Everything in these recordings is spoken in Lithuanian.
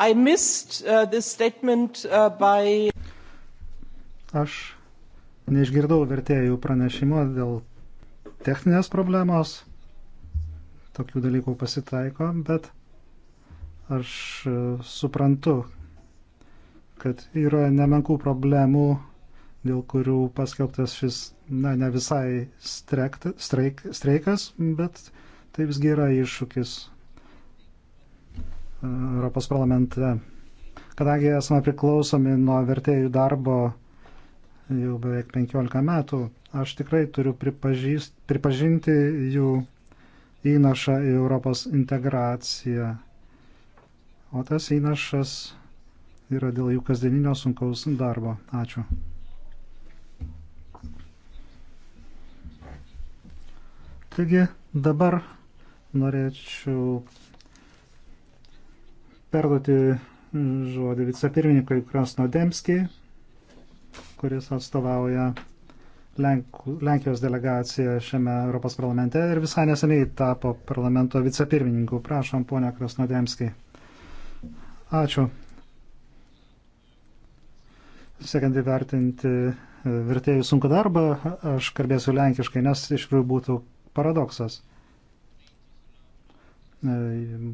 I missed uh, this statement uh, by. Aš neišgirdau vertėjų pranešimo dėl techninės problemos. Tokių dalykų pasitaiko, bet aš uh, suprantu, kad yra nemenkų problemų, dėl kurių paskelbtas šis, na, ne visai strekt, streik, streikas, bet tai visgi yra iššūkis Europos parlamente. Kadangi esame priklausomi nuo vertėjų darbo jau beveik 15 metų, aš tikrai turiu pripažinti jų įnašą į Europos integraciją. O tas įnašas yra dėl jų kasdieninio sunkaus darbo. Ačiū. Taigi dabar norėčiau perduoti mm, žodį vicepirmininkui Krasnodemski, kuris atstovauja Lenk, Lenkijos delegaciją šiame Europos parlamente ir visai neseniai tapo parlamento vicepirmininku. Prašom, ponia Krasnodemski. Ačiū. Siekiant įvertinti e, vertėjų sunku darbą, aš kalbėsiu lenkiškai, nes iš tikrųjų būtų paradoksas. E,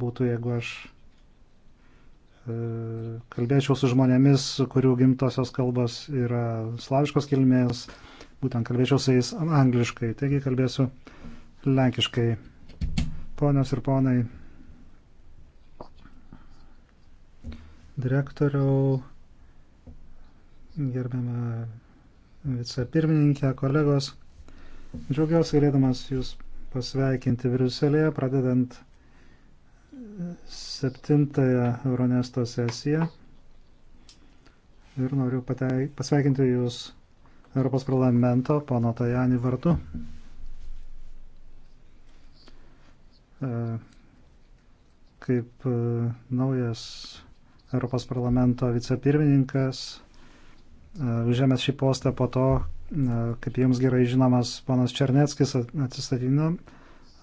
būtų, jeigu aš E, kalbėčiau su žmonėmis, kurių gimtosios kalbos yra slaviškos kilmės, būtent kalbėčiau su jais angliškai, taigi kalbėsiu lenkiškai. Ponios ir ponai, direktoriau, gerbiamą vicepirmininkę, kolegos, džiaugiuosi galėdamas jūs pasveikinti Briuselėje, pradedant septintąją Euronesto sesiją ir noriu pateik, pasveikinti Jūs Europos parlamento pono Tajani vartu. E, kaip e, naujas Europos parlamento vicepirmininkas, e, užėmęs šį postą po to, kaip jums gerai žinomas, ponas Černeckis atsistatydino,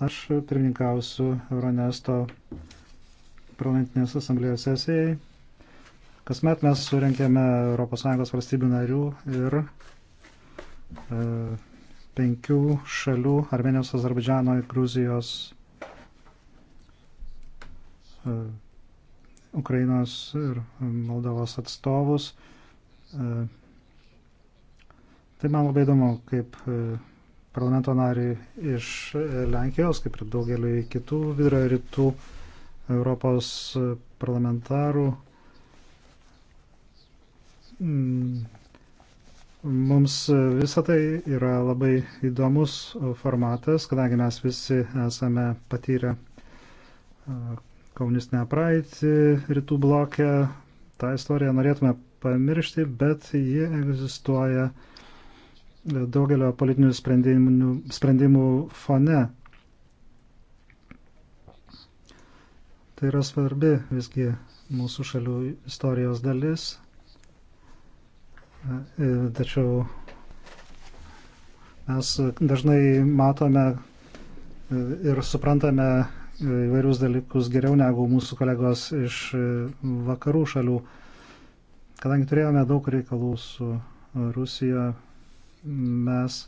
aš pirmininkausiu Euronesto parlamentinės asamblėjos sesijai. Kasmet mes surinkėme ES valstybių narių ir e, penkių šalių - Armenijos, Azerbaidžiano ir Gruzijos, e, Ukrainos ir Moldovos atstovus. E, tai man labai įdomu, kaip e, parlamento nariui iš Lenkijos, kaip ir daugeliu kitų vidurio rytų Europos parlamentarų mm. Mums visą tai yra labai įdomus formatas, kadangi mes visi esame patyrę komunistinę praeitį rytų blokę. Ta istorija norėtume pamiršti, bet ji egzistuoja daugelio politinių sprendimų, sprendimų fone. Tai yra svarbi visgi mūsų šalių istorijos dalis. E, tačiau mes dažnai matome e, ir suprantame e, įvairius dalykus geriau negu mūsų kolegos iš vakarų šalių. Kadangi turėjome daug reikalų su Rusija, mes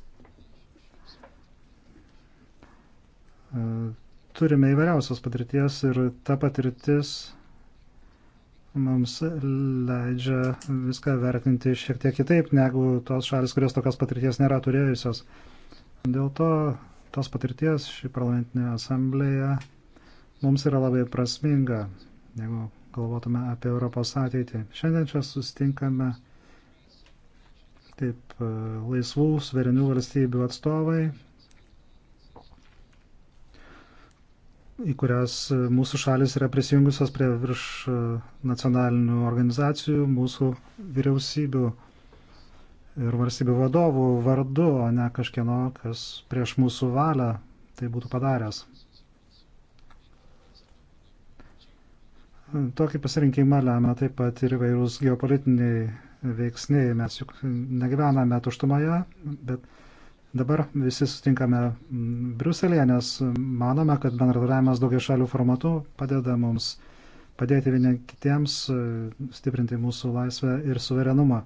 turime įvairiausios patirties ir ta patirtis mums leidžia viską vertinti šiek tiek kitaip negu tos šalis, kurios tokios patirties nėra turėjusios. Dėl to tos patirties šį parlamentinę asamblėją mums yra labai prasminga, jeigu galvotume apie Europos ateitį. Šiandien čia sustinkame taip e, laisvų, suverenių valstybių atstovai, į kurias e, mūsų šalis yra prisijungusios prie virš e, nacionalinių organizacijų, mūsų vyriausybių ir valstybių vadovų vardu, o ne kažkieno, kas prieš mūsų valią tai būtų padaręs. Tokį pasirinkimą lemia taip pat ir įvairūs geopolitiniai veiksniai. Mes juk negyvename tuštumoje, bet Dabar visi sutinkame mm, Briuselėje, nes manome, kad bendradarbiavimas daugia šalių formatu padeda mums padėti vieni kitiems, e, stiprinti mūsų laisvę ir suverenumą.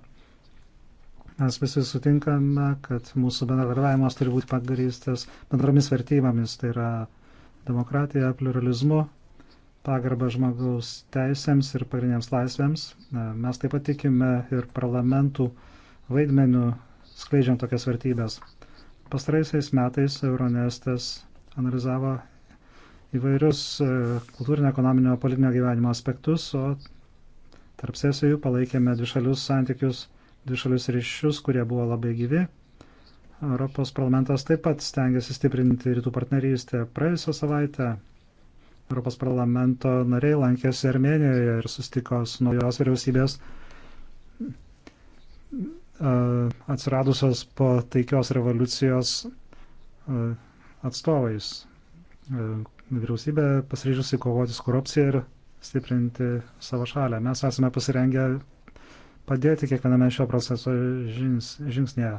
Mes visi sutinkame, kad mūsų bendradarbiavimas turi būti pagrystas bendromis vertybėmis, tai yra demokratija, pluralizmu, pagarba žmogaus teisėms ir pagrindiniams laisvėms. E, mes taip pat tikime ir parlamentų vaidmenių skleidžiant tokias vertybės. Pastaraisiais metais Euronestas analizavo įvairius e, kultūrinio, ekonominio, politinio gyvenimo aspektus, o tarp sesijų palaikėme dvišalius santykius, dvišalius ryšius, kurie buvo labai gyvi. Europos parlamentas taip pat stengiasi stiprinti rytų partnerystę. Praėjusią savaitę Europos parlamento nariai lankėsi Armenijoje ir sustiko su naujos vyriausybės E, atsiradusios po taikios revoliucijos e, atstovais. E, vyriausybė pasiryžusi kovoti su korupcija ir stiprinti savo šalę. Mes esame pasirengę padėti kiekviename šio proceso žings, žingsnėje.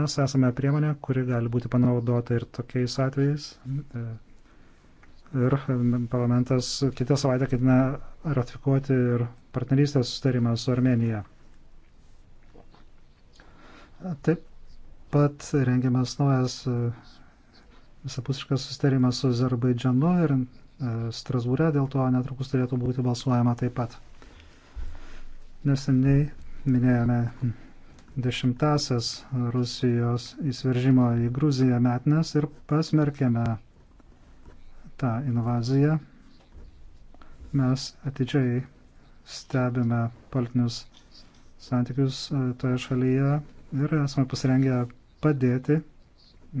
Mes esame priemonė, kuri gali būti panaudota ir tokiais atvejais. Ir parlamentas kitą savaitę ketina ratifikuoti ir partnerystės sustarimą su Armenija. Taip pat rengiamas naujas e, visapusiškas sustarimas su Azerbaidžianu ir e, Strasbūre, dėl to netrukus turėtų būti balsuojama taip pat. Neseniai minėjome dešimtasias Rusijos įsiveržimo į Gruziją metnes ir pasmerkėme tą invaziją. Mes atidžiai stebime politinius santykius e, toje šalyje ir esame pasirengę padėti,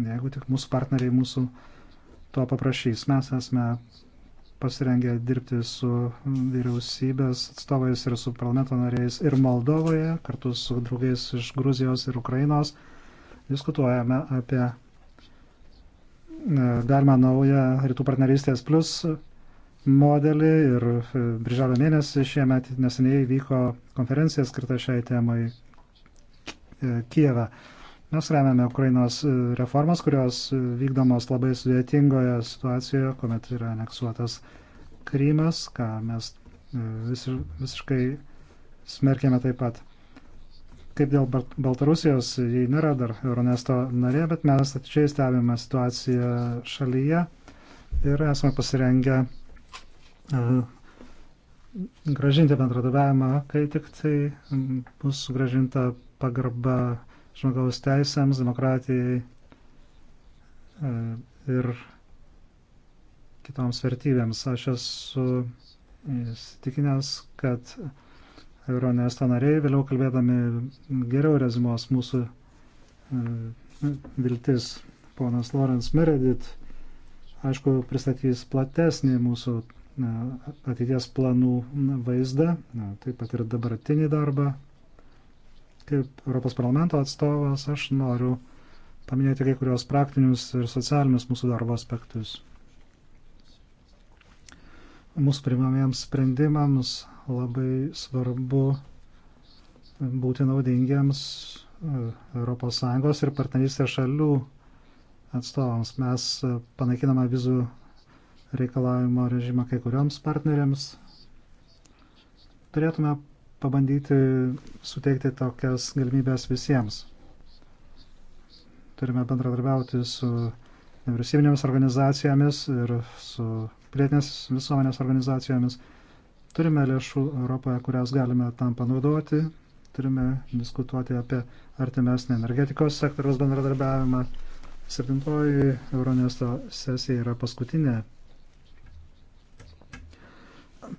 jeigu tik mūsų partneriai mūsų to paprašys. Mes esame pasirengę dirbti su vyriausybės atstovais ir su parlamento nariais ir Moldovoje, kartu su draugais iš Gruzijos ir Ukrainos. Diskutuojame apie e, galima naują rytų partnerystės plus modelį ir e, brželio mėnesį šiemet neseniai vyko konferencija skirta šiai temai E, Kijevą. Mes remiame Ukrainos e, reformas, kurios vykdomos labai sudėtingoje situacijoje, kuomet yra aneksuotas Krymas, ką mes e, vis, visiškai smerkėme taip pat. Kaip dėl Baltarusijos, jie nėra dar Euronesto narė, bet mes atidžiai stebime situaciją šalyje ir esame pasirengę uh, gražinti bendradarbiavimą, kai tik tai bus gražinta pagarba žmogaus teisėms, demokratijai e, ir kitoms vertybėms. Aš esu įsitikinęs, kad Euronesto nariai vėliau kalbėdami geriau rezumos mūsų e, viltis. Ponas Lawrence Meredith, aišku, pristatys platesnį mūsų e, ateities planų vaizdą, taip pat ir dabartinį darbą Kaip Europos parlamento atstovas aš noriu paminėti kai kurios praktinius ir socialinius mūsų darbo aspektus. Mūsų primamiems sprendimams labai svarbu būti naudingiems ES ir partnerystės šalių atstovams. Mes e, panaikiname vizų reikalavimo režimą kai kurioms partneriams. Turėtume pabandyti suteikti tokias galimybės visiems. Turime bendradarbiauti su nevyriausybinėmis organizacijomis ir su pilietinės visuomenės organizacijomis. Turime lėšų Europoje, kurias galime tam panaudoti. Turime diskutuoti apie artimesnį energetikos sektoriaus bendradarbiavimą. Septintoji Euronesto sesija yra paskutinė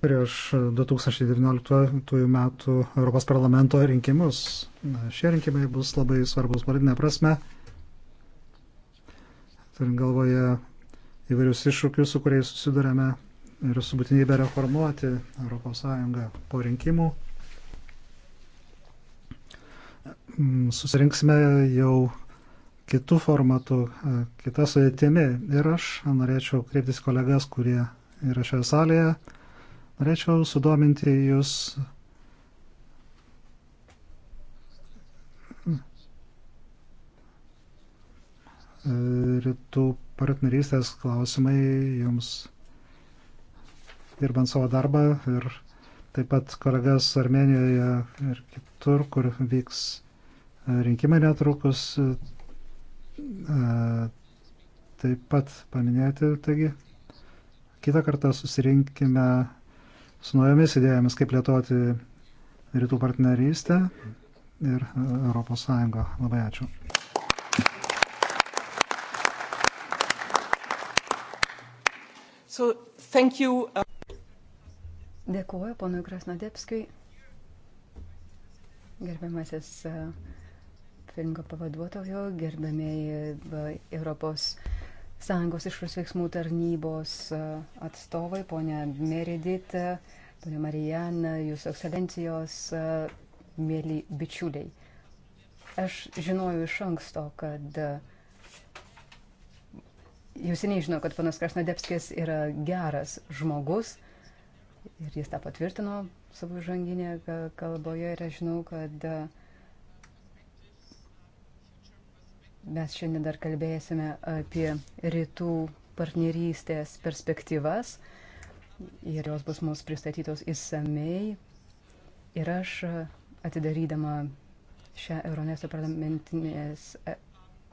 prieš 2019 metų Europos parlamento rinkimus. Šie rinkimai bus labai svarbus politinė prasme, turint galvoje įvairius iššūkius, su kuriais susidurėme ir su būtinybė reformuoti ES po rinkimų. Mm, susirinksime jau kitų formatų, e, kitą sudėtimi ir aš norėčiau kreiptis kolegas, kurie yra šioje salėje Norėčiau sudominti jūs rytų partnerystės klausimai jums dirbant savo darbą ir taip pat kolegas Armenijoje ir kitur, kur vyks rinkimai netrukus, e, taip pat paminėti. Taigi, kitą kartą susirinkime su naujomis idėjomis, kaip lietoti rytų partnerystę ir e, Europos Sąjungą. Labai ačiū. So, uh, Dėkuoju ponui Krasnodepskijui, gerbiamasis pirmininko uh, pavaduotojo, gerbėmiai uh, Europos Sąjungos išrus veiksmų tarnybos e, atstovai, ponia Meridit, e, ponia Marijan, e, jūsų ekscelencijos, mėly bičiuliai. Aš žinojau iš anksto, kad jūs seniai žinau, kad panas Krasnodepskis yra geras žmogus ir jis tą patvirtino savo žanginėje kalboje ir aš žinau, kad uh, Mes šiandien dar kalbėsime apie rytų partnerystės perspektyvas ir jos bus mums pristatytos įsamei. Ir aš atidarydama šią Euronesto parlamentinės e,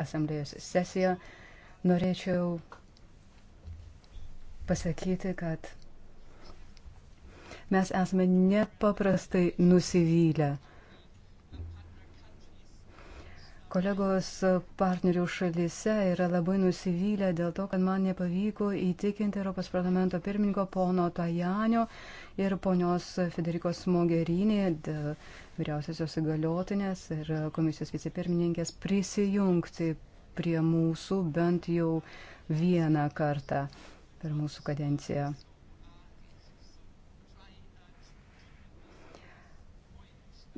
asamblėjos sesiją norėčiau pasakyti, kad mes esame nepaprastai nusivylę Kolegos partnerių šalyse yra labai nusivylę dėl to, kad man nepavyko įtikinti Europos parlamento pirmininko pono Tajanio ir ponios Federikos Mogerinį, vyriausiosios įgaliotinės ir komisijos vicepirmininkės prisijungti prie mūsų bent jau vieną kartą per mūsų kadenciją.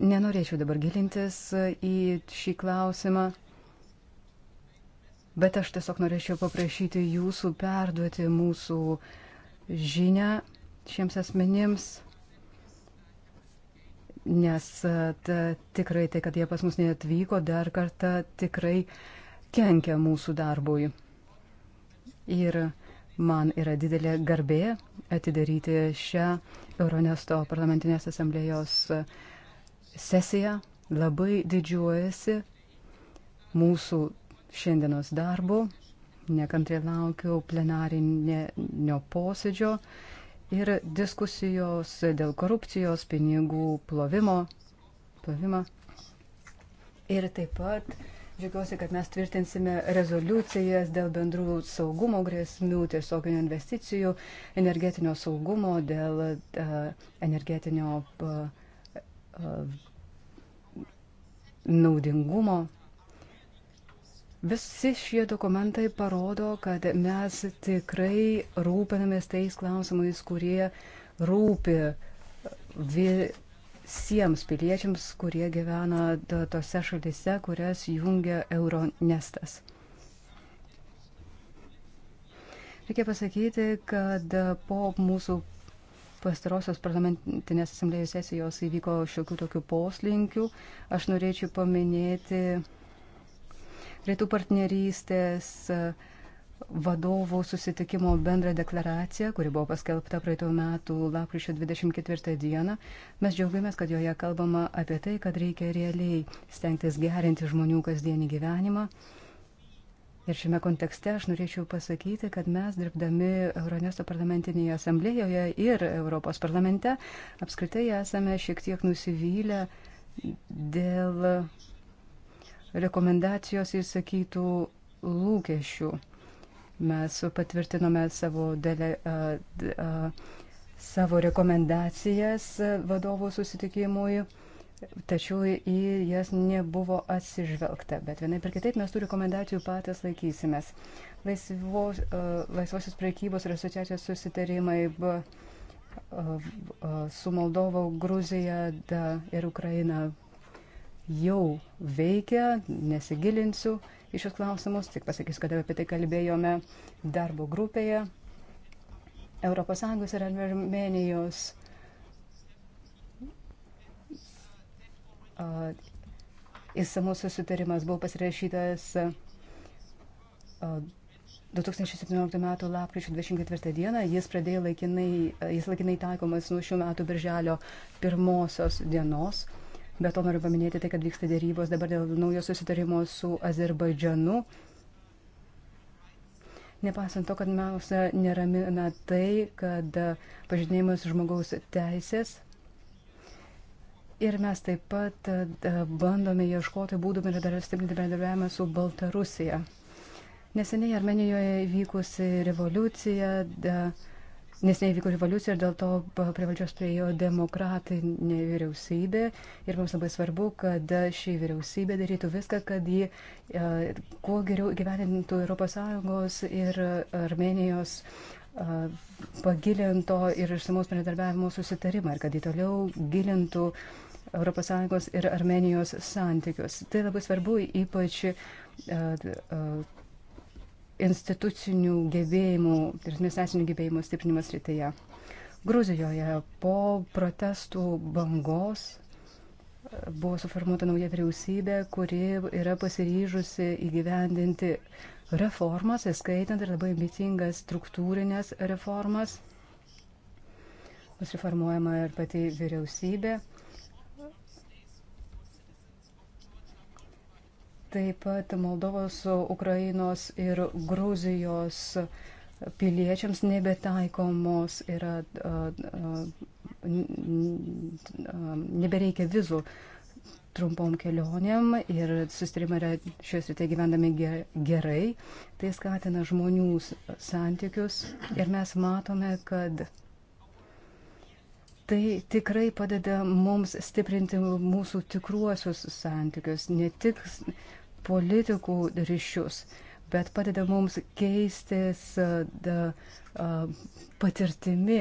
Nenorėčiau dabar gilintis į šį klausimą, bet aš tiesiog norėčiau paprašyti jūsų perduoti mūsų žinę šiems asmenims, nes e, ta, tikrai tai, kad jie pas mus neatvyko, dar kartą tikrai kenkia mūsų darbui. Ir Man yra didelė garbė atidaryti šią Euronesto parlamentinės asamblėjos uh, sesiją. Labai didžiuojasi mūsų šiandienos darbu. Nekantriai laukiu plenarinio posėdžio ir diskusijos dėl korupcijos, pinigų plovimo. plovimo. Ir taip pat džiugiuosi, kad mes tvirtinsime rezoliucijas dėl bendrų saugumo grėsmių, tiesioginių investicijų, energetinio saugumo, dėl uh, energetinio uh, uh, naudingumo. Visi šie dokumentai parodo, kad mes tikrai rūpinamės tais klausimais, kurie rūpi visiems piliečiams, kurie gyvena tose šalise, kurias jungia Euronestas. Reikia pasakyti, kad po mūsų pastarosios parlamentinės asamblėjos sesijos įvyko šiokių tokių poslinkių. Aš norėčiau paminėti rytų partnerystės e, vadovų susitikimo bendrą deklaraciją, kuri buvo paskelbta praeitų metų lapkričio 24 dieną. Mes džiaugiamės, kad joje kalbama apie tai, kad reikia realiai stengtis gerinti žmonių kasdienį gyvenimą Ir šiame kontekste aš norėčiau pasakyti, kad mes dirbdami Euronesto parlamentinėje asamblėjoje ir Europos parlamente apskritai esame šiek tiek nusivylę dėl rekomendacijos įsakytų lūkesčių. Mes patvirtinome savo, dele, a, a, savo rekomendacijas vadovų susitikimui Tačiau į jas nebuvo atsižvelgta, bet vienai per kitaip mes tų rekomendacijų patys laikysimės. Laisvos, e, laisvosios priekybos ir asociacijos susitarimai e, e, su Moldova, Gruzija da, ir Ukraina jau veikia, nesigilinsiu į šios klausimus, tik pasakysiu, kad apie tai kalbėjome darbo grupėje. ES ir Armenijos Įsamus susitarimas buvo pasirašytas 2017 m. lapkričio 24 d. Jis pradėjo laikinai, jis laikinai taikomas nuo šių metų birželio pirmosios dienos. Bet to noriu paminėti tai, kad vyksta dėrybos dabar dėl naujo susitarimo su Azerbaidžanu. Nepaisant to, kad mes neramina tai, kad pažydinėjimas žmogaus teisės Ir mes taip pat e, bandome ieškoti būdų stiprinti bendradarbiavimą su Baltarusija. Neseniai Armenijoje vykusi revoliucija, neseniai vyko revoliucija ir dėl to prie valdžios priejo demokratinė vyriausybė. Ir mums labai svarbu, kad ši vyriausybė darytų viską, kad ji e, kuo geriau gyvenintų ES ir Armenijos e, pagilinto ir išsamaus bendradarbiavimo susitarimą ir kad jį toliau gilintų uh, ES ir Armenijos santykius. Tai labai svarbu, ypač e, e, institucinių gebėjimų ir administracinių gebėjimų stiprinimas rytyje. Gruzijoje po protestų bangos e, buvo suformuota nauja vyriausybė, kuri yra pasiryžusi įgyvendinti reformas, įskaitant ir labai ambicingas struktūrinės reformas. Bus reformuojama ir pati vyriausybė. Taip pat Moldovos, Ukrainos ir Gruzijos piliečiams nebetaikomos yra, nebereikia vizų trumpom kelionėm ir sustarimą yra šioje srityje gyvendami gerai. Tai skatina žmonių santykius ir mes matome, kad Tai tikrai padeda mums stiprinti mūsų tikruosius santykius, ne tik politikų ryšius, bet padeda mums keistis da, patirtimi.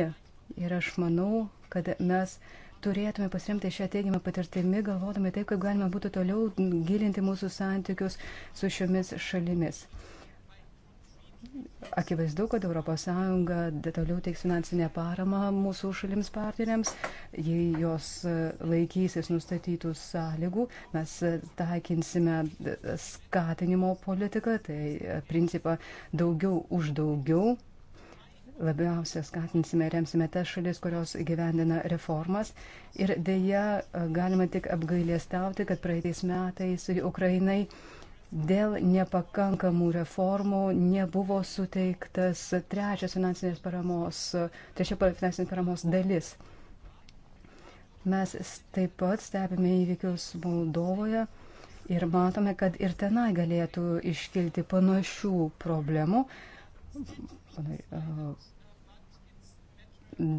Ir aš manau, kad mes turėtume pasiremti šią teigiamą patirtimį, galvodami taip, kaip galima būtų toliau gilinti mūsų santykius su šiomis šalimis akivaizdu, kad ES detaliau teiks finansinę paramą mūsų šalims partneriams, jei jos e, laikysis nustatytų sąlygų, mes e, taikinsime e, skatinimo politiką, tai principą daugiau už daugiau. Labiausia skatinsime, remsime tas šalis, kurios gyvendina reformas. Ir dėja, galima tik apgailėstauti, kad praeitais metais Ukrainai uh, dėl nepakankamų reformų nebuvo suteiktas trečias finansinės paramos, trečia finansinės paramos dalis. Mes taip pat stebime įvykius Moldovoje ir matome, kad ir tenai galėtų iškilti panašių problemų.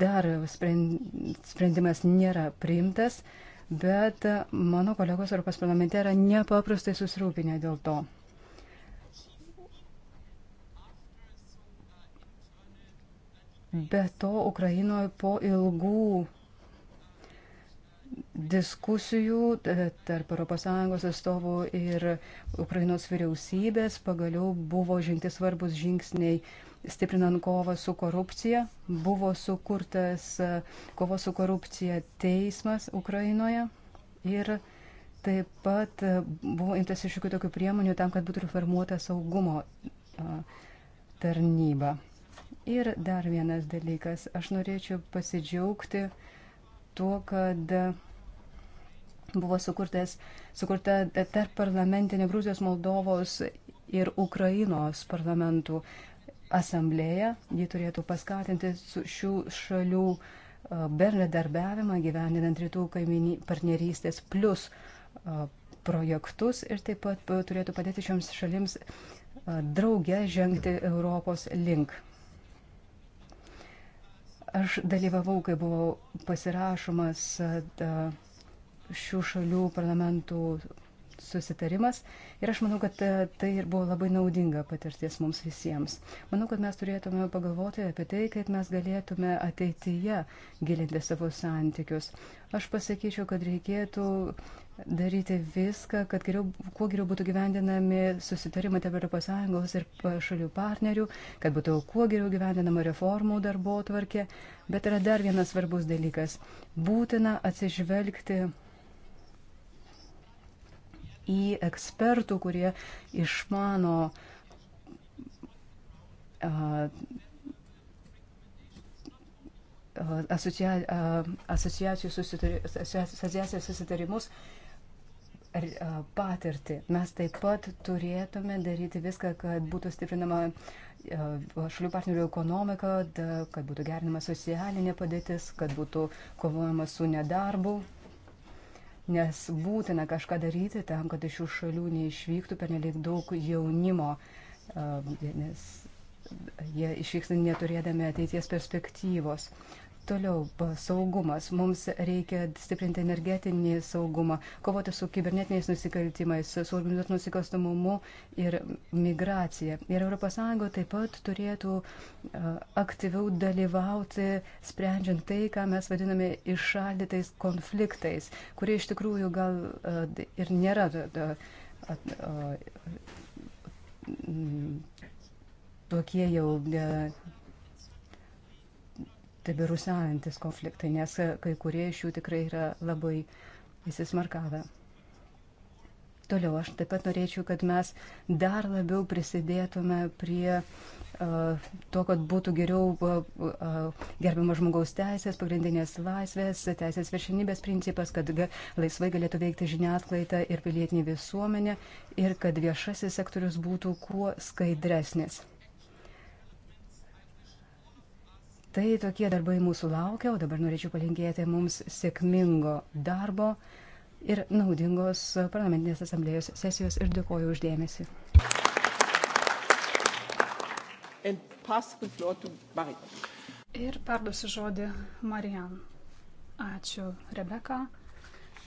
Dar sprendimas nėra priimtas bet mano kolegos Europos parlamente yra nepaprastai susirūpinę dėl to. Be to, Ukrainoje po ilgų diskusijų tarp ES atstovų ir Ukrainos vyriausybės pagaliau buvo žengti svarbus žingsniai stiprinant kovą su korupcija. Buvo sukurtas e, kovos su korupcija teismas Ukrainoje ir taip pat e, buvo imtas iššūkių tokių priemonių tam, kad būtų reformuota saugumo e, tarnyba. Ir dar vienas dalykas. Aš norėčiau pasidžiaugti tuo, kad buvo sukurtas, sukurta tarp parlamentinė Gruzijos, Moldovos ir Ukrainos parlamentų asamblėja, ji turėtų paskatinti šių šalių e, bendradarbiavimą gyvendinant rytų kaiminį partnerystės plus e, projektus ir taip pat turėtų padėti šioms šalims e, drauge žengti Europos link. Aš dalyvavau, kai buvo pasirašomas šių šalių parlamentų susitarimas ir aš manau, kad e, tai ir buvo labai naudinga patirties mums visiems. Manau, kad mes turėtume pagalvoti apie tai, kaip mes galėtume ateityje gilinti savo santykius. Aš pasakyčiau, kad reikėtų daryti viską, kad geriau, kuo geriau būtų gyvendinami susitarimai tarp Europos Sąjungos ir šalių partnerių, kad būtų kuo geriau gyvendinama reformų darbo tvarkė. Bet yra dar vienas svarbus dalykas. Būtina atsižvelgti į ekspertų, kurie išmano asocia, asociacijų susitarimus patirtį. Mes taip pat turėtume daryti viską, kad būtų stiprinama šalių partnerių ekonomika, kad būtų gerinama socialinė padėtis, kad būtų kovojama su nedarbu, nes būtina kažką daryti tam, kad iš šių šalių neišvyktų pernelyg daug jaunimo, uh, nes jie išvyksta neturėdami ateities perspektyvos. Toliau saugumas. Mums reikia stiprinti energetinį saugumą, kovoti su kibernetiniais nusikaltimais, su organizuotų nusikalstamumu ir migracija. Ir ES taip pat turėtų aktyviau dalyvauti, sprendžiant tai, ką mes vadiname iššaldytais konfliktais, kurie iš tikrųjų gal ir nėra tokie jau e, tebirusiaujantis tai konfliktai, nes kai kurie iš jų tikrai yra labai įsismarkavę. Toliau aš taip pat norėčiau, kad mes dar labiau prisidėtume prie uh, to, kad būtų geriau uh, uh, gerbiamas žmogaus teisės, pagrindinės laisvės, teisės viršinybės principas, kad ga, laisvai galėtų veikti žiniasklaida ir pilietinė visuomenė ir kad viešasis sektorius būtų kuo skaidresnis. Tai tokie darbai mūsų laukia, o dabar norėčiau palinkėti mums sėkmingo darbo ir naudingos parlamentinės asamblėjos sesijos ir dėkoju uždėmesi. Ir perduosiu žodį Marijan. Ačiū, Rebeka.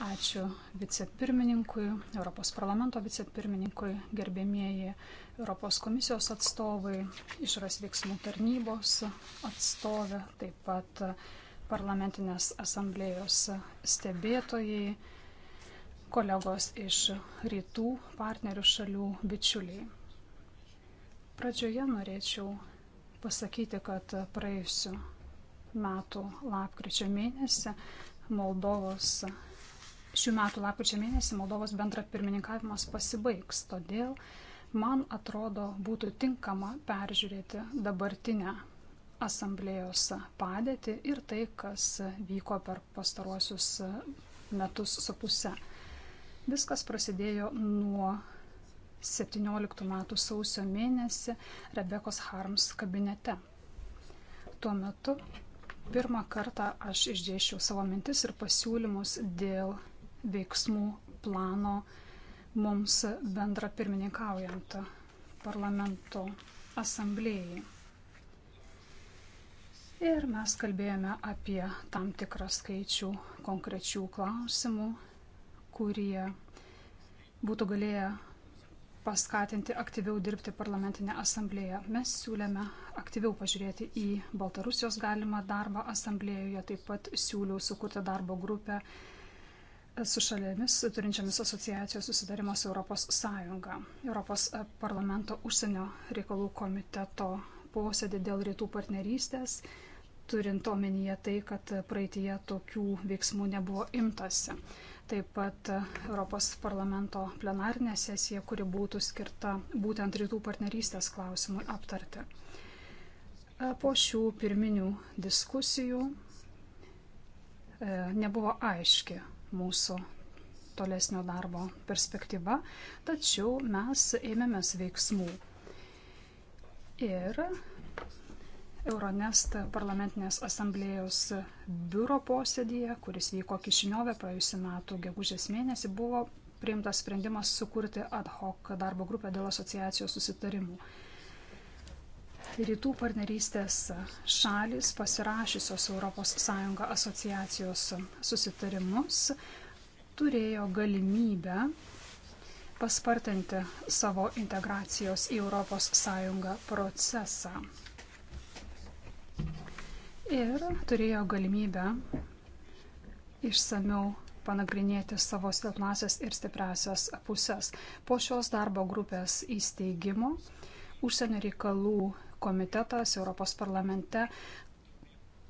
Ačiū vicepirmininkui, Europos parlamento vicepirmininkui, gerbėmieji Europos komisijos atstovai, išras veiksmų tarnybos atstovė, taip pat parlamentinės asamblėjos stebėtojai, kolegos iš rytų partnerių šalių bičiuliai. Pradžioje norėčiau pasakyti, kad praėjusiu metu lapkričio mėnesį Moldovos Šių metų lapkričio mėnesį Moldovos bendra pirmininkavimas pasibaigs, todėl man atrodo būtų tinkama peržiūrėti dabartinę asamblėjos padėtį ir tai, kas vyko per pastaruosius metus su puse. Viskas prasidėjo nuo 17 metų sausio mėnesį Rebekos Harms kabinete. Tuo metu pirmą kartą aš išdėšiau savo mintis ir pasiūlymus dėl veiksmų plano mums bendra pirmininkaujant parlamento asamblėjai. Ir mes kalbėjome apie tam tikrą skaičių konkrečių klausimų, kurie būtų galėję paskatinti aktyviau dirbti parlamentinę asamblėją. Mes siūlėme aktyviau pažiūrėti į Baltarusijos galimą darbą asamblėjoje, taip pat siūliau sukurti darbo grupę su šalimis turinčiamis asociacijos susidarimas Europos Sąjunga. Europos parlamento užsienio reikalų komiteto posėdį dėl rytų partnerystės, turint omenyje tai, kad praeitie tokių veiksmų nebuvo imtasi. Taip pat Europos parlamento plenarinė sesija, kuri būtų skirta būtent rytų partnerystės klausimui aptarti. Po šių pirminių diskusijų e, nebuvo aiški mūsų tolesnio darbo perspektyva, tačiau mes ėmėmės veiksmų. Ir Euronest parlamentinės asamblėjos biuro posėdėje, kuris vyko Kišiniove praėjusiu metu gegužės mėnesį, buvo priimtas sprendimas sukurti ad hoc darbo grupę dėl asociacijos susitarimų rytų partnerystės šalis pasirašysios ES asociacijos susitarimus turėjo galimybę paspartinti savo integracijos į ES procesą. Ir turėjo galimybę išsamiau panagrinėti savo silpnasias ir stipriasias puses. Po šios darbo grupės įsteigimo užsienio reikalų komitetas Europos parlamente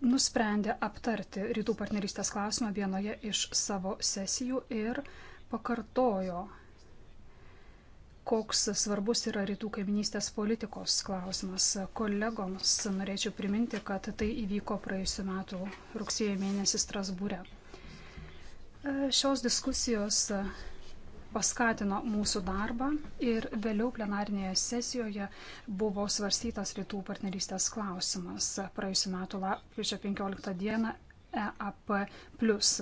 nusprendė aptarti rytų partnerystės klausimą vienoje iš savo sesijų ir pakartojo, koks svarbus yra rytų kaiminystės politikos klausimas. Kolegoms norėčiau priminti, kad tai įvyko praėjusiu metu rugsėjo mėnesį Strasbūre. Šios diskusijos paskatino mūsų darbą ir vėliau plenarinėje sesijoje buvo svarstytas rytų partnerystės klausimas. Praėjusiu metu lapkričio 15 dieną EAP plus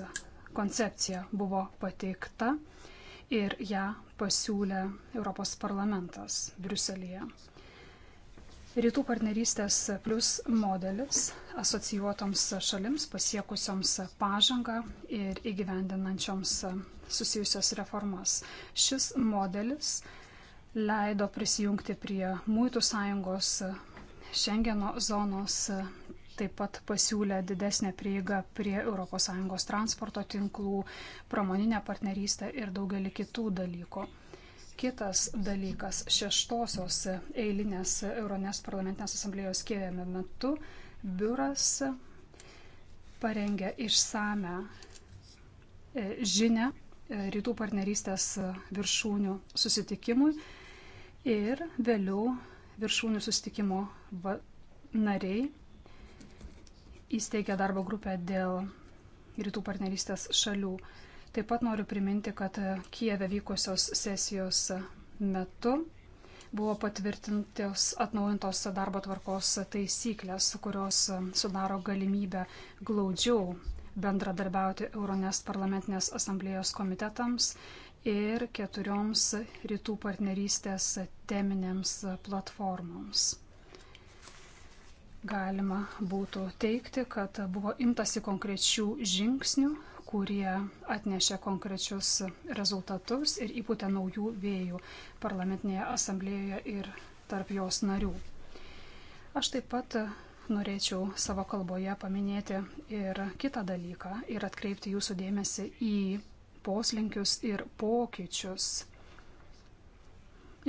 koncepcija buvo pateikta ir ją pasiūlė Europos parlamentas Briuselėje. Rytų partnerystės plus modelis asocijuotoms šalims pasiekusioms pažangą ir įgyvendinančioms susijusios reformas. Šis modelis leido prisijungti prie Mūtų sąjungos Šengeno zonos, taip pat pasiūlė didesnę prieigą prie ES transporto tinklų, pramoninę partnerystę ir daugelį kitų dalykų. Kitas dalykas - šeštosios eilinės Euronės parlamentinės asamblėjos kėvėme metu biuras parengė išsame e, žinę e, rytų partnerystės viršūnių susitikimui ir vėliau viršūnių susitikimo nariai įsteigė darbo grupę dėl rytų partnerystės šalių. Taip pat noriu priminti, kad e, Kijeve vykusios sesijos e, metu buvo patvirtintos atnaujintos darbo tvarkos taisyklės, kurios e, sudaro galimybę glaudžiau bendradarbiauti Euronest parlamentinės asamblėjos komitetams ir keturioms rytų partnerystės teminėms platformoms. Galima būtų teikti, kad buvo imtasi konkrečių žingsnių kurie atnešė konkrečius rezultatus ir įpūtė naujų vėjų parlamentinėje asamblėjoje ir tarp jos narių. Aš taip pat norėčiau savo kalboje paminėti ir kitą dalyką ir atkreipti jūsų dėmesį į poslinkius ir pokyčius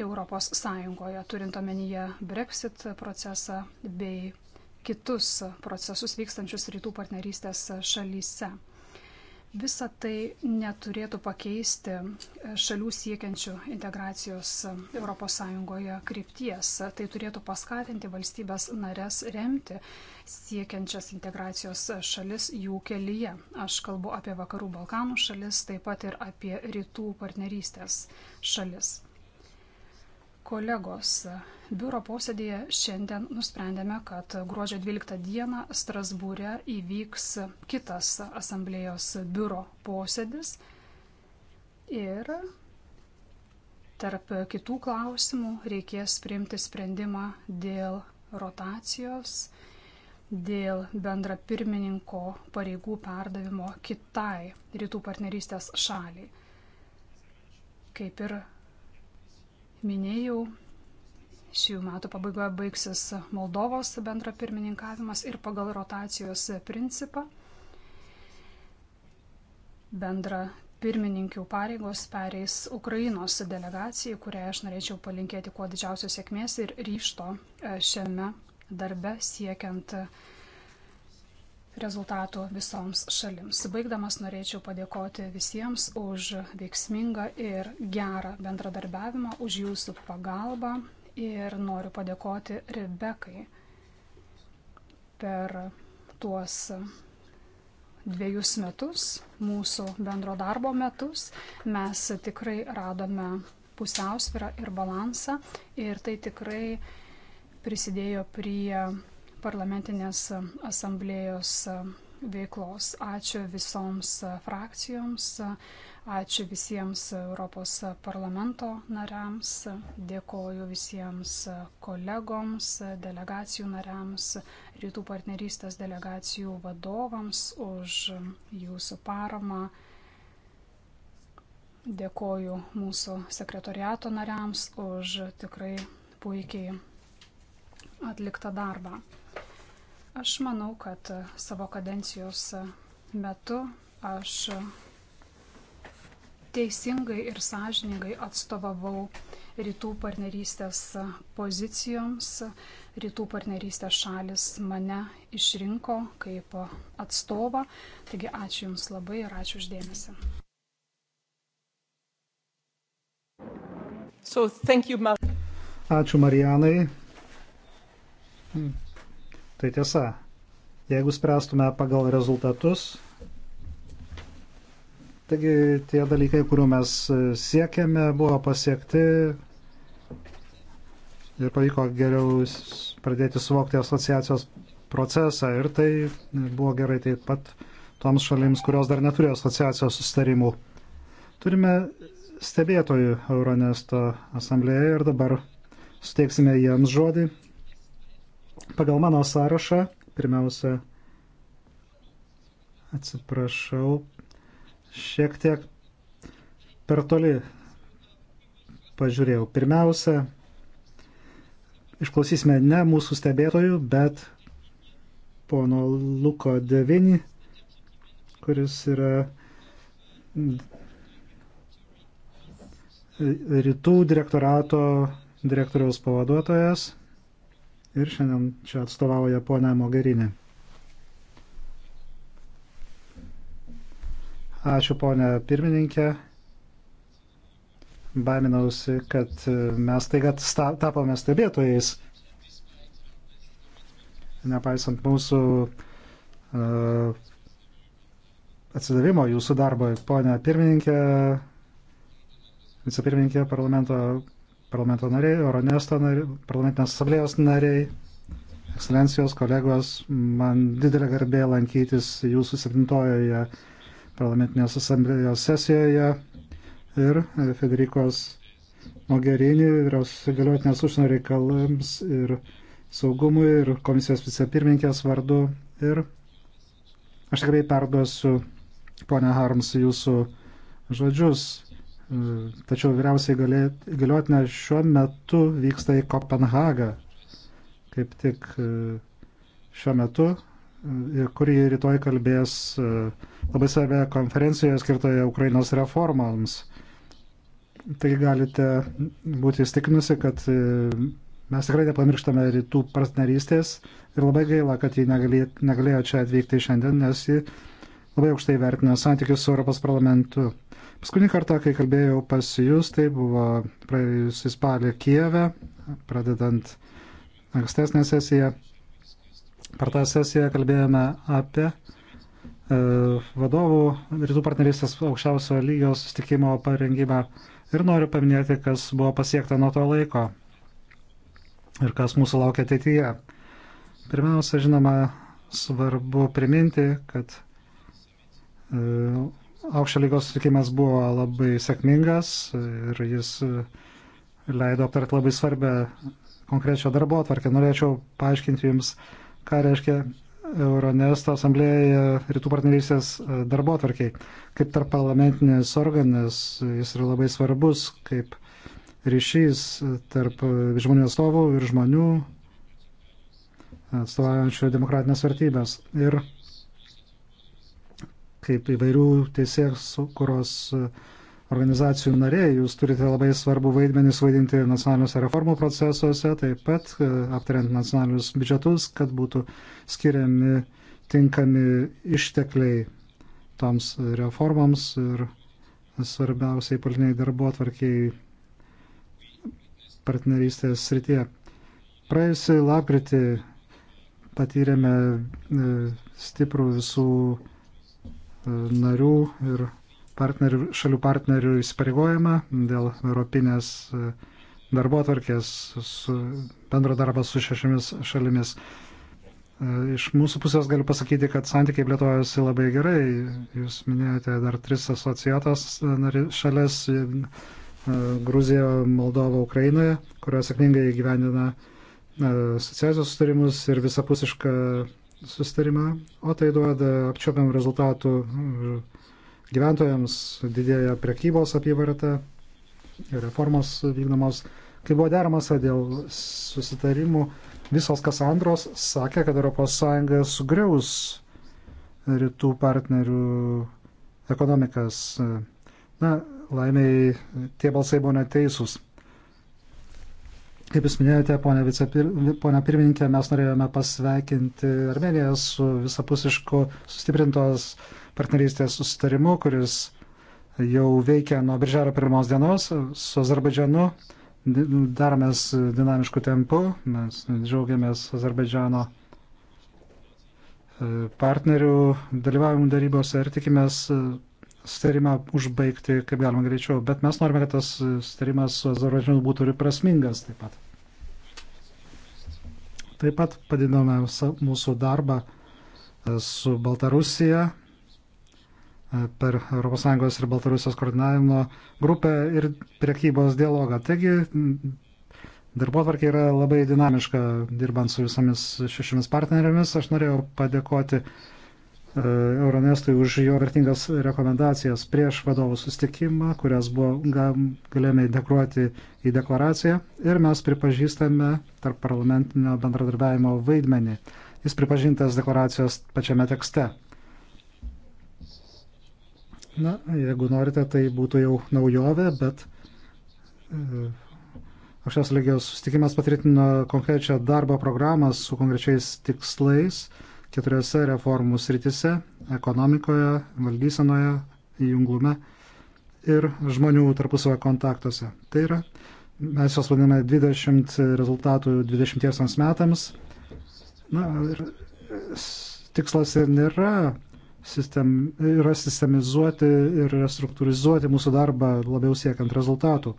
Europos Sąjungoje, turint omenyje Brexit procesą bei kitus procesus vykstančius rytų partnerystės šalyse. Visa tai neturėtų pakeisti šalių siekiančių integracijos ES krypties. Tai turėtų paskatinti valstybės narės remti siekiančias integracijos šalis jų kelyje. Aš kalbu apie Vakarų Balkanų šalis, taip pat ir apie Rytų partnerystės šalis. Kolegos, biuro posėdėje šiandien nusprendėme, kad gruodžio 12 dieną Strasbūre įvyks kitas asamblėjos biuro posėdis ir tarp kitų klausimų reikės priimti sprendimą dėl rotacijos dėl bendra pirmininko pareigų perdavimo kitai rytų partnerystės šaliai. Kaip ir minėjau, šių metų pabaigoje baigsis Moldovos bendra pirmininkavimas ir pagal rotacijos principą bendra pirmininkių pareigos pereis Ukrainos delegacijai, kuriai aš norėčiau palinkėti kuo didžiausios sėkmės ir ryšto e, šiame darbe siekiant rezultatų visoms šalims. Baigdamas norėčiau padėkoti visiems už veiksmingą ir gerą bendradarbiavimą, už jūsų pagalbą ir noriu padėkoti Rebekai per tuos dviejus metus, mūsų bendro darbo metus, mes tikrai radome pusiausvyrą ir balansą ir tai tikrai prisidėjo prie parlamentinės asamblėjos veiklos. Ačiū visoms frakcijoms, ačiū visiems Europos parlamento nariams, dėkoju visiems kolegoms, delegacijų nariams, rytų partnerystės delegacijų vadovams už jūsų paramą. Dėkoju mūsų sekretoriato nariams už tikrai puikiai atliktą darbą. Aš manau, kad savo kadencijos metu aš teisingai ir sąžiningai atstovavau rytų partnerystės pozicijoms. Rytų partnerystės šalis mane išrinko kaip atstovą. Taigi ačiū Jums labai ir ačiū uždėmesi. So, you, Mar Ačiū Marijanai. Tai tiesa. Jeigu spręstume pagal rezultatus, taigi tie dalykai, kurių mes siekėme, buvo pasiekti ir pavyko geriau pradėti suvokti asociacijos procesą ir tai buvo gerai taip pat toms šalims, kurios dar neturi asociacijos sustarimų. Turime stebėtojų Euronesto asamblėje ir dabar suteiksime jiems žodį. Pagal mano sąrašą, pirmiausia, atsiprašau, šiek tiek per toli pažiūrėjau. Pirmiausia, išklausysime ne mūsų stebėtojų, bet pono Luko Devini, kuris yra rytų direktorato direktoriaus pavaduotojas ir šiandien čia atstovauja ponia Mogerinė. Ačiū ponia pirmininkė. Baiminausi, kad mes taiga tapome stebėtojais, nepaisant mūsų uh, atsidavimo jūsų darbo. Pone pirmininkė, vicepirmininkė parlamento parlamento nariai, Euronesto nariai, parlamentinės asamblėjos nariai, ekscelencijos kolegos, man didelė garbė lankytis jūsų septintojoje parlamentinės asamblėjos sesijoje ir e, Federikos Mogherini, vyriausios galiotinės užsienio reikalams ir saugumui ir komisijos vicepirmininkės vardu. Ir aš tikrai perduosiu, ponia Harms, jūsų žodžius Tačiau vyriausiai galiotinė šiuo metu vyksta į Kopenhagą, kaip tik e, šiuo metu, e, kurį rytoj kalbės e, labai svarbioje konferencijoje skirtoje Ukrainos reformams. Tai galite būti įstikinusi, kad mes tikrai nepamirštame rytų partnerystės ir labai gaila, kad ji negalėjo čia atvykti šiandien, nes ji labai aukštai vertina santykius su Europos parlamentu. Paskutinį kartą, kai kalbėjau pas jūs, tai buvo praėjusį spalį Kijeve, pradedant ankstesnę sesiją. Per tą sesiją kalbėjome apie e, vadovų rytų partnerystės aukščiausio lygio sustikimo parengimą ir noriu paminėti, kas buvo pasiekta nuo to laiko ir kas mūsų laukia ateityje. Pirmiausia, žinoma, svarbu priminti, kad e, aukščio lygos sutikimas buvo labai sėkmingas ir jis leido aptarti labai svarbę konkrečią darbo atvarkę. Norėčiau paaiškinti Jums, ką reiškia Euronesto asamblėje rytų partnerystės e, darbo atvarkiai. Kaip tarp parlamentinės organas, jis yra labai svarbus, kaip ryšys tarp žmonių atstovų ir žmonių atstovaujančių demokratinės vertybės. Ir kaip įvairių teisės kuros organizacijų narė, jūs turite labai svarbu vaidmenį suvaidinti nacionaliniuose reformų procesuose, taip pat e, aptariant nacionalinius biudžetus, kad būtų skiriami tinkami ištekliai toms reformams ir svarbiausiai politiniai darbo atvarkiai partnerystės srityje. Praėjusį lapkritį patyrėme e, stiprų visų narių ir partnerių, šalių partnerių įsipareigojimą dėl europinės e, darbo atvarkės su, bendro darbo su šešiamis šalimis. E, iš mūsų pusės galiu pasakyti, kad santykiai plėtojasi labai gerai. Jūs minėjote dar tris asociatas šalias e, - Gruzija, Moldova, Ukrainoje, kurios sėkmingai gyvendina asociacijos sustarimus ir visapusišką sustarimą, o tai duoda apčiopiam rezultatų gyventojams, didėja prekybos apyvarta, reformos vykdomos. Kai buvo deramasi dėl susitarimų, visos Kasandros sakė, kad ES sugriaus rytų partnerių ekonomikas. Na, laimiai tie balsai buvo neteisūs. Kaip Jūs minėjote, ponia, vicepir, ponia pirmininkė, mes norėjome pasveikinti Armeniją su visapusišku sustiprintos partnerystės susitarimu, kuris jau veikia nuo birželio pirmos dienos su Azerbaidžianu. Daromės dinamišku tempu, mes džiaugiamės Azerbaidžiano e, partnerių dalyvavimu darybose ir tikimės sutarimą užbaigti kaip galima greičiau, bet mes norime, kad tas sutarimas su Azerbaidžanu būtų ir prasmingas taip pat. Taip pat padidiname mūsų darbą e, su Baltarusija e, per ES ir Baltarusijos koordinavimo grupę ir priekybos dialogą. Taigi darbotvarkė yra labai dinamiška dirbant su visomis šešiamis partnerėmis. Aš norėjau padėkoti uh, E, Euronestui už jo vertingas rekomendacijas prieš vadovų sustikimą, kurias buvo, galėjome deklaruoti į deklaraciją ir mes pripažįstame tarp parlamentinio bendradarbiavimo vaidmenį. Jis pripažintas deklaracijos pačiame tekste. Na, jeigu norite, tai būtų jau naujovė, bet e, aukščiausio lygio sustikimas patvirtino konkrečią darbo programą su konkrečiais tikslais keturiose reformų sritise - ekonomikoje, valdysenoje, junglume ir žmonių tarpusavio kontaktuose. Tai yra, mes jos vadiname 20 rezultatų 20 metams. Na, ir e, tikslas ir nėra sistem, yra sistemizuoti ir restruktūrizuoti mūsų darbą labiau siekiant rezultatų,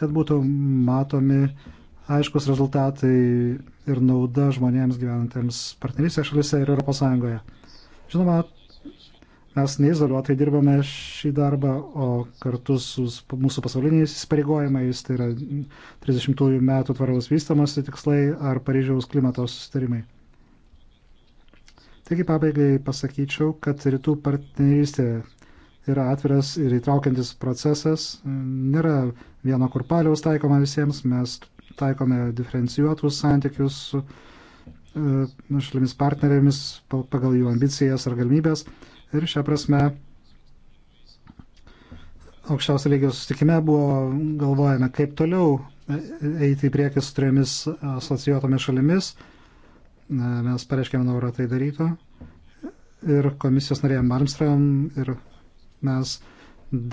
kad būtų matomi aiškus rezultatai ir nauda žmonėms gyventiems partnerystės šalise ir ES. Žinoma, mes neizoliuotai dirbame šį darbą, o kartu su mūsų pasauliniais įsipareigojimais, tai yra 30-ųjų metų tvaraus vystamas tikslai ar Paryžiaus klimato sustarimai. Taigi pabaigai pasakyčiau, kad rytų partnerystė yra atviras ir įtraukiantis procesas, nėra vieno kurpaliaus taikoma visiems, mes taikome diferencijuotus santykius su e, šalimis partnerėmis pagal jų ambicijas ar galimybės. Ir šią prasme aukščiausio lygio sustikime buvo galvojame, kaip toliau eiti į priekį su trijomis asocijuotomis šalimis. E, mes pareiškėme norą tai daryti. Ir komisijos narė Malmström ir mes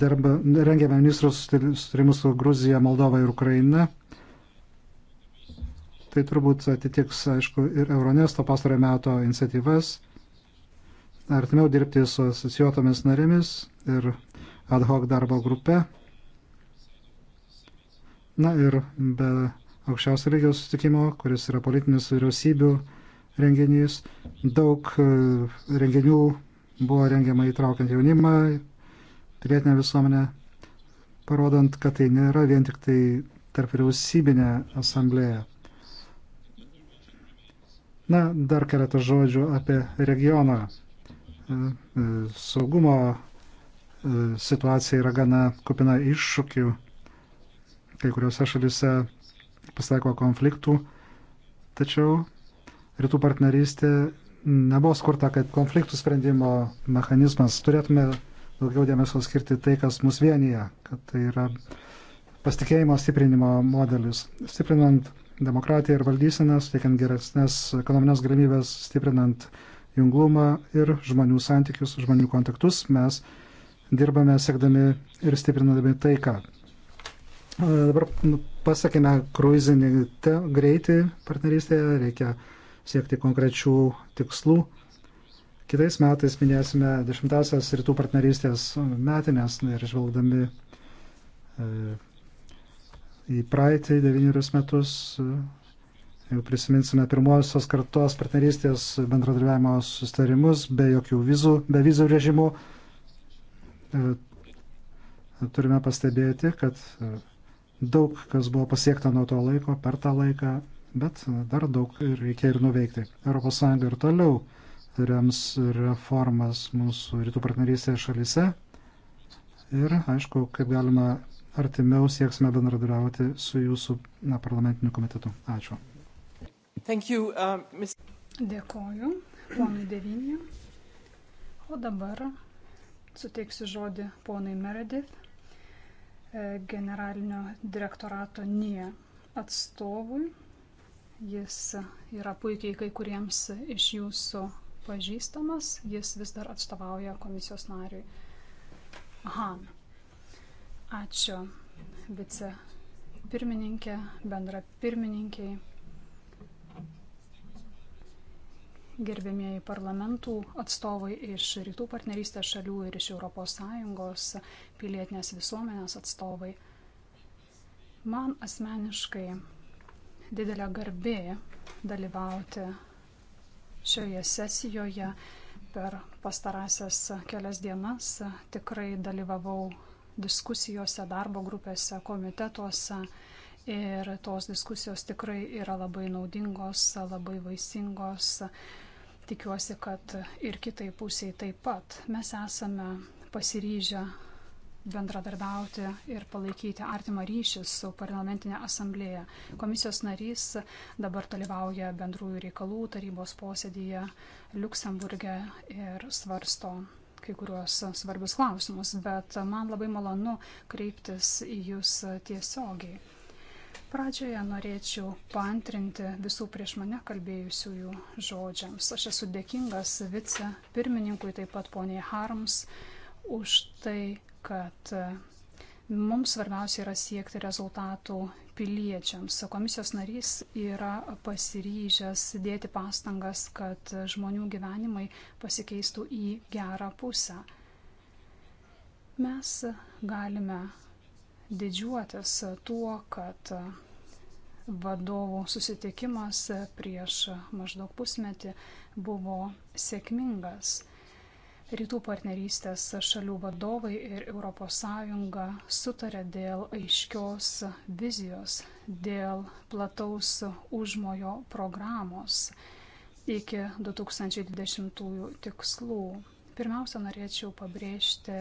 darba, rengėme ministrus sutarimus su Gruzija, Moldova ir Ukraina. Tai turbūt atitiks, aišku, ir Euronesto pastarojo meto iniciatyvas artimiau dirbti su asociuotomis narėmis ir ad hoc darbo grupe. Na ir be aukščiausio lygio sustikimo, kuris yra politinis vyriausybių renginys, daug e, renginių buvo rengiama įtraukiant jaunimą, pilietinę visuomenę, parodant, kad tai nėra vien tik tai tarp vyriausybinė asamblėja. Na, dar keletą žodžių apie regioną. E, e, saugumo e, situacija yra gana kupina iššūkių. Kai kuriuose šalise pasitaiko konfliktų, tačiau rytų partnerystė nebuvo skurta, kad konfliktų sprendimo mechanizmas turėtume daugiau dėmesio skirti tai, kas mus vienyje, kad tai yra pasitikėjimo stiprinimo modelis. Stiprinant demokratiją ir valdyseną, suteikiant geresnės ekonominės galimybės, stiprinant junglumą ir žmonių santykius, žmonių kontaktus, mes dirbame sekdami ir stiprinami taiką. Dabar nu, pasakėme kruizinį greitį partnerystėje, reikia siekti konkrečių tikslų. Kitais metais minėsime dešimtasias rytų partnerystės metinės ir žvelgdami e, į praeitį devynerius metus. Jau prisiminsime pirmosios kartos partnerystės bendradarbiavimo sustarimus be jokių vizų, be vizų režimų. E, turime pastebėti, kad e, daug kas buvo pasiekta nuo to laiko, per tą laiką, bet e, dar daug reikia ir nuveikti. ES ir toliau rems reformas mūsų rytų partnerystėje šalyse ir, aišku, kaip galima artimiau sieksime bendradarbiauti su jūsų na, parlamentiniu komitetu. Ačiū. Thank you, uh, Ms... Dėkoju, ponui Devinė. O dabar suteiksiu žodį ponui Meredith, e, generalinio direktorato NIE atstovui. Jis yra puikiai kai kuriems iš jūsų pažįstamas, jis vis dar atstovauja komisijos nariui Han. Ačiū vice pirmininkė, bendra pirmininkiai, gerbėmieji parlamentų atstovai iš rytų partnerystės šalių ir iš ES, pilietinės visuomenės atstovai. Man asmeniškai didelė garbė dalyvauti šioje sesijoje per pastarąsias kelias dienas. Tikrai dalyvavau diskusijose, darbo grupėse, komitetuose. Ir tos diskusijos tikrai yra labai naudingos, labai vaisingos. Tikiuosi, kad ir kitai pusiai taip pat. Mes esame pasiryžę bendradarbiauti ir palaikyti artimą ryšį su parlamentinė asamblėja. Komisijos narys dabar dalyvauja bendrųjų reikalų tarybos posėdėje Luksemburgė ir svarsto kai kuriuos svarbius klausimus, bet man labai malonu kreiptis į Jūs tiesiogiai. Pradžioje norėčiau pantrinti visų prieš mane kalbėjusiųjų žodžiams. Aš esu dėkingas vice pirmininkui, taip pat poniai Harms, už tai, kad Mums svarbiausia yra siekti rezultatų piliečiams. Komisijos narys yra pasiryžęs dėti pastangas, kad žmonių gyvenimai pasikeistų į gerą pusę. Mes galime didžiuotis tuo, kad vadovų susitikimas prieš maždaug pusmetį buvo sėkmingas. Rytų partnerystės šalių vadovai ir ES sutarė dėl aiškios vizijos, dėl plataus užmojo programos iki 2020 tikslų. Pirmiausia, norėčiau pabrėžti,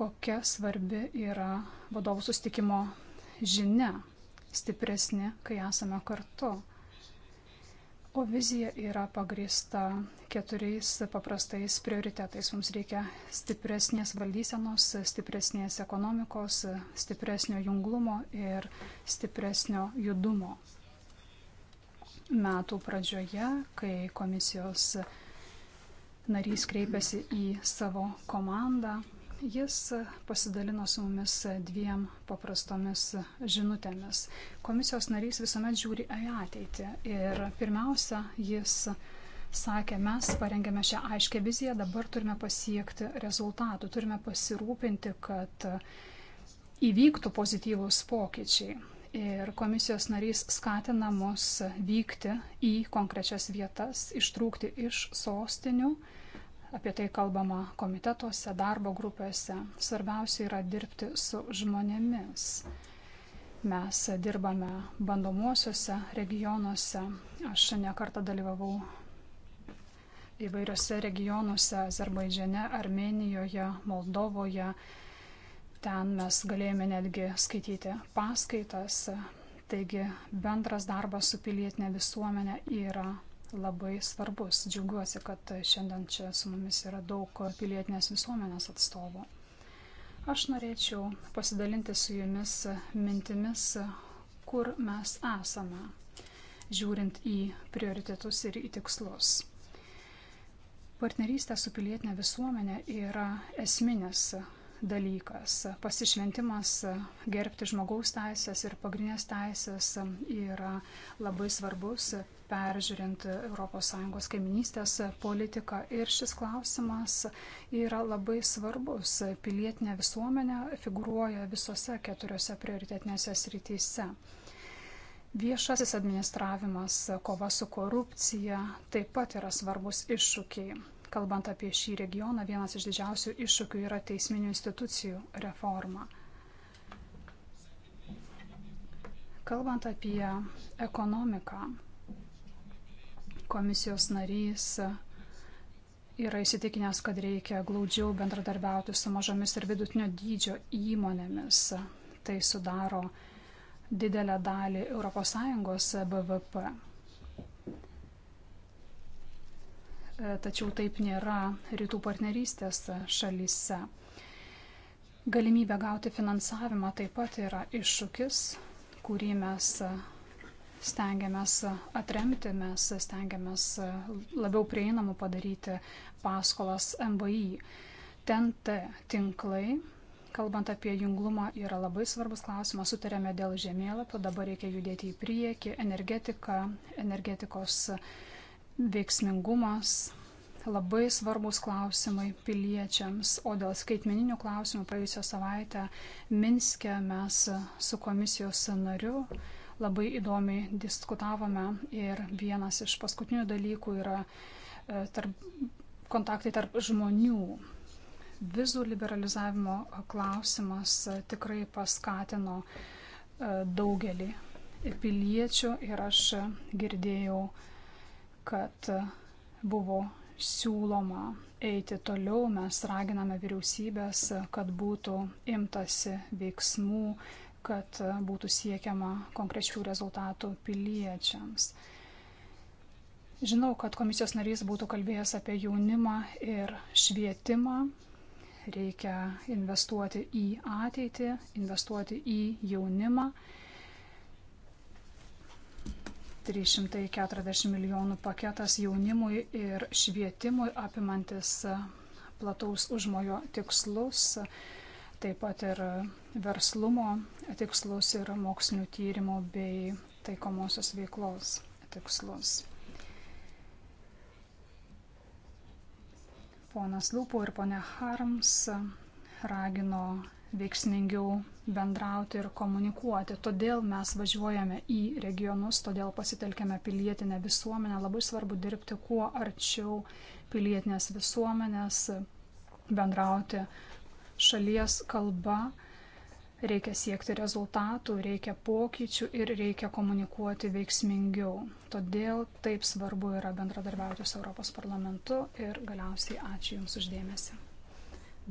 kokia svarbi yra vadovų sustikimo žinia - stipresni, kai esame kartu. O vizija yra pagrįsta keturiais paprastais prioritetais. Mums reikia stipresnės valdysenos, stipresnės ekonomikos, stipresnio junglumo ir stipresnio judumo. Metų pradžioje, kai komisijos narys kreipėsi į savo komandą, Jis pasidalino su mumis dviem paprastomis žinutėmis. Komisijos narys visuomet žiūri į ateitį ir pirmiausia, jis sakė, mes parengėme šią aiškę viziją, dabar turime pasiekti rezultatų, turime pasirūpinti, kad įvyktų pozityvūs pokyčiai. Ir komisijos narys skatina mus vykti į konkrečias vietas, ištrūkti iš sostinių Apie tai kalbama komitetuose, darbo grupėse. Svarbiausia yra dirbti su žmonėmis. Mes dirbame bandomuosiuose regionuose. Aš nekartą dalyvavau įvairiose regionuose - Azerbaidžiane, Armenijoje, Moldovoje. Ten mes galėjome netgi skaityti paskaitas. Taigi bendras darbas su pilietinė visuomenė yra labai svarbus. Džiaugiuosi, kad šiandien čia su mumis yra daug pilietinės visuomenės atstovų. Aš norėčiau pasidalinti su jumis mintimis, kur mes esame, žiūrint į prioritetus ir į tikslus. Partnerystė su pilietinė visuomenė yra esminis dalykas. Pasišventimas gerbti žmogaus teisės ir pagrindinės teisės yra labai svarbus peržiūrint ES kaiminystės politiką. Ir šis klausimas yra labai svarbus. Pilietinė visuomenė figuruoja visose keturiose prioritetinėse srityse. Viešasis administravimas, kova su korupcija taip pat yra svarbus iššūkiai. Kalbant apie šį regioną, vienas iš didžiausių iššūkių yra teisminių institucijų reforma. Kalbant apie ekonomiką, komisijos narys yra įsitikinęs, kad reikia glaudžiau bendradarbiauti su mažomis ir vidutinio dydžio įmonėmis. Tai sudaro didelę dalį ES BVP. Tačiau taip nėra rytų partnerystės šalyse. Galimybė gauti finansavimą taip pat yra iššūkis, kurį mes stengiamės atremti, mes stengiamės labiau prieinamų padaryti paskolas MVI. Ten T tinklai, kalbant apie junglumą, yra labai svarbus klausimas. Sutarėme dėl žemėlapio, dabar reikia judėti į priekį. Energetika, energetikos veiksmingumas, labai svarbus klausimai piliečiams. O dėl skaitmeninių klausimų praėjusią savaitę Minske mes su komisijos nariu Labai įdomiai diskutavome ir vienas iš paskutinių dalykų yra e, tarp, kontaktai tarp žmonių. Vizų liberalizavimo klausimas e, tikrai paskatino e, daugelį piliečių ir aš girdėjau, kad buvo siūloma eiti toliau, mes raginame vyriausybės, kad būtų imtasi veiksmų kad e, būtų siekiama konkrečių rezultatų piliečiams. Žinau, kad komisijos narys būtų kalbėjęs apie jaunimą ir švietimą. Reikia investuoti į ateitį, investuoti į jaunimą. 340 milijonų paketas jaunimui ir švietimui apimantis e, plataus užmojo tikslus taip pat ir verslumo tikslus ir mokslinių tyrimų bei taikomosios veiklos tikslus. Ponas Lūpo ir ponė Harms ragino veiksmingiau bendrauti ir komunikuoti. Todėl mes važiuojame į regionus, todėl pasitelkėme pilietinę visuomenę. Labai svarbu dirbti kuo arčiau pilietinės visuomenės, bendrauti šalies kalba. Reikia siekti rezultatų, reikia pokyčių ir reikia komunikuoti veiksmingiau. Todėl taip svarbu yra bendradarbiauti su Europos parlamentu ir galiausiai ačiū Jums uždėmesi.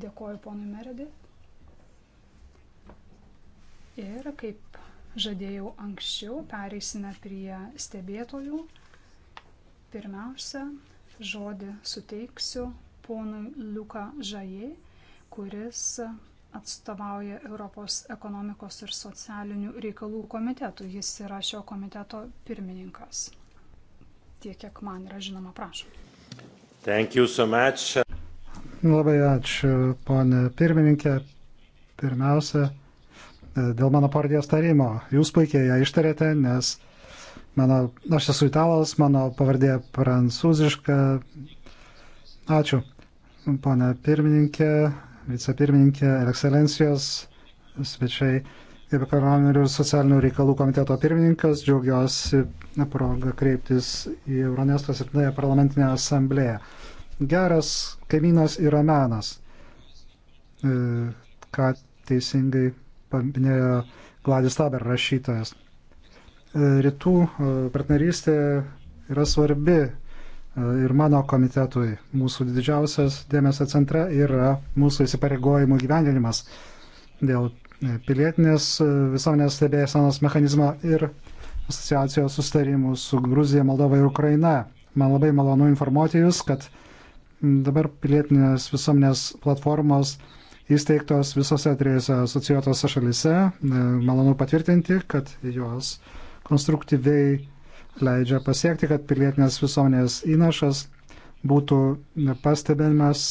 Dėkoju ponui Meredį. Ir kaip žadėjau anksčiau, pereisime prie stebėtojų. Pirmiausia, žodį suteiksiu ponui Liuka Žajai kuris atstovauja Europos ekonomikos ir socialinių reikalų komitetų. Jis yra šio komiteto pirmininkas. Tiek, kiek man yra žinoma, prašom. So much. Labai ačiū, ponė pirmininkė. Pirmiausia, dėl mano partijos tarimo. Jūs puikiai ją ištarėte, nes mano, nu, aš esu italas, mano pavardė prancūziška. Ačiū, ponė pirmininkė, vicepirmininkė, ekscelencijos, svečiai ir ekonominių ir socialinių reikalų komiteto pirmininkas, džiaugiuosi progą kreiptis į Euronesto 7 parlamentinę asamblėją. Geras kaimynas yra menas, e, ką teisingai paminėjo Gladys Taber rašytojas. E, rytų e, partnerystė yra svarbi ir mano komitetui. Mūsų didžiausias dėmesio centra yra mūsų įsipareigojimų gyvendinimas dėl pilietinės e, visuomenės stebėsenos mechanizmo ir asociacijos sustarimų su Gruzija, Moldova ir Ukraina. Man labai malonu informuoti Jūs, kad dabar pilietinės visuomenės platformos įsteigtos visose trijose asociuotose šalise. E, malonu patvirtinti, kad jos konstruktyviai leidžia pasiekti, kad pilietinės visuomenės įnašas būtų pastebimas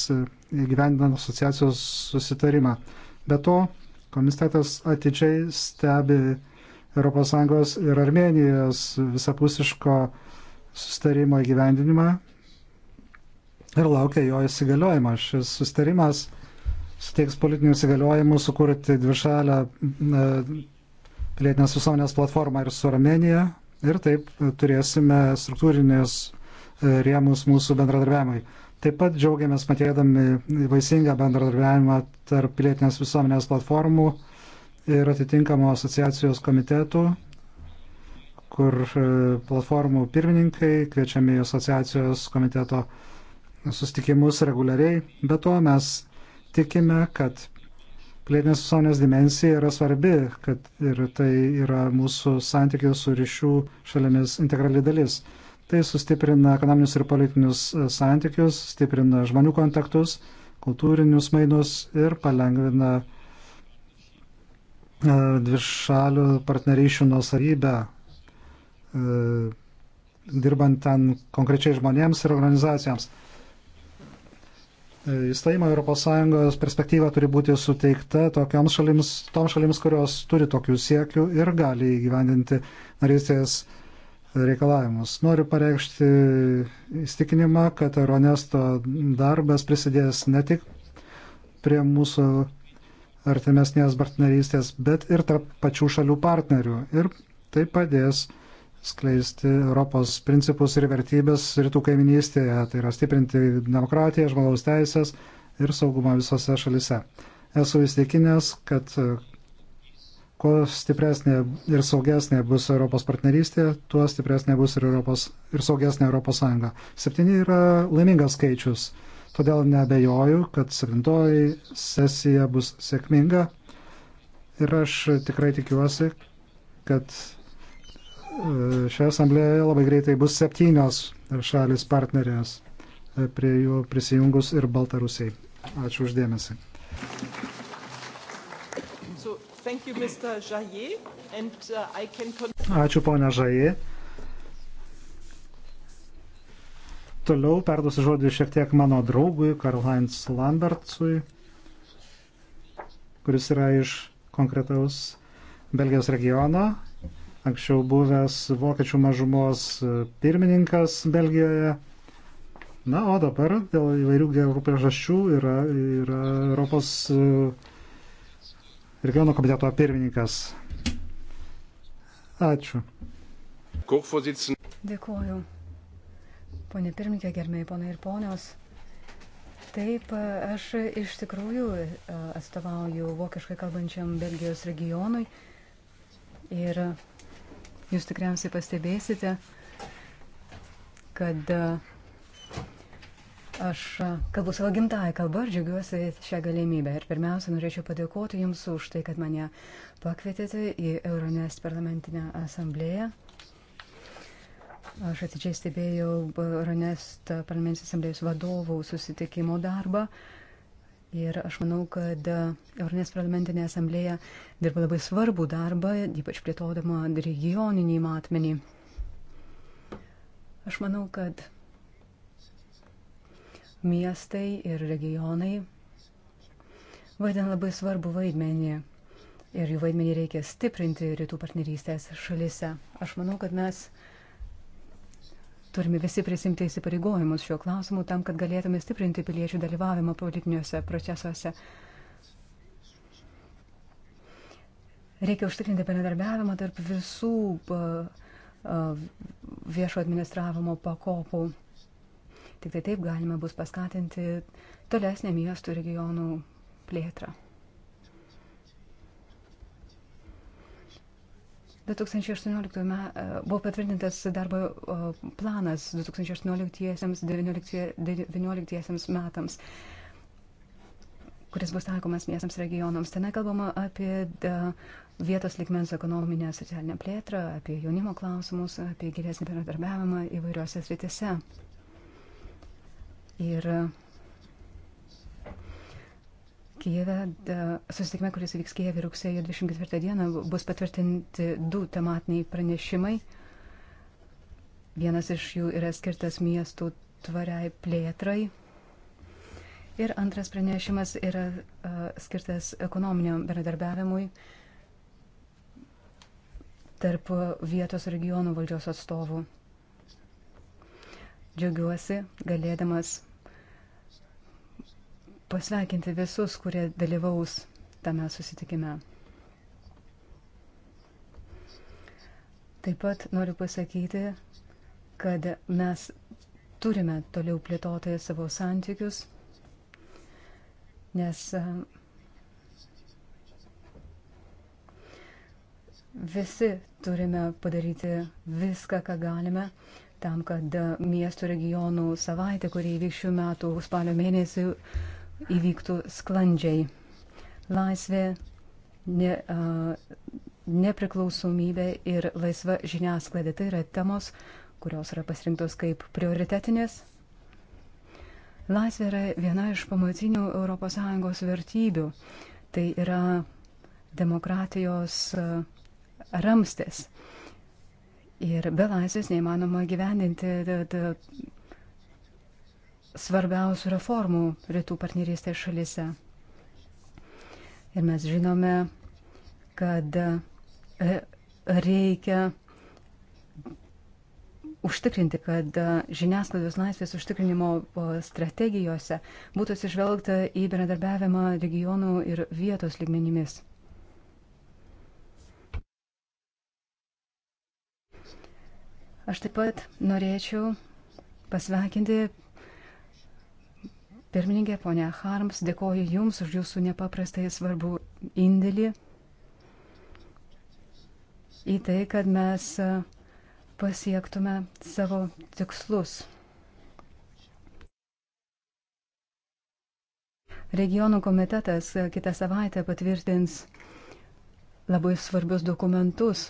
įgyvendinant asociacijos susitarimą. Be to, komitetas atidžiai stebi ES ir Armenijos visapusiško susitarimo įgyvendinimą ir laukia jo įsigaliojimo. Šis susitarimas suteiks politinius įgaliojimus sukurti dvišalę e, pilietinės visuomenės platformą ir su Armenija, ir taip turėsime struktūrinės e, rėmus mūsų bendradarbiavimui. Taip pat džiaugiamės matėdami vaisingą bendradarbiavimą tarp pilietinės visuomenės platformų ir atitinkamo asociacijos komitetų, kur e, platformų pirmininkai kviečiami į asociacijos komiteto sustikimus reguliariai. Be to mes tikime, kad Plėtinės visuomenės dimensija yra svarbi, kad ir tai yra mūsų santykių su ryšių šalimis integrali dalis. Tai sustiprina ekonominius ir politinius e, santykius, stiprina žmonių kontaktus, kultūrinius mainus ir palengvina e, dvišalių partnerysčių nuosavybę, e, dirbant ten konkrečiai žmonėms ir organizacijoms. Įstojimo e, Europos Sąjungos perspektyva turi būti suteikta tokioms šalims, toms šalims, kurios turi tokių siekių ir gali įgyvendinti narystės reikalavimus. Noriu pareikšti įstikinimą, kad Euronesto darbas prisidės ne tik prie mūsų artimesnės partnerystės, bet ir tarp pačių šalių partnerių. Ir tai padės uh, skleisti Europos principus ir vertybės rytų kaiminystėje, tai yra stiprinti demokratiją, žmogaus teisės ir saugumą visose šalise. Esu įstikinęs, kad e, kuo stipresnė ir saugesnė bus Europos partnerystė, tuo stipresnė bus ir, Europos, ir saugesnė Europos Sąjunga. Septyni yra laimingas skaičius, todėl nebejoju, kad septintoji sesija bus sėkminga ir aš tikrai tikiuosi, kad šioje asamblėje labai greitai bus septynios šalis partnerės, prie jų prisijungus ir Baltarusiai. Ačiū uždėmesi. Uh, Ačiū ponia Žaji. Toliau perduosiu žodį šiek tiek mano draugui, Karl-Heinz Lambertsui, kuris yra iš konkretaus Belgijos regiono anksčiau buvęs vokiečių mažumos e, pirmininkas Belgijoje. Na, o dabar dėl įvairių gerų priežasčių yra, yra Europos e, regiono komiteto pirmininkas. Ačiū. Dėkuoju. Pone pirmininkė, gerbėjai ponai ir ponios. Taip, e, aš iš tikrųjų atstovauju vokiškai kalbančiam Belgijos regionui ir Jūs tikriausiai pastebėsite, kad e, aš kalbu savo gimtąją kalbą ir džiaugiuosi šią galimybę. Ir pirmiausia, norėčiau padėkoti Jums už tai, kad mane pakvietėte į Euronest parlamentinę asamblėją. Aš atidžiai stebėjau Euronest parlamentinės asamblėjos vadovų susitikimo darbą. Uh, Ir aš manau, kad Euronės parlamentinė asamblėja dirba labai svarbų darbą, ypač plėtodama regioninį matmenį. Aš manau, kad miestai ir regionai vaidina labai svarbų vaidmenį ir jų vaidmenį reikia stiprinti rytų partnerystės šalise. Aš manau, kad mes Turime visi prisimti įsipareigojimus šiuo klausimu tam, kad galėtume stiprinti piliečių dalyvavimą politiniuose procesuose. Reikia užtikrinti bendradarbiavimą tarp visų viešo administravimo pakopų. Tik tai taip galime bus paskatinti tolesnę miestų regionų plėtrą. 2018 me, e, buvo patvirtintas darbo planas 2018-2019 metams, kuris bus taikomas miestams regionams. Ten kalbama apie vietos ligmens ekonominę socialinę plėtrą, apie jaunimo klausimus, apie geresnį bendradarbiavimą įvairiuose sritise. Ir Kijeve, susitikime, kuris vyks Kijeve rugsėjo 24 dieną, bus patvirtinti du tematiniai pranešimai. Vienas iš jų yra skirtas miestų tvariai plėtrai. Ir antras pranešimas yra uh, skirtas ekonominiam bendradarbiavimui tarp vietos regionų valdžios atstovų. Džiaugiuosi galėdamas pasveikinti visus, kurie dalyvaus tame susitikime. Taip pat noriu pasakyti, kad mes turime toliau plėtoti savo santykius, nes e, visi turime padaryti viską, ką galime, tam, kad miestų regionų savaitė, kurį įvyks šių metų spalio mėnesį, įvyktų sklandžiai. Laisvė, ne, a, nepriklausomybė ir laisva žiniasklaida tai yra temos, kurios yra pasirinktos kaip prioritetinės. Laisvė yra viena iš pamatinių ES vertybių. Tai yra demokratijos ramstis. Ir be laisvės neįmanoma gyveninti. Da, da, svarbiausių reformų rytų partnerystės šalyse. Ir mes žinome, kad e, reikia užtikrinti, kad žiniasklaidos laisvės užtikrinimo strategijose būtų atsižvelgta į bendradarbiavimą regionų ir vietos lygmenimis. Aš taip pat norėčiau pasveikinti Pirmininkė, ponia Harms, dėkoju Jums už Jūsų nepaprastai svarbų indėlį į tai, kad mes e, pasiektume savo tikslus. Regionų komitetas e, kitą savaitę patvirtins labai svarbius dokumentus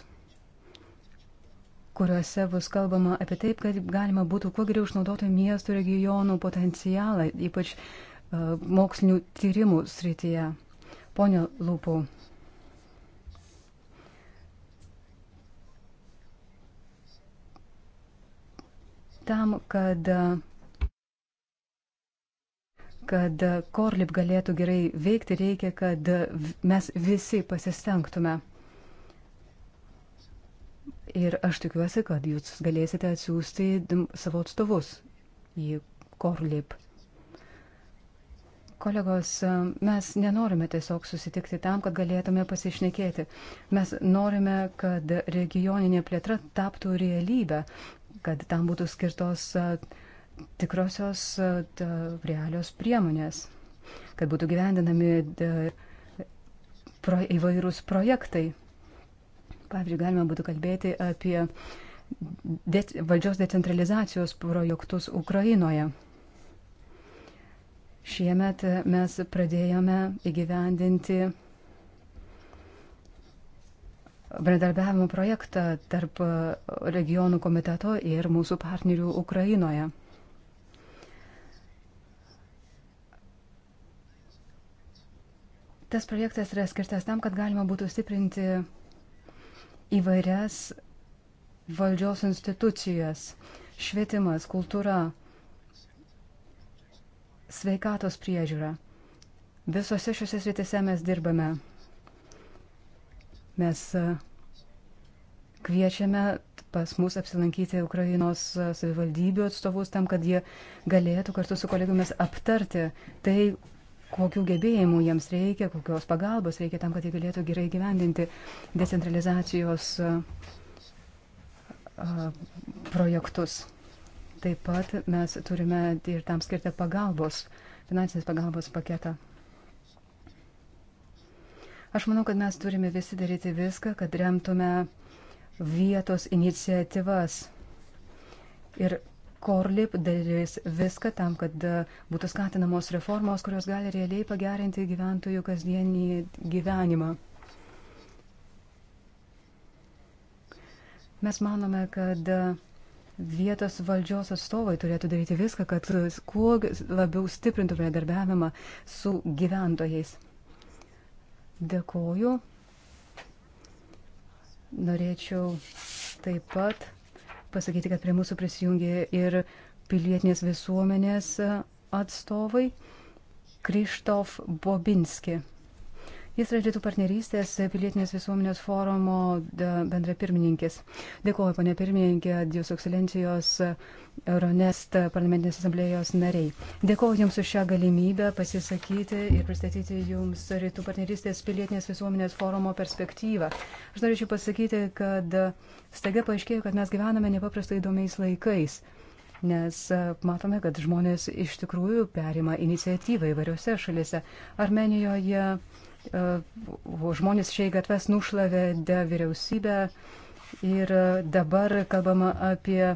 kuriuose bus kalbama apie taip, kad galima būtų kuo geriau išnaudoti miestų regionų potencialą, ypač uh, mokslinių tyrimų srityje. Pone Lūpų. Tam, kad, kad Korlip galėtų gerai veikti, reikia, kad mes visi pasistengtume. Ir aš tikiuosi, kad jūs galėsite atsiųsti savo atstovus į Korlip. Kolegos, mes nenorime tiesiog susitikti tam, kad galėtume pasišnekėti. Mes norime, kad regioninė plėtra taptų realybę, kad tam būtų skirtos tikrosios realios priemonės, kad būtų gyvendinami pro, įvairūs projektai. Pavyzdžiui, galima būtų kalbėti apie de valdžios decentralizacijos projektus Ukrainoje. Šiemet mes pradėjome įgyvendinti bendradarbiavimo projektą tarp regionų komiteto ir mūsų partnerių Ukrainoje. Tas projektas yra skirtas tam, kad galima būtų stiprinti įvairias valdžios institucijas - švietimas, kultūra, sveikatos priežiūra. Visose šiuose sritise mes dirbame. Mes e, kviečiame pas mus apsilankyti Ukrainos e, savivaldybių atstovus tam, kad jie galėtų kartu su kolegomis aptarti tai, kokių gebėjimų jiems reikia, kokios pagalbos reikia tam, kad jie galėtų gerai gyvendinti decentralizacijos projektus. Taip pat mes turime ir tam skirtą pagalbos, finansinės pagalbos paketą. Aš manau, kad mes turime visi daryti viską, kad remtume vietos iniciatyvas ir Korlip darys viską tam, kad e, būtų skatinamos reformos, kurios gali realiai pagerinti gyventojų kasdienį gyvenimą. Mes manome, kad e, vietos valdžios atstovai turėtų daryti viską, kad kuo labiau stiprintų bendradarbiavimą su gyventojais. Dėkoju. Norėčiau taip pat pasakyti, kad prie mūsų prisijungė ir pilietinės visuomenės atstovai Krištof Bobinski. Jis yra Rytų partnerystės pilietinės visuomenės forumo bendra pirmininkis. Dėkuoju, ponė pirmininkė, Jūsų ekscelencijos Euronest parlamentinės asamblėjos nariai. Dėkuoju Jums už šią galimybę pasisakyti ir pristatyti Jums Rytų partnerystės pilietinės visuomenės forumo perspektyvą. Aš norėčiau pasakyti, kad staiga paaiškėjo, kad mes gyvename nepaprastai įdomiais laikais nes matome, kad žmonės iš tikrųjų perima iniciatyvą įvairiose šalise. Armenijoje žmonės šiai gatves nušlavė vyriausybę ir dabar kalbama apie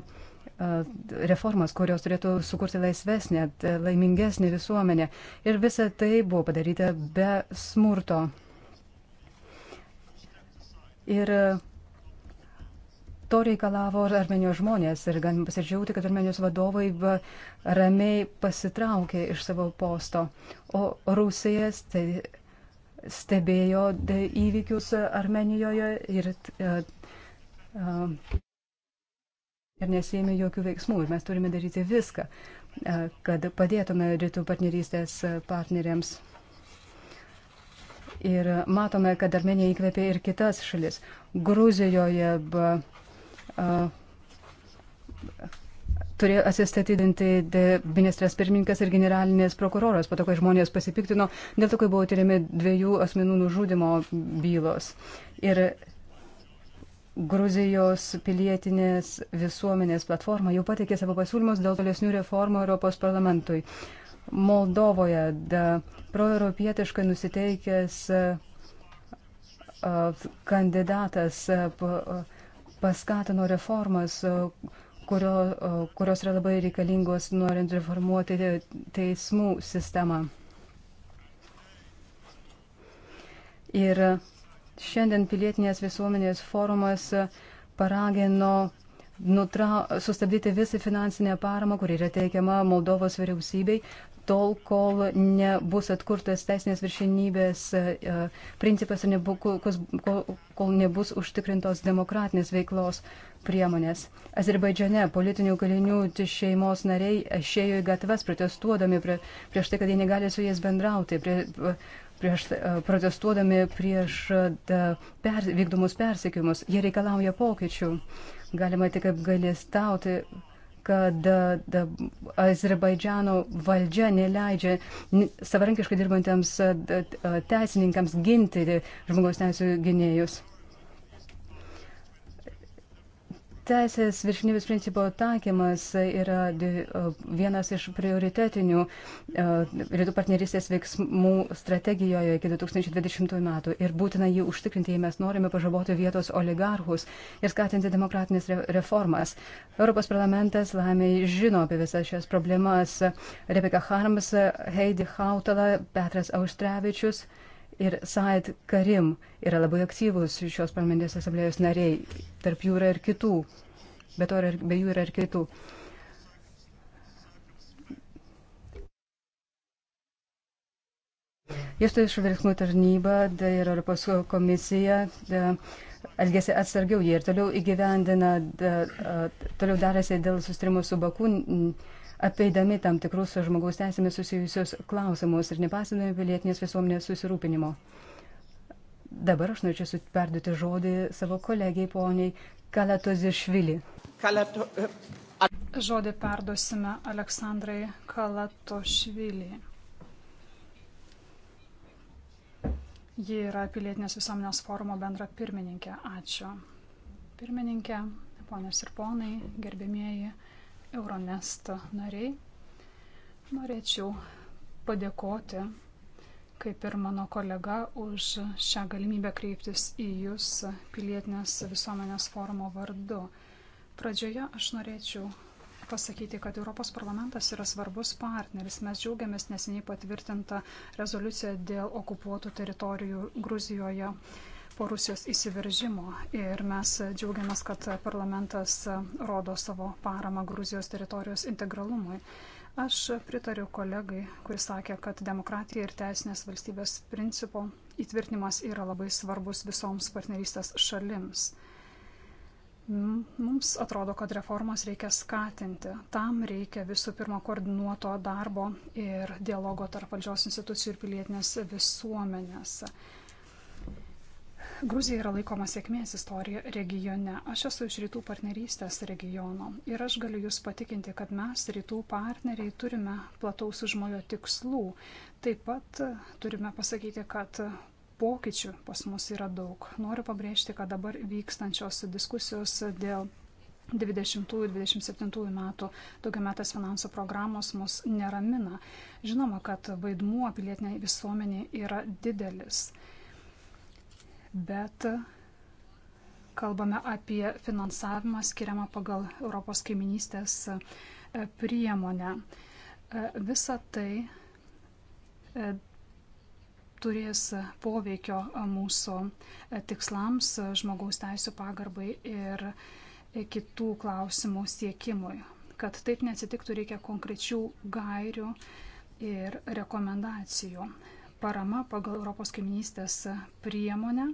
reformas, kurios turėtų sukurti laisvesnę, laimingesnę visuomenę. Ir visa tai buvo padaryta be smurto. Ir to reikalavo ir Armenijos žmonės. Ir galim pasidžiaugti, kad Armenijos vadovai ramiai pasitraukė iš savo posto. O Rusijas tai stebėjo e, įvykius Armenijoje ir, e, e, ir nesėmė jokių veiksmų. Ir mes turime daryti viską, kad padėtume rytų partnerystės partneriams. Ir matome, kad Armenija įkvėpė ir kitas šalis. Gruzijoje. Ba, a, turėjo atsistatydinti ministras pirmininkas ir generalinės prokuroras, po to, kai žmonės pasipiktino, dėl to, kai buvo tyriami dviejų asmenų nužudimo bylos. Ir Gruzijos pilietinės visuomenės platforma jau pateikė savo pasiūlymus dėl tolesnių reformų Europos parlamentui. Moldovoje proeuropietiškai nusiteikęs kandidatas paskatino reformas, kurio, kurios yra labai reikalingos norint reformuoti teismų sistemą. Ir šiandien pilietinės visuomenės forumas paragino nutra, sustabdyti visą finansinę paramą, kuri yra teikiama Moldovos vyriausybei, tol, kol nebus atkurtas teisinės viršinybės e, principas ir nebu, kol, kol nebus užtikrintos demokratinės veiklos priemonės. Azerbaidžiane politinių kalinių šeimos nariai išėjo į gatves protestuodami prie, prieš tai, kad jie negali su jais bendrauti, prie, prieš, e, protestuodami prieš da, e, per, vykdomus persekiumus. Jie reikalauja pokyčių. Galima tik apgalėstauti kad e, da, da, Azerbaidžiano valdžia neleidžia savarankiškai dirbantiems da, teisininkams ginti žmogaus teisų gynėjus. Teisės viršinybės principo taikymas yra vienas iš prioritetinių rytų partnerystės veiksmų strategijoje iki 2020 metų ir būtina jį užtikrinti, jei mes norime pažaboti vietos oligarchus ir skatinti demokratinės reformas. Europos parlamentas laimiai žino apie visas šias problemas. Rebeka Harms, Heidi Hautala, Petras Auštrevičius ir Said Karim yra labai aktyvus šios parlamentinės asamblėjos nariai, tarp jų yra ir kitų, bet to be jų yra ir kitų. Ieštojų tai išvelgsmų tarnyba da, tai ir Europos komisija da, elgėsi atsargiau, jie ir toliau įgyvendina, da, a, toliau darėsi dėl sustrimo su Baku. N, apeidami tam tikrus žmogaus teisėmis susijusius klausimus ir nepasinojo pilietinės visuomenės susirūpinimo. Dabar aš norėčiau perduoti žodį savo kolegijai poniai Kalatozišvili. Kalato... Žodį perduosime Aleksandrai Kalatošvili. Ji yra pilietinės visuomenės forumo bendra pirmininkė. Ačiū. Pirmininkė, ponės ir ponai, gerbėmieji. Euronest nariai. Norėčiau padėkoti, kaip ir mano kolega, už šią galimybę kreiptis į Jūs pilietinės visuomenės forumo vardu. Pradžioje aš norėčiau pasakyti, kad Europos parlamentas yra svarbus partneris. Mes džiaugiamės neseniai patvirtintą rezoliuciją dėl okupuotų teritorijų Gruzijoje po Rusijos įsiveržimo. Ir mes džiaugiamės, kad parlamentas rodo savo paramą Gruzijos teritorijos integralumui. Aš pritariu kolegai, kuris sakė, kad demokratija ir teisinės valstybės principo įtvirtinimas yra labai svarbus visoms partnerystės šalims. Mums atrodo, kad reformas reikia skatinti. Tam reikia visų pirma koordinuoto darbo ir dialogo tarp valdžios institucijų ir pilietinės visuomenės. Gruzija yra laikoma sėkmės istorija regione. Aš esu iš rytų partnerystės regiono ir aš galiu Jūs patikinti, kad mes, rytų partneriai, turime plataus užmojo tikslų. Taip pat turime pasakyti, kad pokyčių pas mus yra daug. Noriu pabrėžti, kad dabar vykstančios diskusijos dėl 2020-2027 metų daugiametės finansų programos mus neramina. Žinoma, kad vaidmuo pilietinė visuomenė yra didelis bet kalbame apie finansavimą skiriamą pagal Europos kaiminystės e, priemonę. E, visa tai e, turės poveikio mūsų tikslams, žmogaus teisų pagarbai ir kitų klausimų siekimui. Kad taip neatsitiktų, reikia konkrečių gairių ir rekomendacijų. Parama pagal Europos kaiminystės priemonę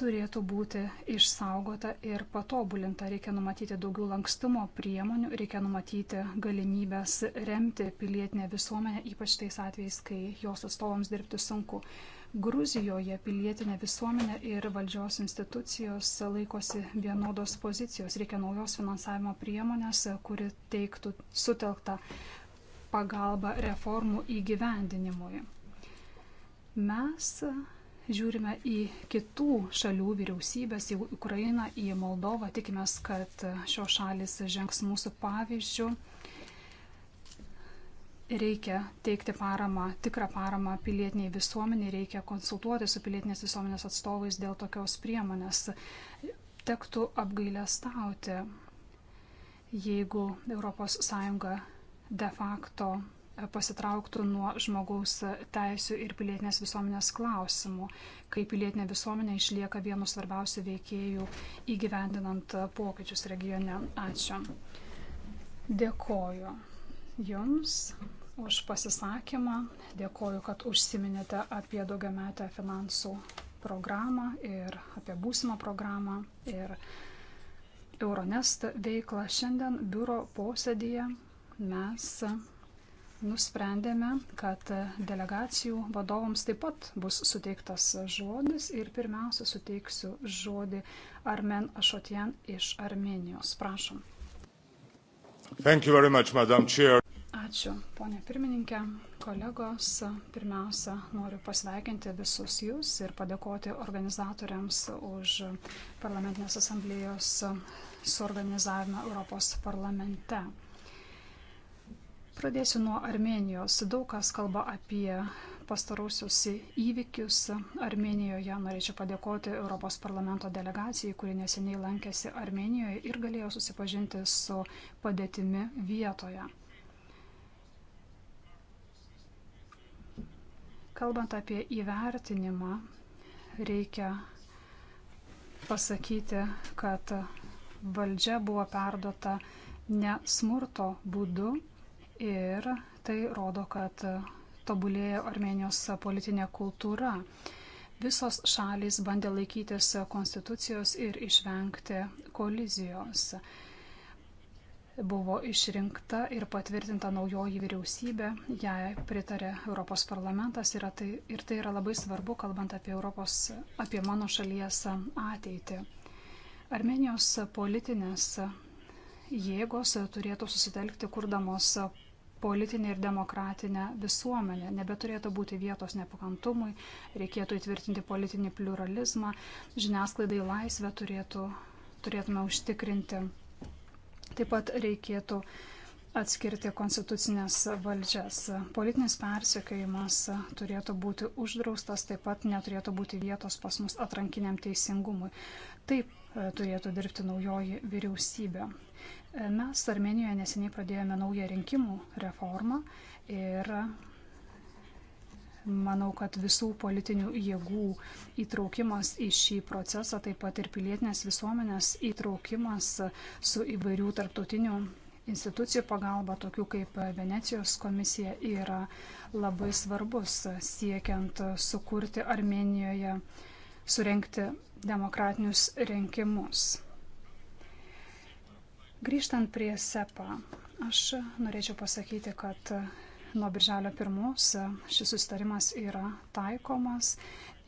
turėtų būti išsaugota ir patobulinta. Reikia numatyti daugiau lankstumo priemonių, reikia numatyti galimybės remti pilietinę visuomenę, ypač tais atvejais, kai jos atstovams dirbti sunku. Gruzijoje pilietinė visuomenė ir valdžios institucijos laikosi vienodos pozicijos. Reikia naujos finansavimo priemonės, kuri teiktų sutelktą pagalbą reformų įgyvendinimui. Mes žiūrime į kitų šalių vyriausybės, į Ukrainą, į Moldovą. Tikimės, kad šios šalis žengs mūsų pavyzdžių. Reikia teikti paramą, tikrą paramą pilietiniai visuomeniai, reikia konsultuoti su pilietinės visuomenės atstovais dėl tokios priemonės. Tektų apgailę stauti, jeigu ES de facto pasitrauktų nuo žmogaus teisų ir pilietinės visuomenės klausimų, kai pilietinė visuomenė išlieka vienu svarbiausių veikėjų įgyvendinant pokyčius regione. Ačiū. Dėkoju Jums už pasisakymą, dėkoju, kad užsiminėte apie daugiametę finansų programą ir apie būsimą programą ir Euronest veiklą. Šiandien biuro posėdėje mes nusprendėme, kad delegacijų vadovams taip pat bus suteiktas žodis ir pirmiausia suteiksiu žodį Armen Ašotien iš Armenijos. Prašom. Much, Ačiū, ponė pirmininkė, kolegos. Pirmiausia, noriu pasveikinti visus jūs ir padėkoti organizatoriams už parlamentinės asamblėjos suorganizavimą Europos parlamente. Pradėsiu nuo Armenijos. Daug kas kalba apie pastarausius įvykius Armenijoje. Norėčiau padėkoti Europos parlamento delegacijai, kuri neseniai lankėsi Armenijoje ir galėjo susipažinti su padėtimi vietoje. Kalbant apie įvertinimą, reikia pasakyti, kad valdžia buvo perdota ne smurto būdu, Ir tai rodo, kad tobulėjo Armenijos politinė kultūra. Visos šalys bandė laikytis konstitucijos ir išvengti kolizijos. Buvo išrinkta ir patvirtinta naujoji vyriausybė, jai pritarė Europos parlamentas ir tai, ir tai yra labai svarbu, kalbant apie, Europos, apie mano šalies ateitį. Armenijos politinės jėgos turėtų susitelkti kurdamos politinę ir demokratinę visuomenę. Nebeturėtų būti vietos nepakantumui, reikėtų įtvirtinti politinį pluralizmą, žiniasklaidai laisvę turėtų, turėtume užtikrinti. Taip pat reikėtų atskirti konstitucinės valdžias. Politinis persekiojimas turėtų būti uždraustas, taip pat neturėtų būti vietos pas mus atrankiniam teisingumui. Taip e, turėtų dirbti naujoji vyriausybė. Mes Armenijoje neseniai pradėjome naują rinkimų reformą ir manau, kad visų politinių jėgų įtraukimas į šį procesą, taip pat ir pilietinės visuomenės įtraukimas su įvairių tarptautinių institucijų pagalba, tokių kaip Venecijos komisija, yra labai svarbus siekiant sukurti Armenijoje, surenkti demokratinius rinkimus. Grįžtant prie SEPA, aš norėčiau pasakyti, kad nuo birželio pirmos šis sustarimas yra taikomas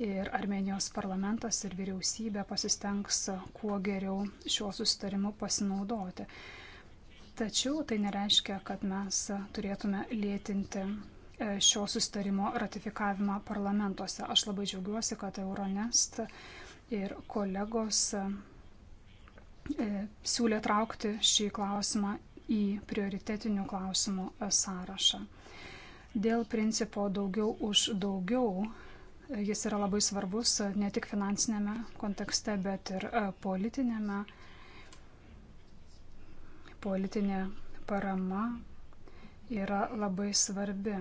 ir Armenijos parlamentas ir vyriausybė pasistengs kuo geriau šiuo sustarimu pasinaudoti. Tačiau tai nereiškia, kad mes turėtume lėtinti e, šio sustarimo ratifikavimą parlamentuose. Aš labai džiaugiuosi, kad Euronest ir kolegos E, siūlė traukti šį klausimą į prioritetinių klausimų e, sąrašą. Dėl principo daugiau už daugiau e, jis yra labai svarbus ne tik finansinėme kontekste, bet ir politinėme. Politinė parama yra labai svarbi.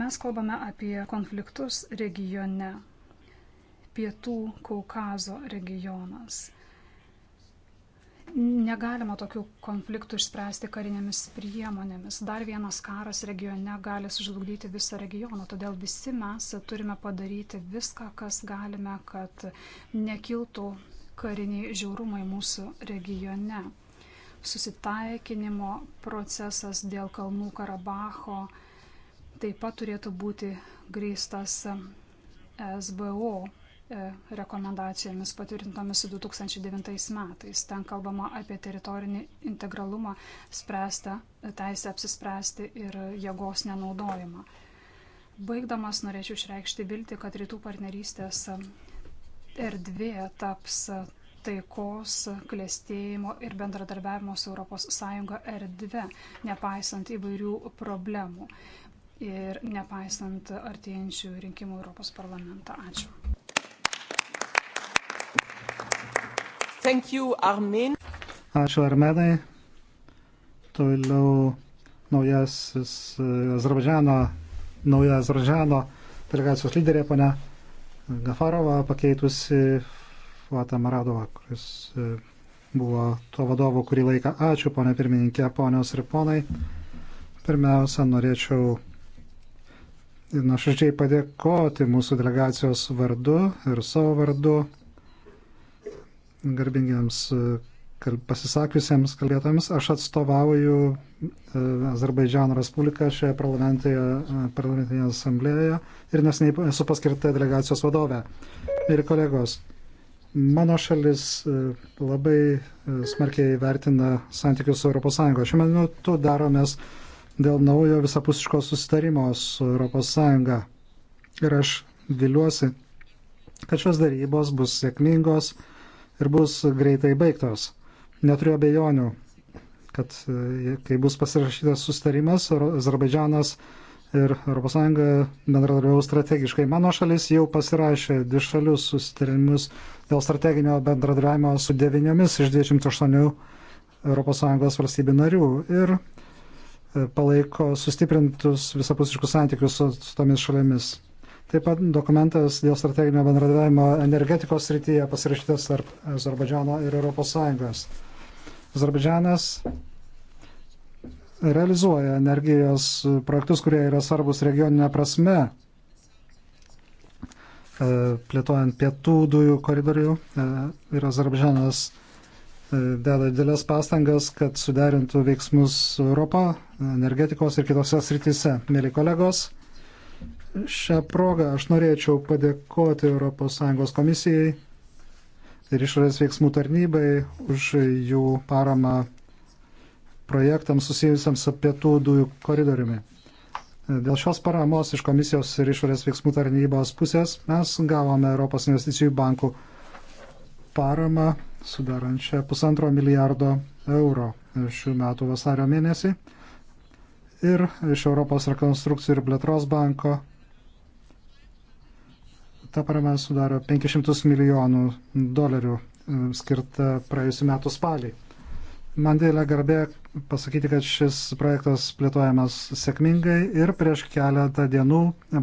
Mes kalbame apie konfliktus regione pietų Kaukazo regionas. Negalima tokių konfliktų išspręsti karinėmis priemonėmis. Dar vienas karas regione gali sužlugdyti visą regioną, todėl visi mes turime padaryti viską, kas galime, kad nekiltų kariniai žiaurumai mūsų regione. Susitaikinimo procesas dėl Kalnų Karabacho taip pat turėtų būti grįstas SBO E, rekomendacijomis patvirtintomis 2009 metais. Ten kalbama apie teritorinį integralumą, spręstą teisę apsispręsti ir jėgos nenaudojimą. Baigdamas norėčiau išreikšti viltį, kad rytų partnerystės erdvė taps taikos, klėstėjimo ir bendradarbiavimo su ES erdvė, nepaisant įvairių problemų ir nepaisant artėjančių rinkimų Europos parlamentą. Ačiū. Thank you, Armin. Ačiū Armenai. Toliau naujasis e, Azerbaidžiano, nauja Azerbaidžiano delegacijos lyderė, ponia Gafarova, pakeitusi Fuatą Maradovą, kuris e, buvo tuo vadovu kurį laiką. Ačiū, ponia pirmininkė, ponios ir ponai. Pirmiausia, norėčiau nuoširdžiai padėkoti mūsų delegacijos vardu ir savo vardu garbingiems e, pasisakiusiems kalbėtojams. Aš atstovauju e, Azerbaidžiano Respubliką šioje e, parlamentinėje asamblėje ir nesiniai esu paskirta delegacijos vadovė. Ir kolegos, mano šalis labai smarkiai vertina santykius su ES. Šiuo metu daromės dėl naujo visapusiško susitarimo su ES. Ir aš viliuosi, kad šios darybos bus sėkmingos ir bus greitai baigtos. Neturiu abejonių, kad e, kai bus pasirašytas sustarimas, Azerbaidžianas ir ES bendradarbiavo strategiškai. Mano šalis jau pasirašė dvišalius sustarimus dėl strateginio bendradarbiavimo su devyniomis iš 28 ES valstybių narių ir e, palaiko sustiprintus visapusiškus santykius su, su tomis šalimis. Taip pat dokumentas dėl strateginio bendradavimo energetikos srityje pasirašytas tarp Azerbaidžiano ir ES. Azerbaidžianas realizuoja energijos projektus, kurie yra svarbus regioninė prasme, e, plėtojant pietų dujų koridorių e, ir Azerbaidžanas e, deda didelės pastangas, kad suderintų veiksmus Europą, energetikos ir kitose srityse. Mėly kolegos, šią progą aš norėčiau padėkoti ES komisijai ir išorės veiksmų tarnybai už jų paramą projektams susijusiams su pietų dujų koridoriumi. Dėl šios paramos iš komisijos ir išorės veiksmų tarnybos pusės mes gavome Europos investicijų bankų paramą sudarančią pusantro milijardo eurų šių metų vasario mėnesį ir iš Europos rekonstrukcijų ir plėtros banko ta parama sudaro 500 milijonų dolerių e, skirta praėjusiu metu spalį. Man didelė garbė pasakyti, kad šis projektas plėtojamas sėkmingai ir prieš keletą dienų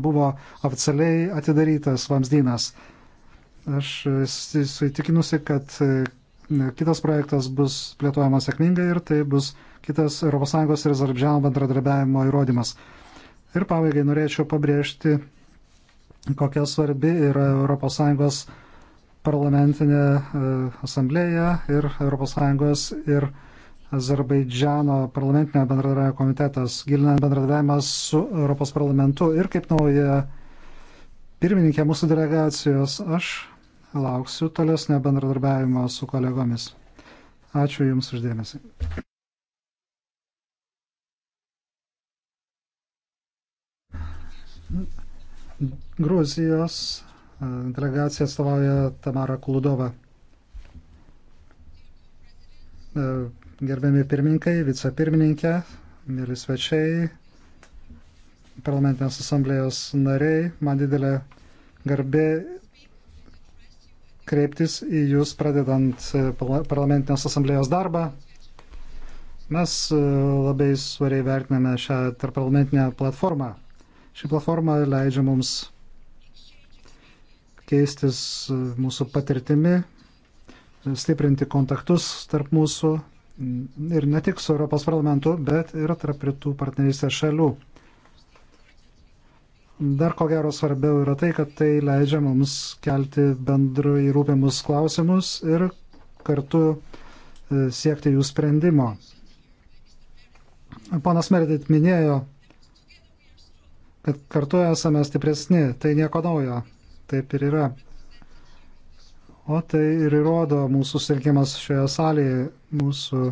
buvo oficialiai atidarytas vamzdynas. Aš esu įtikinusi, kad e, kitas projektas bus plėtojamas sėkmingai ir tai bus kitas ES ir Azerbaidžiano bendradarbiavimo įrodymas. Ir pabaigai norėčiau pabrėžti kokia svarbi yra ES parlamentinė e, asamblėja ir ES ir Azerbaidžiano parlamentinio bendradarbiavimo komitetas, gilinant bendradarbiavimą su Europos parlamentu ir kaip nauja pirmininkė mūsų delegacijos, aš lauksiu tolesnio bendradarbiavimo su kolegomis. Ačiū Jums uždėmesi. Mm-hmm. Gruzijos e, delegacija atstovauja Tamara Kuludova. E, gerbiami pirmininkai, vicepirmininkė, mėly svečiai, parlamentinės asamblėjos nariai, man didelė garbė kreiptis į Jūs pradedant e, parlamentinės asamblėjos darbą. Mes labai svariai vertiname šią tarpparlamentinę platformą. Ši platforma leidžia mums keistis e, mūsų patirtimi, stiprinti kontaktus tarp mūsų mm, ir ne tik su Europos parlamentu, bet ir tarp rytų partnerystės šalių. Dar ko gero svarbiau yra tai, kad tai leidžia mums kelti bendrai rūpimus klausimus ir kartu e, siekti jų sprendimo. Ponas Meredit minėjo kad kartu esame stipresni, tai nieko naujo, taip ir yra. O tai ir įrodo mūsų susirinkimas šioje salėje, mūsų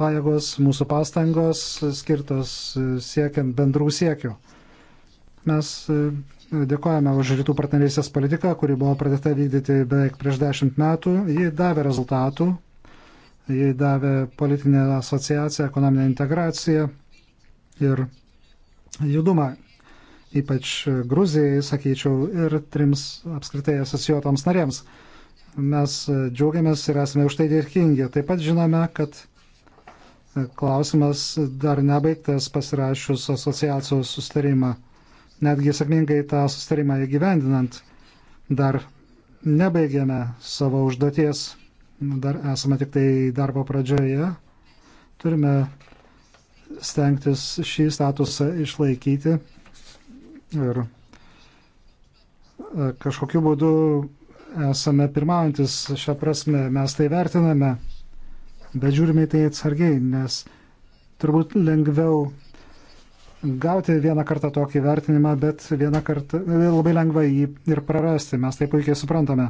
pajėgos, mūsų pastangos skirtos siekiant bendrų siekių. Mes e, dėkojame už rytų partnerystės politiką, kuri buvo pradėta vykdyti beveik prieš dešimt metų. Ji davė rezultatų, ji davė politinę asociaciją, ekonominę integraciją ir judumą ypač Gruzijai, sakyčiau, ir trims apskritai asocijuotoms narėms. Mes džiaugiamės ir esame už tai dėkingi. Taip pat žinome, kad klausimas dar nebaigtas pasirašius asociacijos sustarimą. Netgi sėkmingai tą sustarimą įgyvendinant dar nebaigėme savo užduoties, dar esame tik tai darbo pradžioje. Turime stengtis šį statusą išlaikyti Ir e, kažkokiu būdu esame pirmaujantis šią prasme, mes tai vertiname, bet žiūrime į tai atsargiai, nes turbūt lengviau gauti vieną kartą tokį vertinimą, bet vieną kartą labai lengva jį ir prarasti, mes tai puikiai suprantame.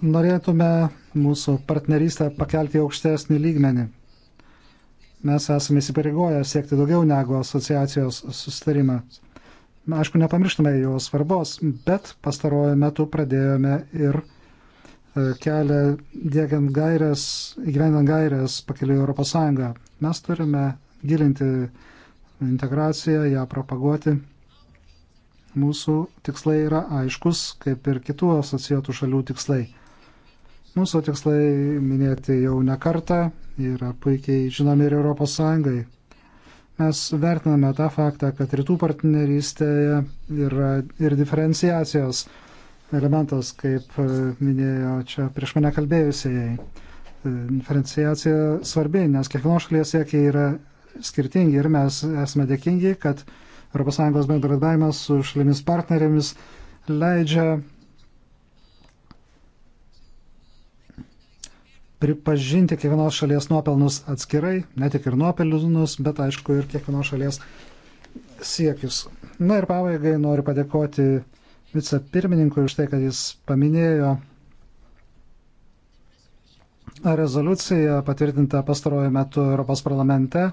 Norėtume mūsų partnerystę pakelti aukštesnį lygmenį mes esame įsipareigoję siekti daugiau negu asociacijos sustarimas. Aišku, nepamirštame jo svarbos, bet pastaruoju metu pradėjome ir e, kelią dėgiant gairias, įgyvendant gairias pakeliui Europos Sąjungą. Mes turime gilinti integraciją, ją propaguoti. Mūsų tikslai yra aiškus, kaip ir kitų asocijuotų šalių tikslai. Mūsų tikslai minėti jau ne kartą, yra puikiai žinomi ir ES. Mes vertiname tą faktą, kad rytų partnerystėje yra ir diferenciacijos elementas, kaip minėjo čia prieš mane kalbėjusieji. Diferenciacija svarbi, nes kiekvienos šalies siekiai yra skirtingi ir mes esame dėkingi, kad ES bendradarbiavimas su šalimis partnerėmis leidžia pripažinti kiekvienos šalies nuopelnus atskirai, ne tik ir nuopelnus, bet aišku ir kiekvienos šalies siekius. Na ir pabaigai noriu padėkoti vicepirmininkui už tai, kad jis paminėjo rezoliuciją patvirtintą pastarojų metų Europos parlamente.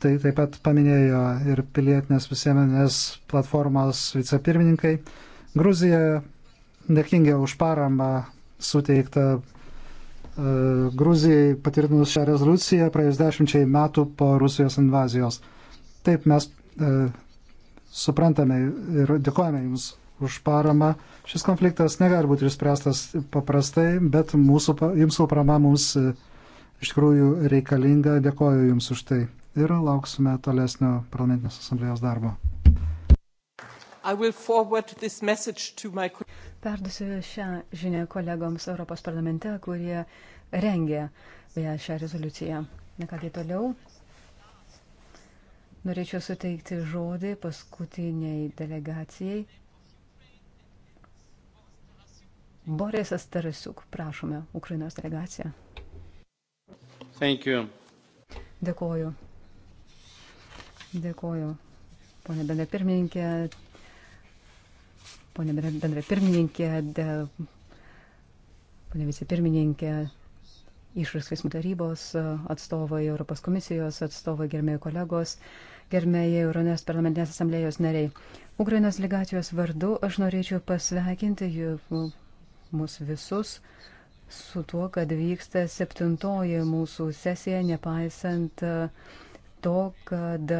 Tai taip pat paminėjo ir pilietinės visuomenės platformos vicepirmininkai. Gruzija dėkingia už paramą suteiktą E, Gruzijai patvirtinus šią rezoliuciją praėjus dešimčiai metų po Rusijos invazijos. Taip mes e, suprantame ir dėkojame Jums už paramą. Šis konfliktas negali būti išspręstas paprastai, bet mūsų, Jūsų parama mums e, iš tikrųjų reikalinga. Dėkoju Jums už tai ir lauksime tolesnio parlamentinės asamblėjos darbo. My... Perdusiu šią žinę kolegoms Europos parlamente, kurie rengė beje šią rezoliuciją. Na kągi toliau. Norėčiau suteikti žodį paskutiniai delegacijai. Borisas Tarasiuk, prašome, Ukrainos delegacija. Thank you. Dėkoju. Dėkoju, ponė bendra pirmininkė, ponė bendra pirmininkė, ponė vicepirmininkė, išrus teismų tarybos atstovai, Europos komisijos atstovai, gerbėjai kolegos, gerbėjai Euronės parlamentinės asamblėjos nariai. Ukrainos legacijos vardu aš norėčiau pasveikinti mus visus su tuo, kad vyksta septintoji mūsų sesija, nepaisant to, kad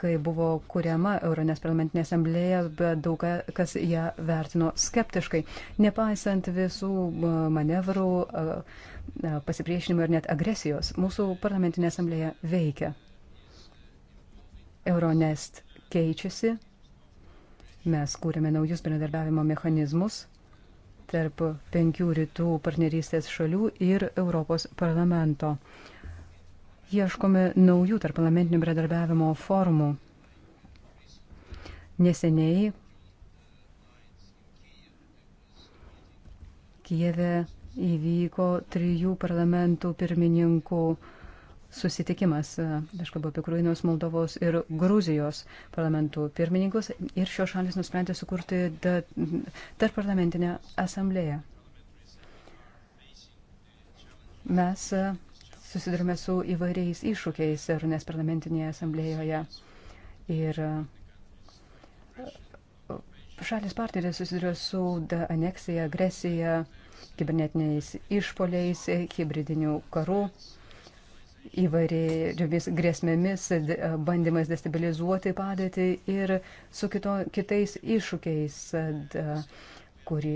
kai buvo kuriama Euronės parlamentinė asamblėja, bet daug kas ją vertino skeptiškai. Nepaisant visų e, manevrų, e, e, pasipriešinimo ir net agresijos, mūsų parlamentinė asamblėja veikia. Euronest keičiasi, mes kūrėme naujus bendradarbiavimo mechanizmus tarp penkių rytų partnerystės šalių ir Europos parlamento ieškome naujų tarp parlamentinių bendradarbiavimo formų. Neseniai Kijeve įvyko trijų parlamentų pirmininkų susitikimas, aš kalbu apie Ukrainos, Moldovos ir Gruzijos parlamentų pirmininkus, ir šios šalis nusprendė sukurti tarp parlamentinę asamblėją. Mes susidurime su įvairiais iššūkiais Runės parlamentinėje asamblėjoje. Ir e, šalis partnerės susiduria su aneksija, agresija, kibernetiniais išpoliais, hybridiniu karu, įvairiomis grėsmėmis, e, bandymas destabilizuoti padėtį ir su kito, kitais iššūkiais. Da, kuri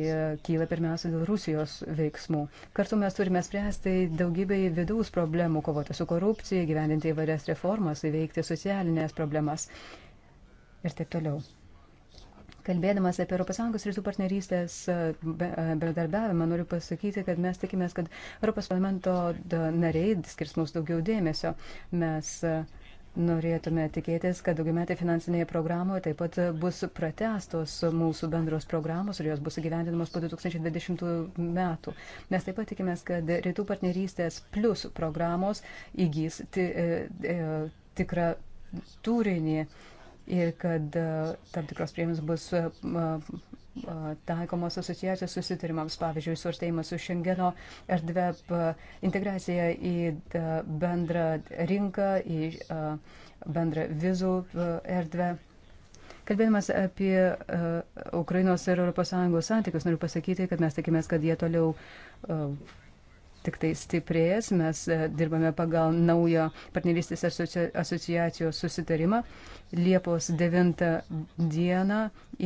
kyla pirmiausia dėl Rusijos veiksmų. Kartu mes turime spręsti daugybę vidaus problemų, kovoti su korupcija, gyvendinti įvairias reformas, įveikti socialinės problemas ir taip toliau. Kalbėdamas apie ES rytų partnerystės e, e, bendradarbiavimą, noriu pasakyti, kad mes tikimės, kad ES nariai skirs mums daugiau dėmesio. Mes uh, Norėtume tikėtis, kad daugiametė finansinėje programoje taip pat bus pratestos mūsų bendros programos ir jos bus įgyvendinamos po 2020 metų. Mes taip pat tikimės, kad rytų partnerystės plus programos įgys e, e, tikrą turinį ir kad e, tam tikros priemonės bus taikomos asociacijos susitarimams, pavyzdžiui, suartėjimas su Šengeno erdvė, integracija į bendrą rinką, į bendrą vizų erdvę. Kalbėdamas apie uh, Ukrainos ir ES santykius, noriu pasakyti, kad mes tikimės, kad jie toliau uh, tik tai stiprės. Mes e, dirbame pagal naują partnerystės asociacijos susitarimą. Liepos 9 dieną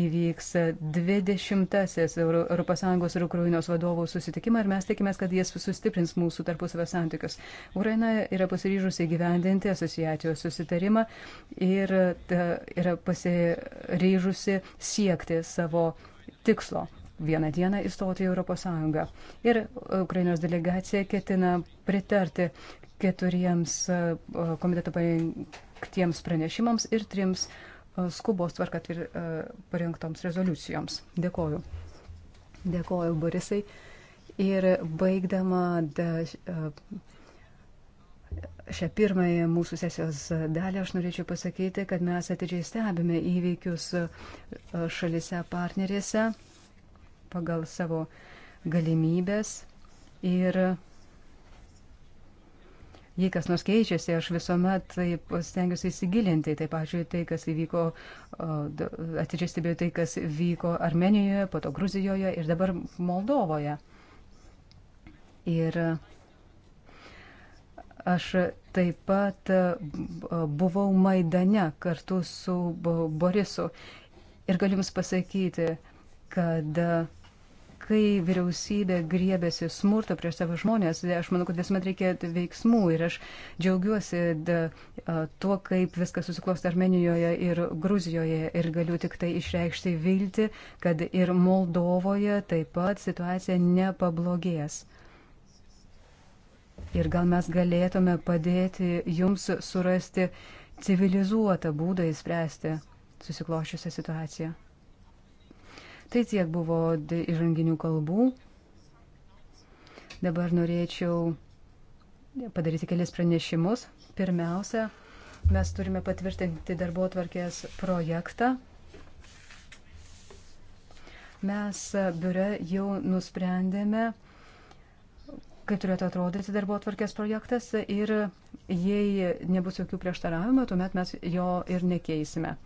įvyks 20-asis ES ir Ukrainos vadovų susitikimą ir mes tikime, kad jis sustiprins mūsų tarpusavio santykius. Ukraina yra pasiryžusi gyvendinti asociacijos susitarimą ir e, yra pasiryžusi siekti savo tikslo vieną dieną įstoti į Europos Sąjungą. Ir e, Ukrainos delegacija ketina pritarti keturiems e, e, komiteto parengtiems pranešimams ir trims skubos tvarka parengtoms rezoliucijoms. Dėkoju. Dėkoju, Borisai. Ir baigdama da, šią pirmąją mūsų sesijos dalį aš norėčiau pasakyti, kad mes atidžiai stebime įvykius šalise partnerėse pagal savo galimybės ir jei kas nors keičiasi, aš visuomet taip stengiuosi įsigilinti. Tai, pažiūrėjau, tai, kas įvyko, atidžiai stebėjau tai, kas vyko Armenijoje, po to Gruzijoje ir dabar Moldovoje. Ir aš taip pat buvau Maidane kartu su Borisu. Ir galiu Jums pasakyti, kad uh, kai vyriausybė griebėsi smurto prieš savo žmonės, aš manau, kad visuomet reikia veiksmų ir aš džiaugiuosi da, tuo, kaip viskas susiklosti Armenijoje ir Gruzijoje ir galiu tik tai išreikšti vilti, kad ir Moldovoje taip pat situacija nepablogės. Ir gal mes galėtume padėti jums surasti civilizuotą būdą įspręsti susikloščiusią situaciją. Tai tiek buvo įžanginių kalbų. Dabar norėčiau padaryti kelias pranešimus. Pirmiausia, mes turime patvirtinti darbo tvarkės projektą. Mes e, biure jau nusprendėme, kaip turėtų atrodyti darbo tvarkės projektas ir jei nebus jokių prieštaravimų, tuomet mes jo ir nekeisime.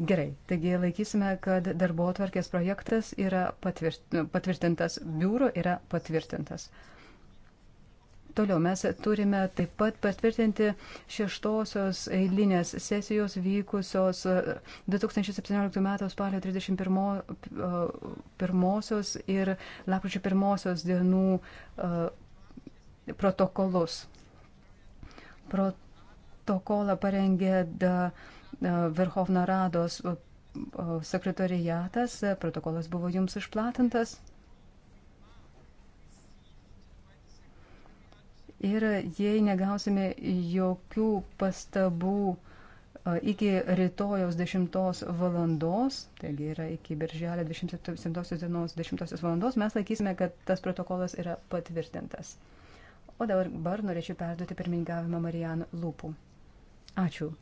Gerai, taigi laikysime, kad darbo atvarkės projektas yra patvirtintas, biuro yra patvirtintas. Toliau mes turime taip pat patvirtinti šeštosios eilinės sesijos vykusios 2017 e, m. spalio 31 e, ir lapkričio 1 dienų e, protokolus. Protokolą parengė da, uh, E, Verhovno Rados e, sekretariatas, e, protokolas buvo jums išplatintas. Ir jei negausime jokių pastabų iki rytojaus 10 valandos, taigi yra iki birželio 27 dienos 10 valandos, mes laikysime, kad tas protokolas yra patvirtintas. O dabar norėčiau perduoti pirmininkavimą Marijan Lūpų. Ačiū.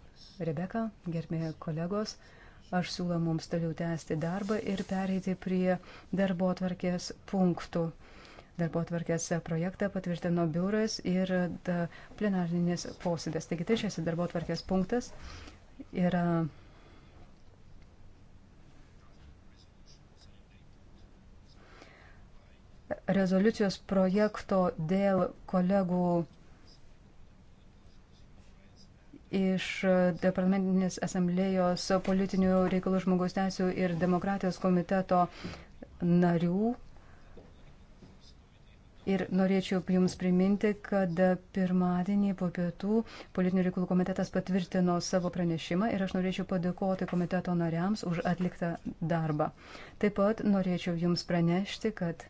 Rebeka, gerbėjai kolegos, aš siūlau mums toliau tęsti darbą ir pereiti prie darbo atvarkės punktų. Darbo atvarkės projektą patvirtino biuras ir plenarninis posėdės. Taigi tai šis darbo atvarkės punktas yra rezoliucijos projekto dėl kolegų iš parlamentinės asamblėjos politinių reikalų žmogaus teisų ir demokratijos komiteto narių. Ir norėčiau Jums priminti, kad pirmadienį po pietų politinių reikalų komitetas patvirtino savo pranešimą ir aš norėčiau padėkoti komiteto nariams už atliktą darbą. Taip pat norėčiau Jums pranešti, kad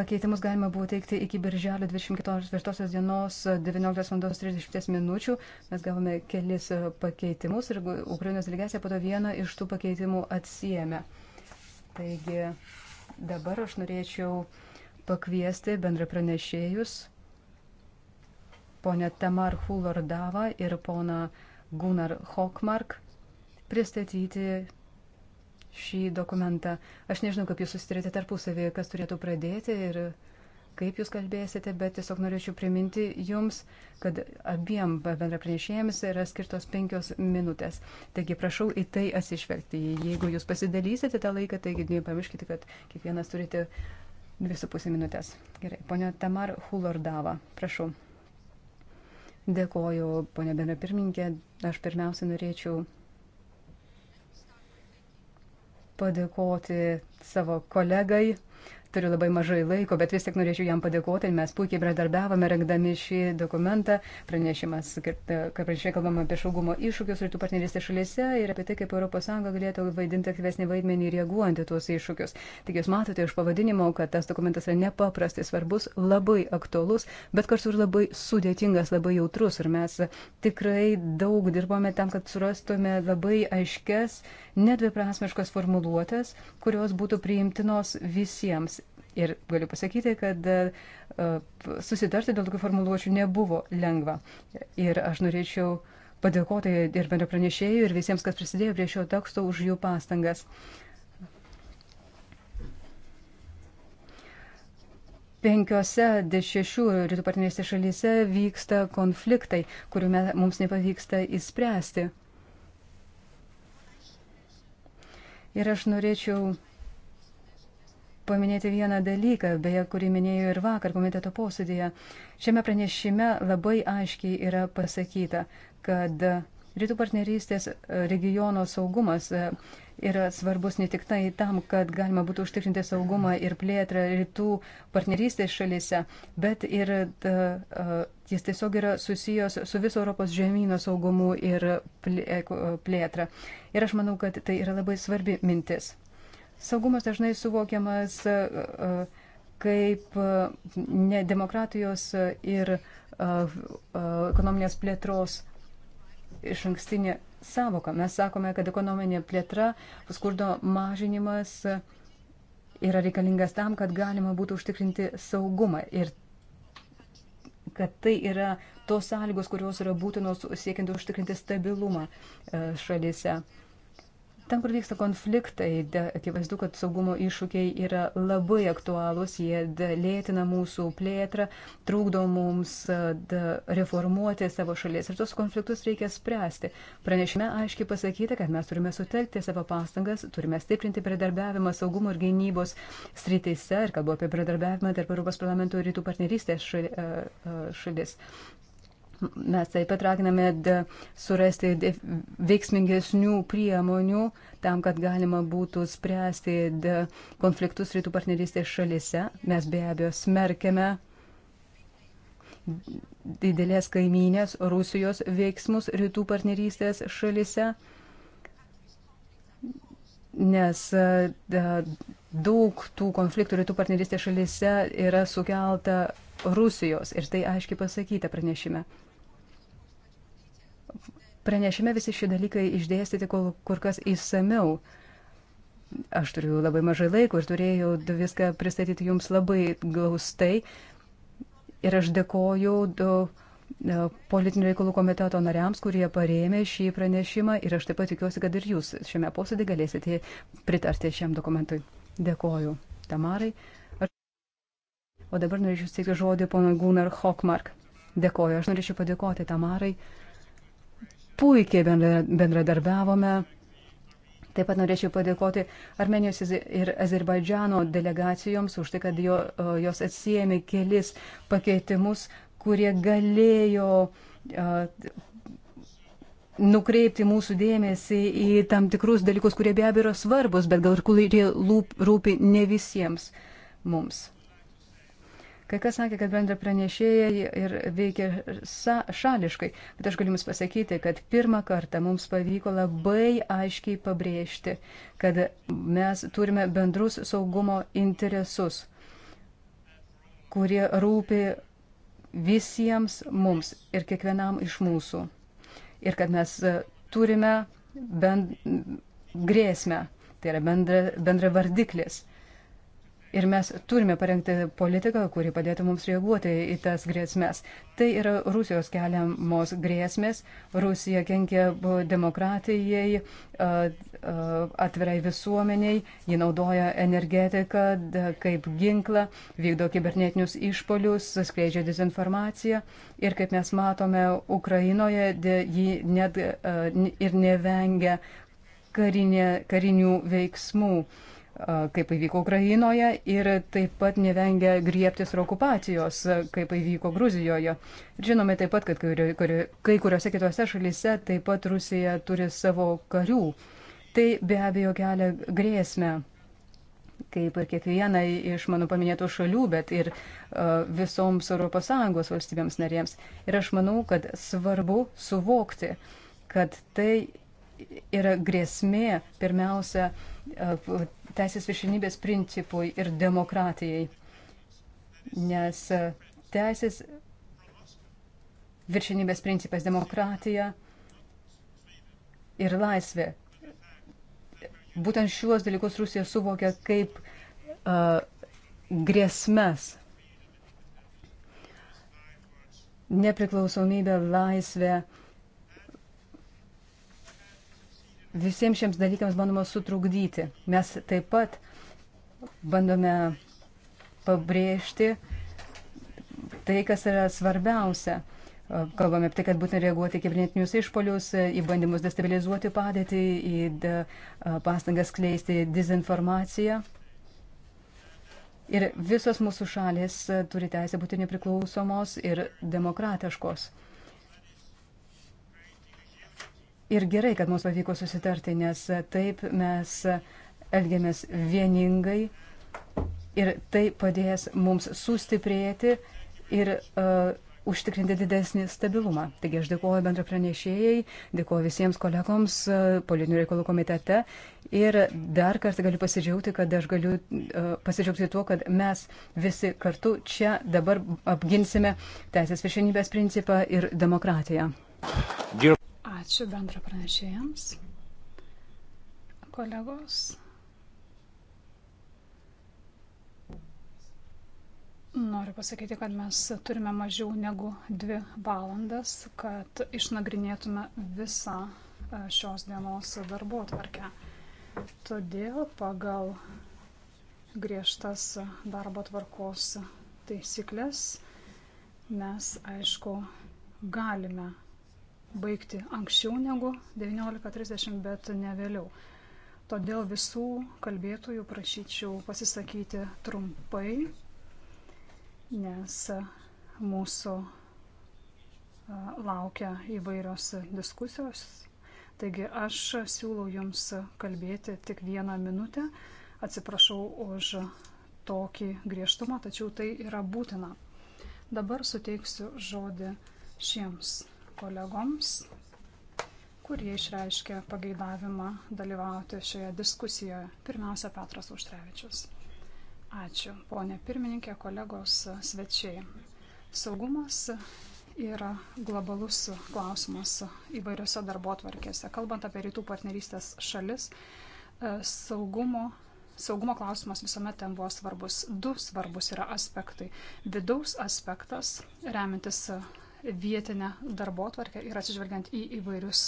Pakeitimus galima buvo teikti iki birželio 24 dienos 19.30 minučių. Mes gavome kelis pakeitimus ir Ukrainos delegacija po to vieną iš tų pakeitimų atsijėmė. Taigi dabar aš norėčiau pakviesti bendra pranešėjus ponę Tamar Hulordavą ir poną Gunnar Hokmark pristatyti šį dokumentą. Aš nežinau, kaip jūs susitarėte tarpusavėje, kas turėtų pradėti ir kaip jūs kalbėsite, bet tiesiog norėčiau priminti jums, kad abiem bendrapranešėjams yra skirtos penkios minutės. Taigi prašau į tai atsižvelgti. Jeigu jūs pasidalysite tą laiką, taigi nepamirškite, kad kiekvienas turite dvi su pusė minutės. Gerai, ponia Tamar Hulordava, prašau. Dėkoju, ponia bendra pirmininkė. Aš pirmiausia norėčiau padėkoti savo kolegai Turiu labai mažai laiko, bet vis tik norėčiau jam padėkoti. Mes puikiai bendradarbiavome, rengdami šį dokumentą. Pranešimas, kad pranešė kalbama apie saugumo iššūkius rytų partnerystės šalyse ir apie tai, kaip ES galėtų vaidinti aktyvesnį vaidmenį reaguojant į tuos iššūkius. Tik jūs matote iš pavadinimo, kad tas dokumentas yra nepaprastai svarbus, labai aktuolus, bet kartu ir labai sudėtingas, labai jautrus. Ir mes tikrai daug dirbome tam, kad surastume labai aiškes, nedviprasmiškas formuluotės, kurios būtų priimtinos visiems Ir galiu pasakyti, kad e, susitarti dėl tokių formuluočių nebuvo lengva. Ir aš norėčiau padėkoti ir bendro pranešėjų, ir visiems, kas prisidėjo prie šio teksto už jų pastangas. Penkiose šešių rytų partnerėse šalyse vyksta konfliktai, kurių mums nepavyksta įspręsti. Ir aš norėčiau paminėti vieną dalyką, beje, kurį minėjau ir vakar komiteto posėdėje. Šiame pranešime labai aiškiai yra pasakyta, kad Rytų partnerystės e, regiono saugumas e, yra svarbus ne tik tai tam, kad galima būtų užtikrinti saugumą ir plėtrą rytų partnerystės šalise, bet ir ta, e, jis tiesiog yra susijęs su viso Europos žemynų saugumu ir plėtra. Ir aš manau, kad tai yra labai svarbi mintis. Saugumas dažnai suvokiamas e, e, kaip e, ne demokratijos ir ekonominės plėtros iš ankstinė savoka. Mes sakome, kad ekonominė plėtra, skurdo mažinimas yra reikalingas tam, kad galima būtų užtikrinti saugumą ir kad tai yra tos sąlygos, kurios yra būtinos siekiant užtikrinti stabilumą šalyse. Ten, kur vyksta konfliktai, akivaizdu, kad saugumo iššūkiai yra labai aktualūs, jie lėtina mūsų plėtrą, trukdo mums e, reformuoti savo šalies ir tos konfliktus reikia spręsti. Pranešime aiškiai pasakyta, kad mes turime sutelkti savo pastangas, turime stiprinti predarbiavimą saugumo ir gynybos srityse ir kalbu apie predarbiavimą tarp Europos parlamento ir rytų partnerystės e, e, šalis. Mes taip pat raginame surasti veiksmingesnių priemonių tam, kad galima būtų spręsti konfliktus rytų partnerystės šalise. Mes be abejo smerkėme didelės kaimynės Rusijos veiksmus rytų partnerystės šalise, nes e, daug tų konfliktų rytų partnerystės šalise yra sukelta Rusijos ir tai aiškiai pasakyta pranešime. Pranešime visi šie dalykai išdėstyti kol, kur kas įsameu. Aš turiu labai mažai laiko ir turėjau viską pristatyti jums labai glaustai. Ir aš dėkoju du e, politinių reikalų komiteto nariams, kurie parėmė šį pranešimą ir aš taip pat tikiuosi, kad ir jūs šiame posėdė galėsite pritarti šiam dokumentui. Dėkoju Tamarai. O dabar norėčiau steigti žodį pono Gunnar Hockmark. Dėkoju, aš norėčiau padėkoti Tamarai. Uh, puikiai bendradarbiavome. Taip pat norėčiau padėkoti Armenijos ir Azerbaidžiano delegacijoms už tai, kad jo, jos atsijėmė kelis pakeitimus, kurie galėjo nukreipti mūsų dėmesį į tam tikrus dalykus, kurie be abejo yra svarbus, bet gal kurie rūpi ne visiems mums. Kai kas sakė, kad bendra pranešėjai ir veikia šališkai, bet aš galiu Jums pasakyti, kad pirmą kartą mums pavyko labai aiškiai pabrėžti, kad mes turime bendrus saugumo interesus, kurie rūpi visiems mums ir kiekvienam iš mūsų. Ir kad mes e, turime bend... grėsmę, tai yra bendra, bendra vardiklis. Ir mes turime parengti politiką, kuri padėtų mums reaguoti į tas grėsmės. Tai yra Rusijos keliamos grėsmės. Rusija kenkia demokratijai, atvirai visuomeniai, ji naudoja energetiką kaip ginklą, vykdo kibernetinius išpolius, skleidžia dezinformaciją. Ir kaip mes matome, Ukrainoje ji net ir nevengia karinė, karinių veiksmų. Uh, kaip įvyko Ukrainoje ir taip pat nevengia griebtis ir okupacijos, kaip įvyko Gruzijoje. Žinome taip pat, kad kai kuriuose kitose šalyse taip pat Rusija turi savo karių. Tai be abejo kelia grėsmę, kaip ir kiekvienai iš mano paminėtų šalių, bet ir uh, visoms ES valstybėms narėms. Ir aš manau, kad svarbu suvokti, kad tai yra grėsmė pirmiausia uh, teisės viršinybės principui ir demokratijai. Nes teisės viršinybės principas demokratija ir laisvė. Būtent šiuos dalykus Rusija suvokia kaip uh, grėsmes. Nepriklausomybė, laisvė, uh, visiems šiems dalykams bandoma sutrukdyti. Mes taip pat bandome pabrėžti tai, kas yra svarbiausia. Kalbame apie tai, kad būtent reaguoti į kibernetinius išpolius, į bandymus destabilizuoti padėtį, į pastangas kleisti dezinformaciją. Ir visos mūsų šalis turi teisę būti nepriklausomos ir demokratiškos. Ir gerai, kad mums pavyko susitarti, nes taip mes elgiamės vieningai ir tai padės mums sustiprėti ir uh, užtikrinti didesnį stabilumą. Taigi aš dėkuoju bendra pranešėjai, dėkuoju visiems kolegoms uh, politinių reikalų komitete ir dar kartą galiu pasidžiaugti, kad aš galiu uh, pasidžiaugti tuo, kad mes visi kartu čia dabar apginsime teisės viršinybės principą ir demokratiją. Dear Ačiū bendra pranešėjams. Kolegos. Noriu pasakyti, kad mes turime mažiau negu dvi valandas, kad išnagrinėtume visą e, šios dienos darbo tvarkę. Todėl pagal griežtas darbo tvarkos taisyklės mes, aišku, galime baigti anksčiau negu 19.30, bet ne vėliau. Todėl visų kalbėtojų prašyčiau pasisakyti trumpai, nes mūsų laukia įvairios diskusijos. Taigi aš siūlau Jums kalbėti tik vieną minutę. Atsiprašau už tokį griežtumą, tačiau tai yra būtina. Dabar suteiksiu žodį šiems kolegoms, kurie išreiškė pageidavimą dalyvauti šioje diskusijoje. Pirmiausia, Petras Užtrevičius. Ačiū, ponė pirmininkė, kolegos svečiai. Saugumas yra globalus klausimas įvairiose darbo atvarkėse. Kalbant apie rytų partnerystės šalis, saugumo saugumo klausimas visuomet ten buvo svarbus. Du svarbus yra aspektai. Vidaus aspektas, remintis vietinę darbotvarkę ir atsižvelgiant į įvairius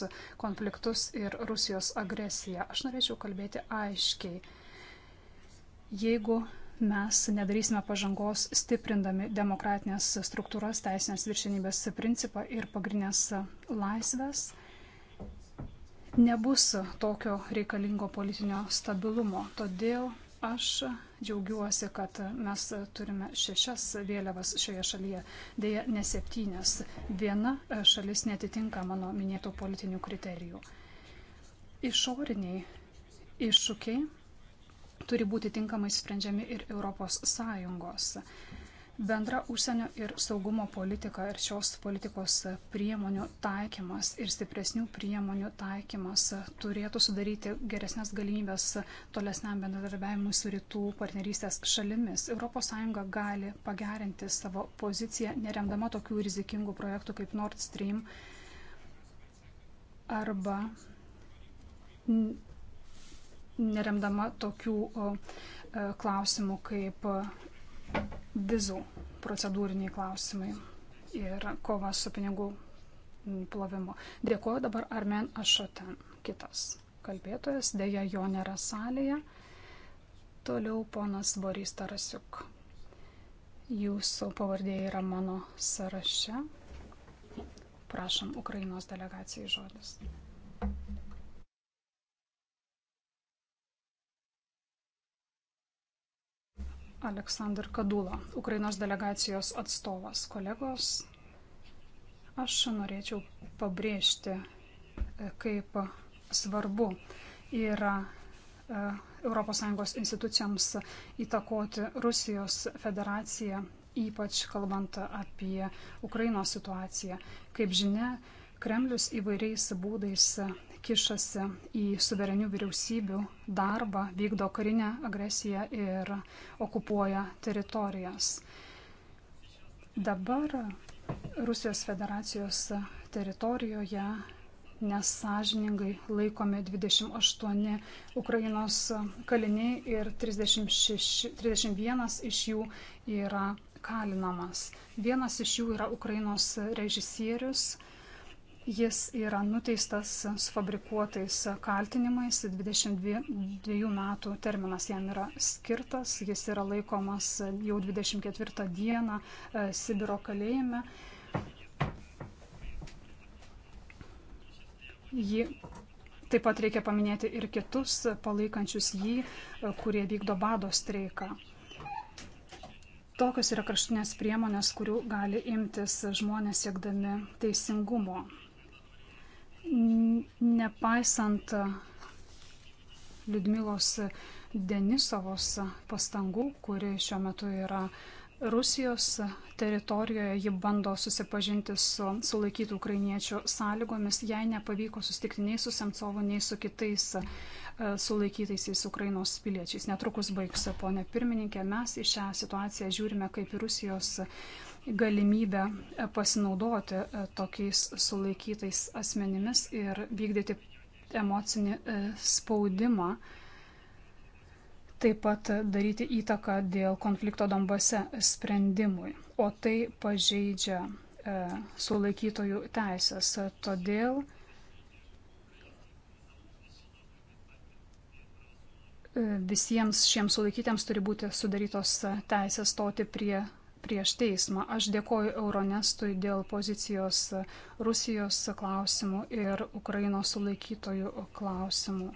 konfliktus ir Rusijos agresiją. Aš norėčiau kalbėti aiškiai. Jeigu mes nedarysime pažangos stiprindami demokratinės struktūras, teisinės viršinybės principą ir pagrindinės laisvės, nebus tokio reikalingo politinio stabilumo. Todėl aš Džiaugiuosi, kad mes turime šešias vėliavas šioje šalyje, dėja ne septynes. Viena šalis netitinka mano minėtų politinių kriterijų. Išoriniai iššūkiai turi būti tinkamai sprendžiami ir ES. Bendra užsienio ir saugumo politika ir šios politikos priemonių taikymas ir stipresnių priemonių taikymas turėtų sudaryti geresnės galimybės tolesniam bendradarbiavimui su rytų partnerystės šalimis. ES gali pagerinti savo poziciją, neremdama tokių rizikingų projektų kaip Nord Stream arba neremdama tokių e, klausimų kaip vizų procedūriniai klausimai ir kova su pinigų plovimu. Dėkuoju dabar Armen Ašoten, kitas kalbėtojas, dėja jo nėra salėje. Toliau ponas Borys Tarasiuk. Jūsų pavardė yra mano sąraše. Prašom Ukrainos delegacijai žodis. Aleksandr Kadula, Ukrainos delegacijos atstovas. Kolegos, aš norėčiau pabrėžti, e, kaip svarbu yra e, ES institucijoms įtakoti Rusijos federaciją, ypač kalbant apie Ukrainos situaciją. Kaip žinia, Kremlius įvairiais būdais kišasi į suverenių vyriausybių darbą, vykdo karinę agresiją ir okupuoja teritorijas. Dabar Rusijos federacijos teritorijoje nesažiningai laikomi 28 Ukrainos kaliniai ir 36, 31 iš jų yra kalinamas. Vienas iš jų yra Ukrainos režisierius Jis yra nuteistas sufabrikuotais kaltinimais, 22 metų terminas jam yra skirtas, jis yra laikomas jau 24 dieną e, Sibiro kalėjime. Jį taip pat reikia paminėti ir kitus palaikančius jį, e, kurie vykdo bado streiką. Tokios yra kraštinės priemonės, kurių gali imtis žmonės siekdami teisingumo. Nepaisant Liudmilos Denisovos pastangų, kuri šiuo metu yra Rusijos teritorijoje, ji bando susipažinti su sulaikytų ukrainiečių sąlygomis, jai nepavyko sustikti nei su Semcovu, nei su kitais e, sulaikytaisiais Ukrainos piliečiais. Netrukus baigsiu, ponė pirmininkė, mes į šią situaciją žiūrime kaip Rusijos galimybę e, pasinaudoti e, tokiais sulaikytais asmenimis ir vykdyti emocinį e, spaudimą, taip pat daryti įtaką dėl konflikto Dombase sprendimui, o tai pažeidžia sulaikytojų teisės. Todėl visiems šiems sulaikytėms turi būti sudarytos teisės stoti prie prieš teismą. Aš dėkoju Euronestui dėl pozicijos Rusijos klausimų ir Ukrainos sulaikytojų klausimų.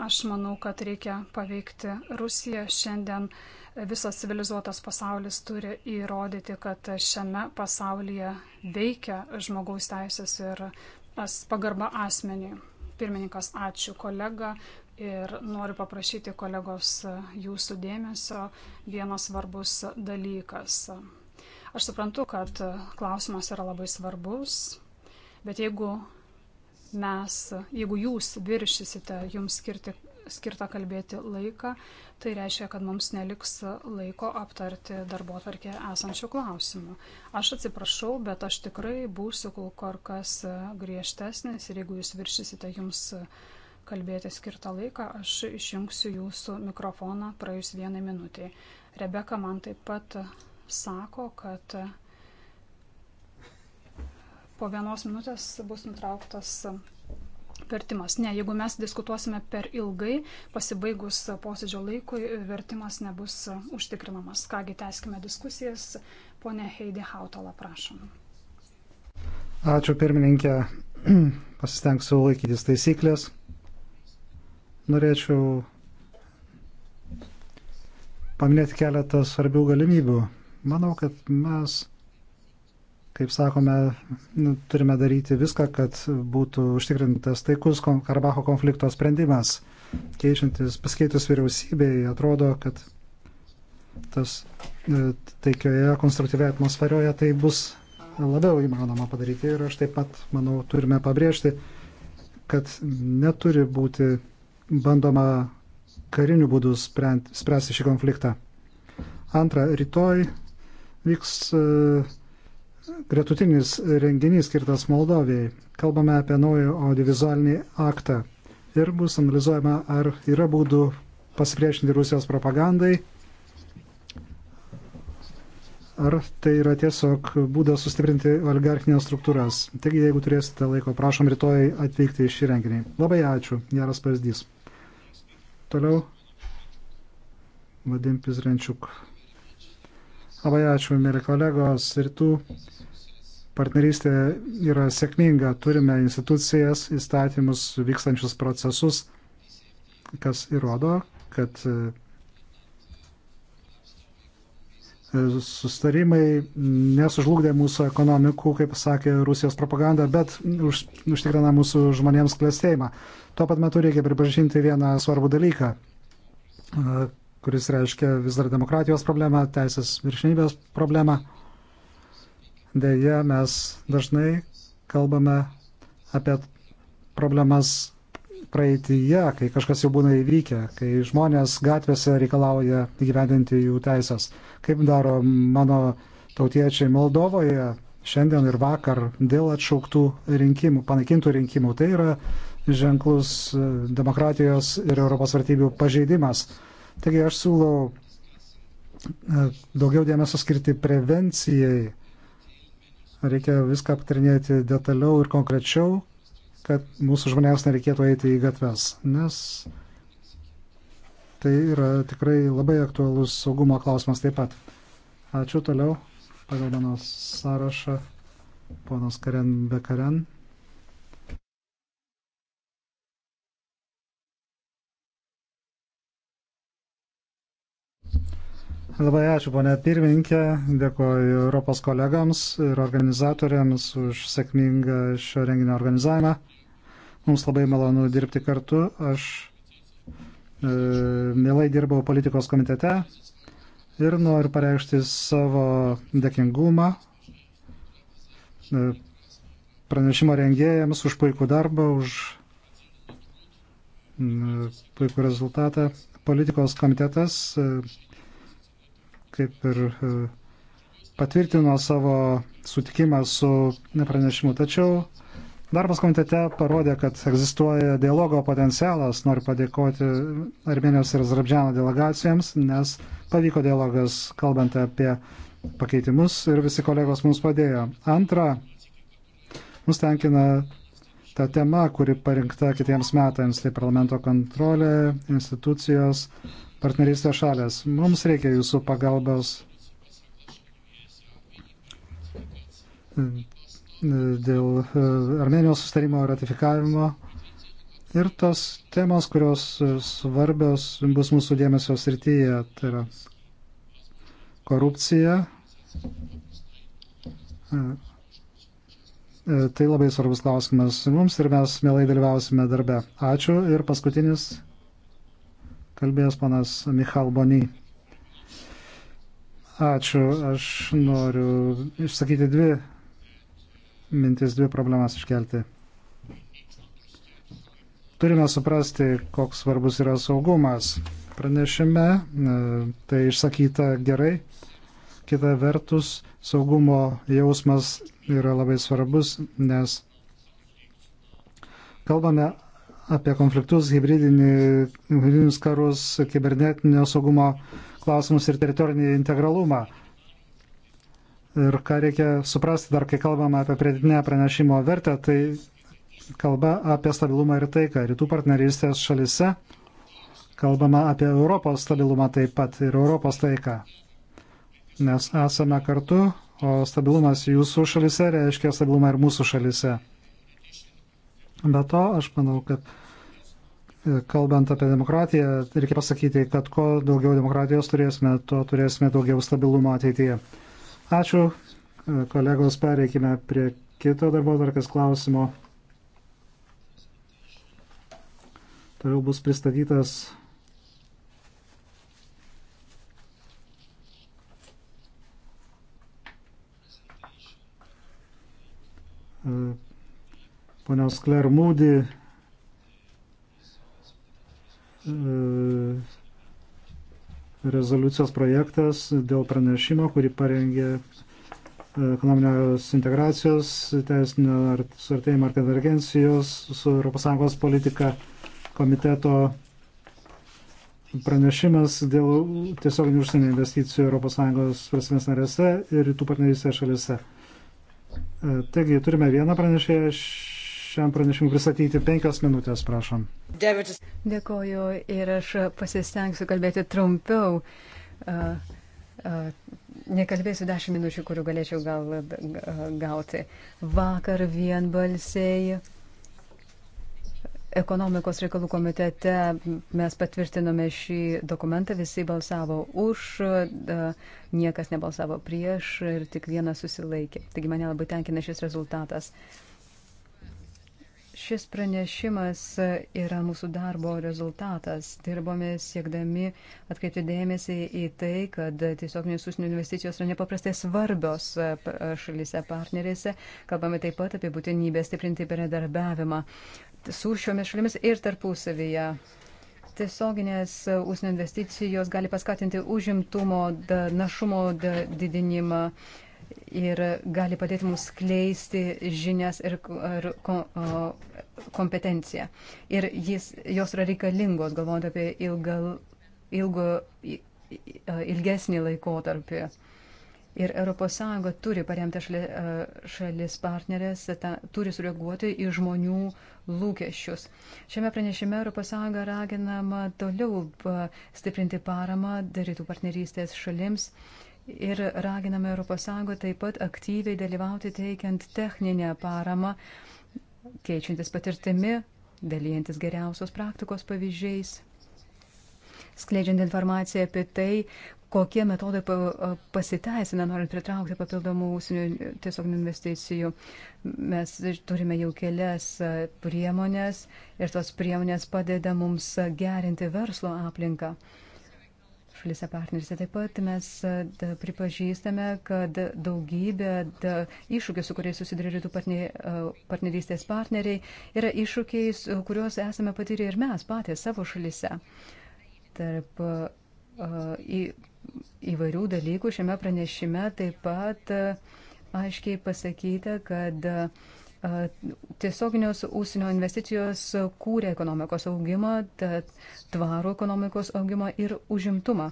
Aš manau, kad reikia paveikti Rusiją. Šiandien visas civilizuotas pasaulis turi įrodyti, kad šiame pasaulyje veikia žmogaus teisės ir pagarba asmeniui. Pirmininkas, ačiū kolega ir noriu paprašyti kolegos jūsų dėmesio vienas svarbus dalykas. Aš suprantu, kad klausimas yra labai svarbus, bet jeigu mes, jeigu jūs viršysite jums skirti, skirtą kalbėti laiką, tai reiškia, kad mums neliks laiko aptarti darbo tvarkė esančių klausimų. Aš atsiprašau, bet aš tikrai būsiu kol kas griežtesnis ir jeigu jūs viršysite jums skirtą kalbėti skirtą laiką, aš išjungsiu jūsų mikrofoną praėjus vienai minutiai. Rebeka man taip pat sako, kad po vienos minutės bus nutrauktas vertimas. Ne, jeigu mes diskutuosime per ilgai, pasibaigus posėdžio laikui, vertimas nebus užtikrinamas. Kągi, tęskime diskusijas. Pone Heidi Hautala, prašom. Ačiū pirmininkė. Pasistengsiu laikytis taisyklės norėčiau paminėti keletą svarbių galimybių. Manau, kad mes, kaip sakome, nu, turime daryti viską, kad būtų užtikrintas taikus Karabacho konflikto sprendimas. Keičiantis, paskeitus vyriausybei, atrodo, kad tas e, taikioje, konstruktyvioje atmosferoje tai bus labiau įmanoma padaryti ir aš taip pat, manau, turime pabrėžti, kad neturi būti bandoma kariniu būdu spręsti šį konfliktą. Antra, rytoj vyks e, gretutinis renginys skirtas Moldovijai. Kalbame apie naują audiovizualinį aktą ir bus analizuojama, ar yra būdų pasipriešinti Rusijos propagandai, ar tai yra tiesiog būdas sustiprinti oligarchinės struktūras. Taigi, jeigu turėsite laiko, prašom rytoj atvykti į šį renginį. Labai ačiū, geras pavyzdys. Toliau Vadim Pizrenčiuk. Labai ačiū, mėly kolegos. Rytų partnerystė yra sėkminga. Turime institucijas, įstatymus, vykstančius procesus, kas įrodo, kad sustarimai nesužlugdė mūsų ekonomikų, kaip sakė Rusijos propaganda, bet už, užtikrina mūsų žmonėms klėstėjimą. Tuo pat metu reikia pripažinti vieną svarbų dalyką, kuris reiškia vis dar demokratijos problemą, teisės viršinybės problemą. Deja, mes dažnai kalbame apie problemas praeitįje, kai kažkas jau būna įvykę, kai žmonės gatvėse reikalauja įgyvendinti jų teisės. Kaip daro mano tautiečiai Moldovoje šiandien ir vakar dėl atšauktų rinkimų, panaikintų rinkimų. Tai yra ženklus demokratijos ir Europos vertybių pažeidimas. Taigi aš siūlau e, daugiau dėmesio skirti prevencijai. Reikia viską aptarinėti detaliau ir konkrečiau kad mūsų žmonėms nereikėtų eiti į gatves, nes tai yra tikrai labai aktualus saugumo klausimas taip pat. Ačiū toliau pagal mano sąrašą, ponas Karen Bekaren. Labai ačiū, ponė pirmininkė, dėkoju Europos kolegams ir organizatoriams už sėkmingą šio renginio organizavimą. Mums labai malonu dirbti kartu. Aš e, mielai dirbau politikos komitete ir noriu pareikšti savo dėkingumą e, pranešimo rengėjams už puikų darbą, už e, puikų rezultatą. Politikos komitetas, e, kaip ir e, patvirtino savo sutikimą su pranešimu. Tačiau Darbas komitete parodė, kad egzistuoja dialogo potencialas. Noriu padėkoti Armenijos ir Azerbaidžiano delegacijams, nes pavyko dialogas kalbant apie pakeitimus ir visi kolegos mums padėjo. Antra, mus tenkina ta tema, kuri parinkta kitiems metams, tai parlamento kontrolė, institucijos, partnerystės šalės. Mums reikia jūsų pagalbos dėl e, Armenijos sustarimo ratifikavimo ir tos temos, kurios svarbios bus mūsų dėmesio srityje, tai yra korupcija. E, e, tai labai svarbus klausimas mums ir mes mielai dalyvausime darbe. Ačiū ir paskutinis kalbės panas Michal Bony. Ačiū, aš noriu išsakyti dvi mintis dvi problemas iškelti. Turime suprasti, koks svarbus yra saugumas. Pranešime e, tai išsakyta gerai. Kita vertus, saugumo jausmas yra labai svarbus, nes kalbame apie konfliktus, hybridinius karus, kibernetinio saugumo klausimus ir teritorinį integralumą. Ir ką reikia suprasti dar, kai kalbame apie pridėtinę pranešimo vertę, tai kalba apie stabilumą ir taiką. Rytų partnerystės šalise kalbama apie Europos stabilumą taip pat ir Europos taiką. Nes esame kartu, o stabilumas jūsų šalise reiškia stabilumą ir mūsų šalise. Be to, aš manau, kad e, kalbant apie demokratiją, reikia pasakyti, kad kuo daugiau demokratijos turėsime, tuo turėsime daugiau stabilumo ateityje. Ačiū, kolegos, pareikime prie kito darbo tvarkės klausimo. Toliau bus pristatytas ponios Klermūdi rezoliucijos projektas dėl pranešimo, kurį parengė e, ekonominės integracijos, teisinio suartėjimo ar konvergencijos su ES politika komiteto pranešimas dėl tiesioginių užsienio investicijų ES valstybės narėse ir rytų partnerystės šalise. E, taigi turime vieną pranešėją šiam pranešimui pristatyti. Penkios minutės, prašom. Dėkoju ir aš pasistengsiu kalbėti trumpiau. Uh, Nekalbėsiu dešimt minučių, kurių galėčiau gal, gauti. Vakar vienbalsiai ekonomikos reikalų komitete mes patvirtinome šį dokumentą, visi balsavo už, niekas nebalsavo prieš ir tik vienas susilaikė. Taigi mane labai tenkina šis rezultatas. Uh, Šis pranešimas yra mūsų darbo rezultatas. Dirbome siekdami atkreipti dėmesį į tai, kad tiesioginės užsienio investicijos yra nepaprastai svarbios e, e, šalyse partnerėse. Kalbame taip pat apie būtinybę stiprinti bendradarbiavimą su šiomis šalimis ir tarpusavyje. Tiesioginės užsienio investicijos gali paskatinti užimtumo, da, našumo da, didinimą ir gali padėti mums skleisti žinias ir, ir kompetenciją. Ir jis, jos yra reikalingos, galvojant apie ilgą, ilgo, ilgesnį laikotarpį. Ir ES turi paremti šali, šalis partnerės, ta, turi sureaguoti į žmonių lūkesčius. Šiame pranešime ES raginama toliau stiprinti paramą darytų partnerystės šalims. Uh, ir raginame ES taip pat aktyviai dalyvauti teikiant techninę paramą, keičiantis patirtimi, dalyjantis geriausios praktikos pavyzdžiais, skleidžiant informaciją apie tai, kokie metodai pasiteisina, norint pritraukti papildomų ūsinių tiesioginių investicijų. Mes turime jau kelias e, priemonės ir tos priemonės padeda mums gerinti verslo aplinką šalise partnerėse. Taip pat mes e, pripažįstame, kad daugybė e, iššūkių, su kuriais susiduria rytų e, partnerystės partneriai, yra iššūkiais, kuriuos esame patyrę ir mes patys savo šalise. Tarp į, įvairių dalykų šiame pranešime taip pat aiškiai pasakyta, kad uh, Tiesioginios ūsinio investicijos kūrė ekonomikos augimą, tvarų ekonomikos augimą ir užimtumą.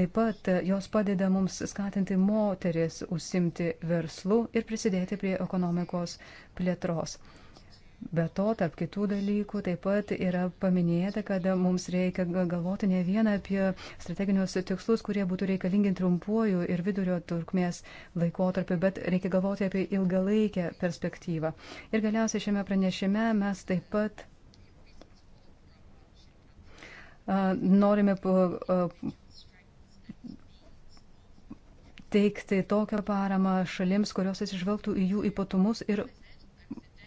Taip pat jos padeda mums skatinti moteris užsimti verslu ir prisidėti prie ekonomikos plėtros. Be to, tarp kitų dalykų taip pat yra paminėta, kad mums reikia galvoti ne vieną apie strateginius tikslus, kurie būtų reikalingi trumpuoju ir vidurio trukmės laikotarpiu, bet reikia galvoti apie ilgalaikę perspektyvą. Ir galiausiai šiame pranešime mes taip pat uh, norime uh, teikti tokią paramą šalims, kurios atsižvelgtų į jų ypatumus ir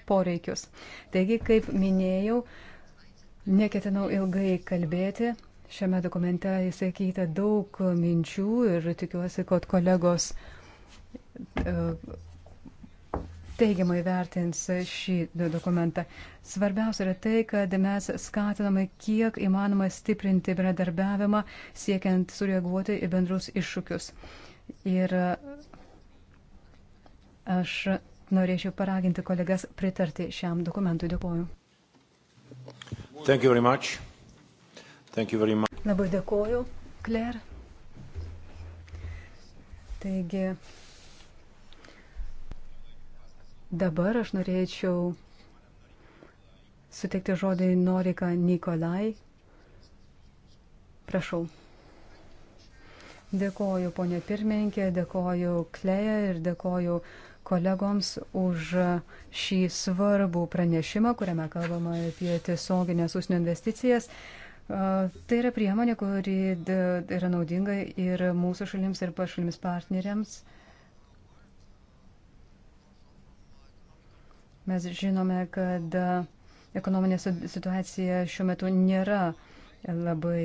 poreikius. Taigi, kaip minėjau, neketinau ilgai kalbėti. Šiame dokumente įsakyta daug minčių ir tikiuosi, kad kolegos e, teigiamai vertins šį dokumentą. Svarbiausia yra tai, kad mes skatiname kiek įmanoma stiprinti bendradarbiavimą, siekiant sureaguoti į bendrus iššūkius. Ir aš norėčiau paraginti kolegas pritarti šiam dokumentui. Dėkuoju. Labai dėkuoju, Claire. Taigi, dabar aš norėčiau suteikti žodį Norika Nikolai. Prašau. Dėkoju, ponė pirmininkė, dėkoju Kleja ir dėkoju uh, kolegoms už šį svarbų pranešimą, kuriame kalbama apie tiesioginės užsienio investicijas. Tai yra priemonė, kuri yra naudinga ir mūsų šalims, ir pašalims partneriams. Mes žinome, kad ekonominė situacija šiuo metu nėra labai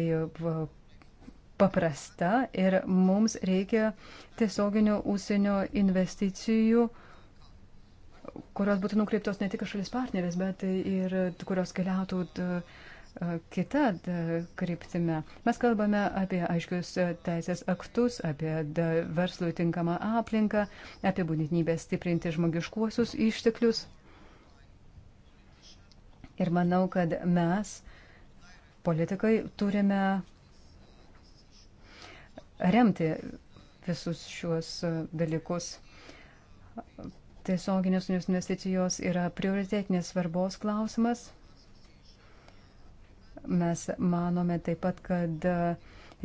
paprasta ir mums reikia tiesioginių ūsienio investicijų, kurios būtų nukreiptos ne tik šalis partneris, bet ir kurios keliautų e, kitą kryptimę. Mes kalbame apie aiškius teisės aktus, apie verslui tinkamą aplinką, apie būtinybę stiprinti žmogiškuosius išteklius. Ir manau, kad mes, politikai, turime remti visus šiuos e, dalykus. Tiesioginės investicijos yra prioritetinės svarbos klausimas. Mes manome taip pat, kad e,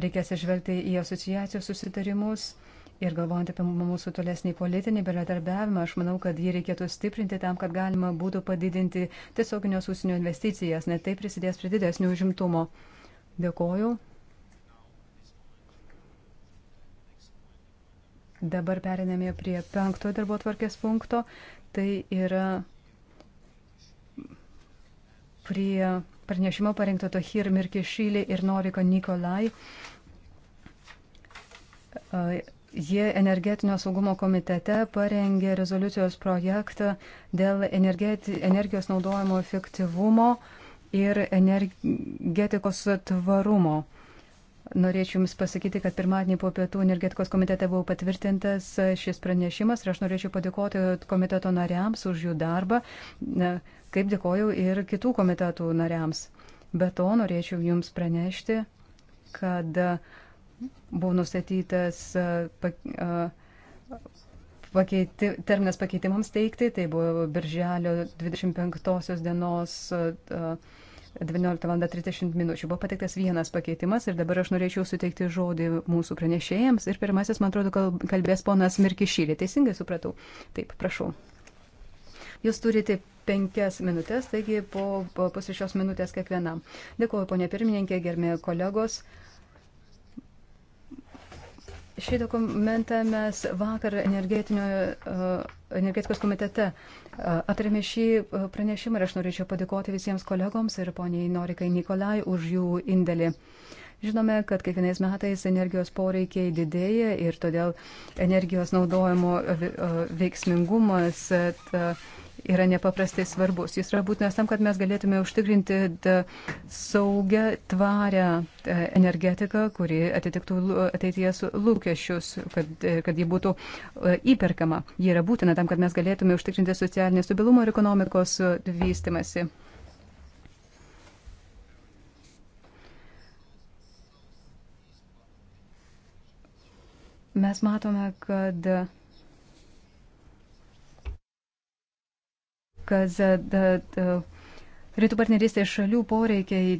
reikės išvelgti į asociacijos susitarimus ir galvojant apie mūsų tolesnį politinį bendradarbiavimą, aš manau, kad jį reikėtų stiprinti tam, kad galima būtų padidinti tiesioginios užsienio investicijas, net tai prisidės prie didesnių užimtumo. Dėkoju. Dabar periname prie penktojo darbo tvarkės punkto. Tai yra prie pranešimo parengto Tohir Mirkišylį ir Noriko Nikolai. Jie energetinio saugumo komitete parengė rezoliucijos projektą dėl energijos naudojimo efektyvumo ir energetikos tvarumo. Norėčiau Jums pasakyti, kad pirmadienį po pietų energetikos komitete buvo patvirtintas šis pranešimas ir aš norėčiau padėkoti komiteto nariams už jų darbą, kaip dėkoju ir kitų komitetų nariams. Be to norėčiau Jums pranešti, kad buvo nustatytas pakeiti, terminas pakeitimams teikti, tai buvo birželio 25 dienos. Uh, 12.30 minučių. Buvo pateiktas vienas pakeitimas ir dabar aš norėčiau suteikti žodį mūsų pranešėjams. Ir pirmasis, man atrodo, kalbės ponas Mirkišylė. Teisingai supratau. Taip, prašau. Jūs turite penkias minutės, taigi po, po pusryčios minutės kiekvienam. Dėkuoju, ponė pirmininkė, gerbė kolegos. Šį dokumentą mes vakar uh, energetikos komitete uh, Aptarėme šį e, pranešimą ir aš norėčiau padėkoti visiems kolegoms ir poniai Norikai Nikolai už jų indėlį. Žinome, kad kiekvienais metais energijos poreikiai didėja ir todėl energijos naudojimo e, veiksmingumas. E, ta, yra nepaprastai svarbus. Jis yra būtinas tam, kad mes galėtume užtikrinti saugę, tvarę e, energetiką, kuri atitiktų ateities lūkesčius, kad, e, kad ji būtų e, įperkama. Ji yra būtina tam, kad mes galėtume užtikrinti socialinį stabilumą ir ekonomikos vystimasi. Mes matome, kad kad rytų partnerystės šalių poreikiai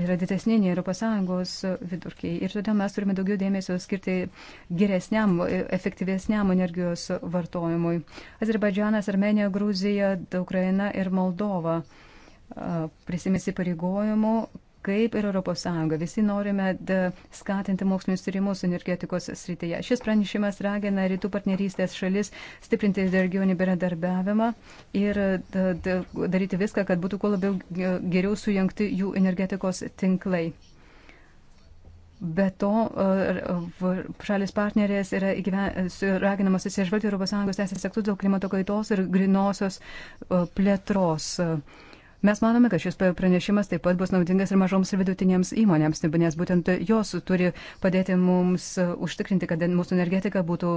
yra didesni nei ES vidurkiai. Ir todėl mes turime daugiau dėmesio skirti geresniam, efektyvesniam energijos vartojimui. Azerbaidžianas, Armenija, Gruzija, Ukraina ir Moldova prisimėsi pareigojimų, kaip ir ES. Visi norime skatinti mokslinius tyrimus energetikos srityje. Šis pranešimas ragina rytų partnerystės šalis stiprinti regionį bendradarbiavimą ir da, da, daryti viską, kad būtų kuo labiau geriau sujungti jų energetikos tinklai. Be to, šalis partnerės yra raginamas atsižvelgti ES teisės aktus dėl klimato kaitos ir grinosios plėtros. Uh, Mes manome, kad šis pranešimas taip pat bus naudingas ir mažoms ir vidutinėms įmonėms, nes būtent jos turi padėti mums užtikrinti, kad mūsų energetika būtų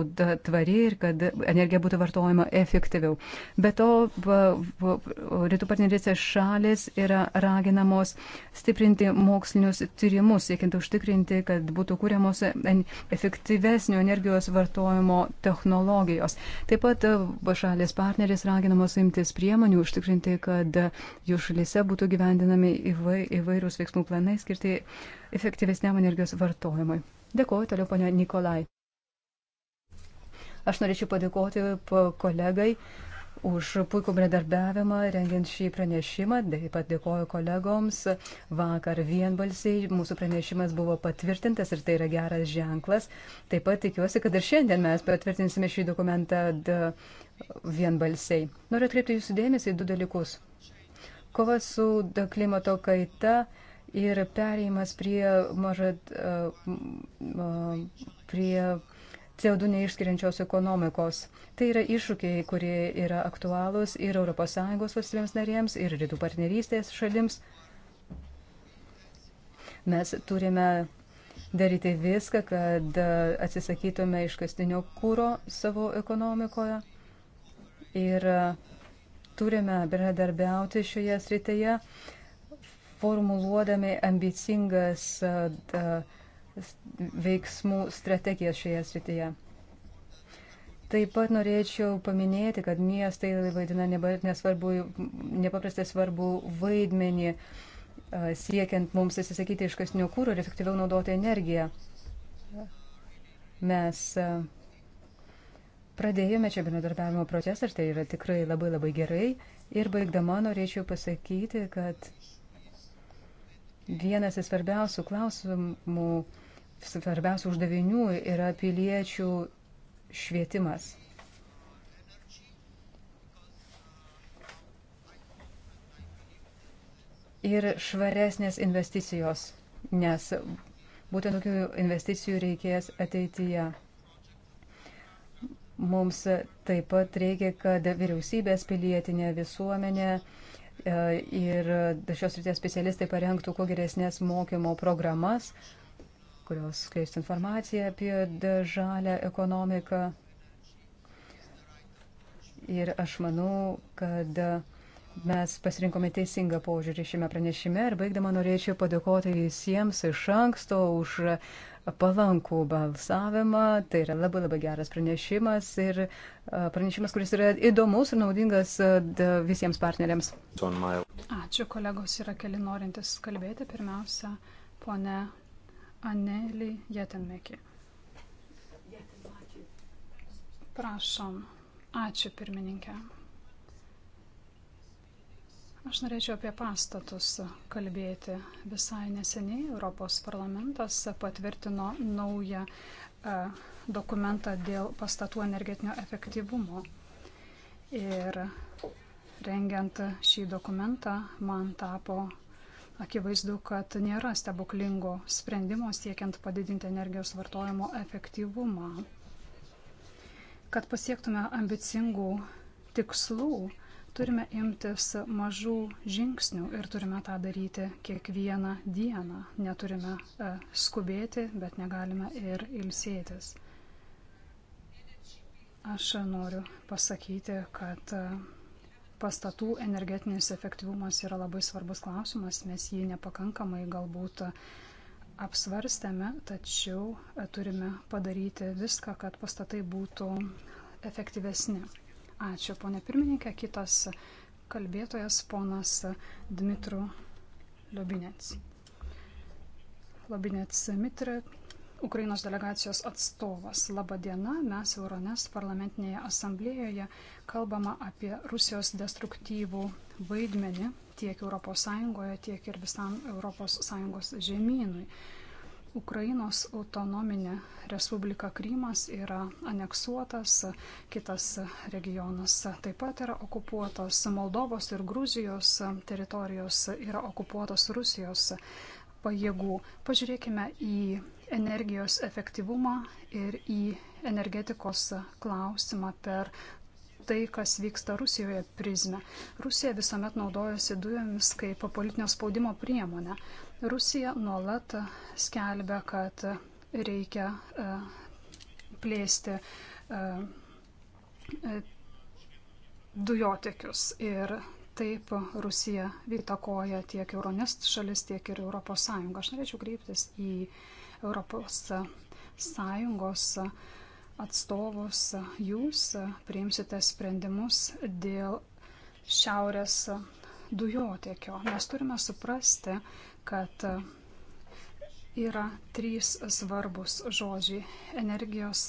tvari ir kad energija būtų vartojama efektyviau. Be to, rytų partnerystės šalis yra raginamos stiprinti mokslinius tyrimus, siekiant užtikrinti, kad būtų kūriamos efektyvesnio energijos vartojimo technologijos. Taip pat šalis partneris raginamos imtis priemonių užtikrinti, kad jų jų šalyse būtų gyvendinami įvairūs veiksmų planai skirti efektyvesniam energijos vartojimui. Dėkuoju toliau, ponia Nikolai. Aš norėčiau padėkoti kolegai už puikų bendradarbiavimą rengiant šį pranešimą. Taip pat dėkoju kolegoms. Vakar vienbalsiai mūsų pranešimas buvo patvirtintas ir tai yra geras ženklas. Taip pat tikiuosi, kad ir šiandien mes patvirtinsime šį dokumentą vienbalsiai. Noriu atkreipti jūsų dėmesį į du dalykus. Kova su klimato kaita ir perėjimas prie, mažad, prie CO2 neišskiriančios ekonomikos. Tai yra iššūkiai, kurie yra aktualūs ir ES valstybėms narėms, ir rytų partnerystės šalims. Mes turime daryti viską, kad atsisakytume iškastinio kūro savo ekonomikoje. Ir uh, turime bendradarbiauti šioje srityje, formuluodami ambicingas veiksmų strategijas šioje srityje. Taip pat norėčiau paminėti, kad miestai vaidina nesvarbu, nepaprastai svarbu vaidmenį siekiant mums atsisakyti iškasnio kūro ir efektyviau naudoti energiją. Mes uh, Pradėjome čia bendradarbiavimo procesą ir tai yra tikrai labai labai gerai. Ir baigdama norėčiau pasakyti, kad vienas iš svarbiausių klausimų, svarbiausių uždavinių yra piliečių švietimas. Ir švaresnės investicijos, nes būtent tokių investicijų reikės ateityje. Mums taip pat reikia, kad vyriausybės pilietinė visuomenė e, ir šios ryties specialistai parengtų kuo geresnės mokymo programas, kurios skleistų informaciją apie žalę ekonomiką. Ir aš manau, kad Mes pasirinkome teisingą požiūrį šiame pranešime ir baigdama norėčiau padėkoti visiems iš anksto už palankų balsavimą. Tai yra labai labai geras pranešimas ir pranešimas, kuris yra įdomus ir naudingas visiems partneriams. Ačiū kolegos, yra keli norintys kalbėti. Pirmiausia, pone Anelį Jetenmekį. Prašom. Ačiū pirmininkė. Aš norėčiau apie pastatus kalbėti. Visai neseniai Europos parlamentas patvirtino naują e, dokumentą dėl pastatų energetinio efektyvumo. Ir rengiant šį dokumentą man tapo akivaizdu, kad nėra stebuklingo sprendimo siekiant padidinti energijos vartojimo efektyvumą. Kad pasiektume ambicingų tikslų, Turime imtis mažų žingsnių ir turime tą daryti kiekvieną dieną. Neturime e, skubėti, bet negalime ir ilsėtis. Aš noriu pasakyti, kad e, pastatų energetinis efektyvumas yra labai svarbus klausimas, mes jį nepakankamai galbūt apsvarstėme, tačiau e, turime padaryti viską, kad pastatai būtų efektyvesni. Ačiū, ponė pirmininkė. Kitas kalbėtojas, ponas Dmitru Liubinets. Liubinets Mitri, Ukrainos delegacijos atstovas. Labadiena, mes Euronest parlamentinėje asamblėjoje kalbama apie Rusijos destruktyvų vaidmenį tiek ES, tiek ir visam ES žemynui. Ukrainos autonominė Respublika Krymas yra aneksuotas, kitas regionas taip pat yra okupuotas, Moldovos ir Gruzijos teritorijos yra okupuotos Rusijos pajėgų. Pažiūrėkime į energijos efektyvumą ir į energetikos klausimą per tai, kas vyksta Rusijoje prizmę. Rusija visuomet naudojasi dujomis kaip politinio spaudimo priemonę. Rusija nuolat skelbia, kad reikia e, plėsti e, e, dujotekius ir taip Rusija įtakoja tiek Euronest šalis, tiek ir ES. Aš norėčiau kreiptis į ES atstovus. Jūs priimsite sprendimus dėl šiaurės dujotiekio. Mes turime suprasti, kad yra trys svarbus žodžiai - energijos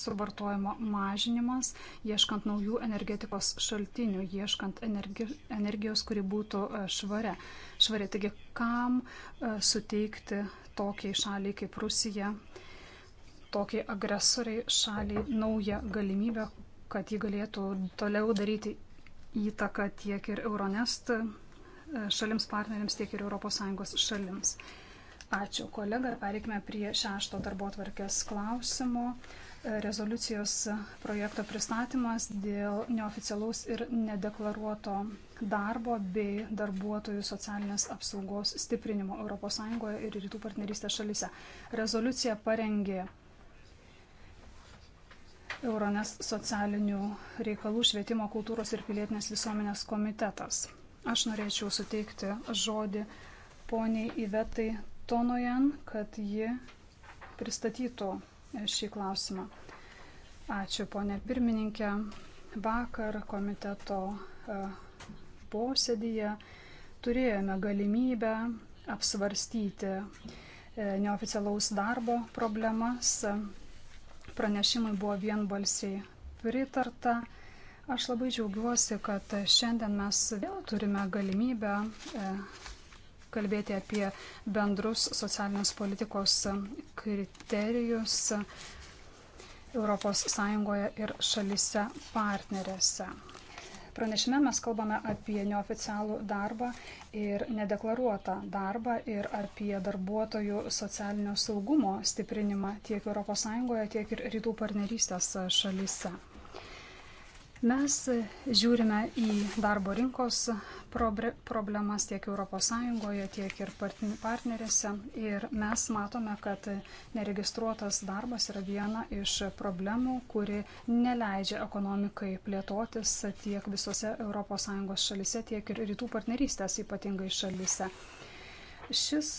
suvartojimo mažinimas, ieškant naujų energetikos šaltinių, ieškant energi, energijos, kuri būtų e, švare. švari. Taigi, kam e, suteikti tokiai šaliai kaip Rusija, tokiai agresoriai šaliai naują galimybę, kad ji galėtų toliau daryti įtaką tiek ir Euronest šalims partneriams, tiek ir ES šalims. Ačiū, kolega. Pereikime prie šešto darbo tvarkės klausimo. Rezoliucijos projekto pristatymas dėl neoficialaus ir nedeklaruoto darbo bei darbuotojų socialinės apsaugos stiprinimo ES ir rytų partnerystės šalise. Rezoliuciją parengė Euronės socialinių reikalų švietimo kultūros ir pilietinės visuomenės komitetas. Aš norėčiau suteikti žodį poniai Ivetai Tonojan, kad ji pristatytų šį klausimą. Ačiū, ponė pirmininkė. Vakar komiteto e, posėdėje turėjome galimybę apsvarstyti e, neoficialaus darbo problemas. Pranešimai buvo vienbalsiai pritarta. Aš labai džiaugiuosi, kad šiandien mes vėl turime galimybę e, kalbėti apie bendrus socialinės politikos kriterijus ES ir šalise partnerėse. Pranešime mes kalbame apie neoficialų darbą ir nedeklaruotą darbą ir apie darbuotojų socialinio saugumo stiprinimą tiek ES, tiek ir rytų partnerystės šalise. Mes žiūrime į darbo rinkos problemas tiek ES, tiek ir partnerėse. Ir mes matome, kad neregistruotas darbas yra viena iš problemų, kuri neleidžia ekonomikai plėtotis tiek visose ES šalise, tiek ir rytų partnerystės ypatingai šalise. Šis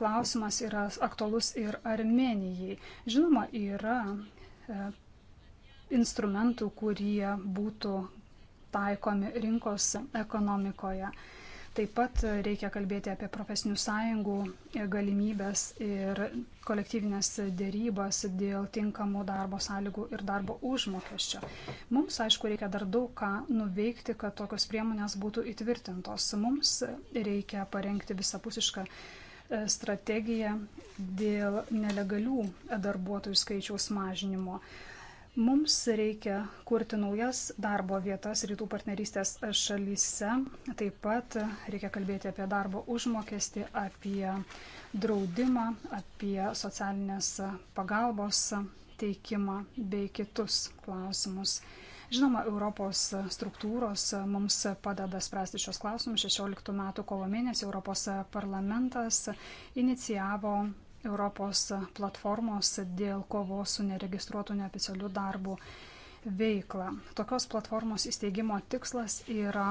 klausimas yra aktualus ir Armenijai. Žinoma, yra e, instrumentų, kurie būtų taikomi rinkos ekonomikoje. Taip pat e, reikia kalbėti apie profesinių sąjungų e, galimybės ir kolektyvinės dėrybas dėl tinkamų darbo sąlygų ir darbo užmokesčio. Mums, aišku, reikia dar daug ką nuveikti, kad tokios priemonės būtų įtvirtintos. Mums reikia parengti visapusišką e, strategiją dėl nelegalių darbuotojų skaičiaus mažinimo. Mums reikia kurti naujas darbo vietas rytų partnerystės šalyse. Taip pat reikia kalbėti apie darbo užmokestį, apie draudimą, apie socialinės pagalbos teikimą bei kitus klausimus. Žinoma, Europos struktūros mums padeda spręsti šios klausimus. 16 metų kovo mėnesį Europos parlamentas inicijavo Europos platformos dėl kovos su neregistruotu neoficialiu darbu veiklą. Tokios platformos įsteigimo tikslas yra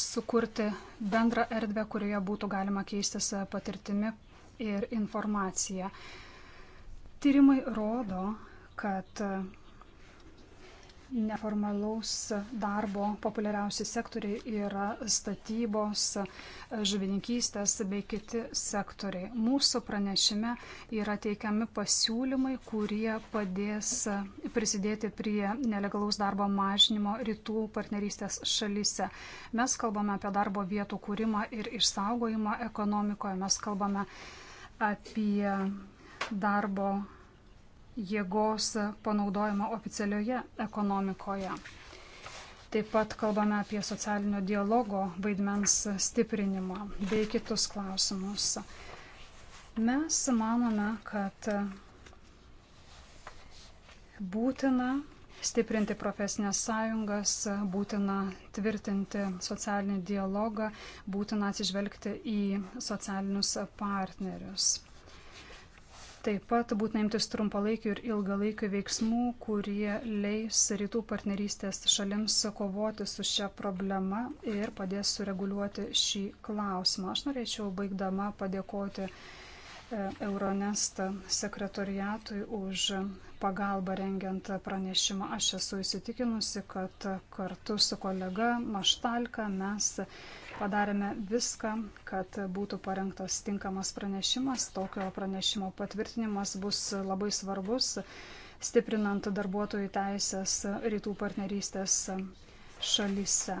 sukurti bendrą erdvę, kurioje būtų galima keistis patirtimi ir informacija. Tyrimai rodo, kad Neformalaus darbo populiariausi sektoriai yra statybos, žuvininkystės bei kiti sektoriai. Mūsų pranešime yra teikiami pasiūlymai, kurie padės prisidėti prie nelegalaus darbo mažinimo rytų partnerystės šalyse. Mes kalbame apie darbo vietų kūrimą ir išsaugojimą ekonomikoje. Mes kalbame apie darbo jėgos panaudojimą oficialioje ekonomikoje. Taip pat kalbame apie socialinio dialogo vaidmens stiprinimą bei kitus klausimus. Mes manome, kad būtina stiprinti profesinės sąjungas, būtina tvirtinti socialinį dialogą, būtina atsižvelgti į socialinius partnerius. Taip pat būtina imtis trumpalaikių ir ilgalaikių veiksmų, kurie leis rytų partnerystės šalims kovoti su šia problema ir padės sureguliuoti šį klausimą. Aš norėčiau baigdama padėkoti e, Euronest sekretoriatui už pagalbą rengiant pranešimą. Aš esu įsitikinusi, kad kartu su kolega Maštalka mes Padarėme viską, kad būtų parengtas tinkamas pranešimas. Tokio pranešimo patvirtinimas bus labai svarbus, stiprinant darbuotojų teisės rytų partnerystės šalyse.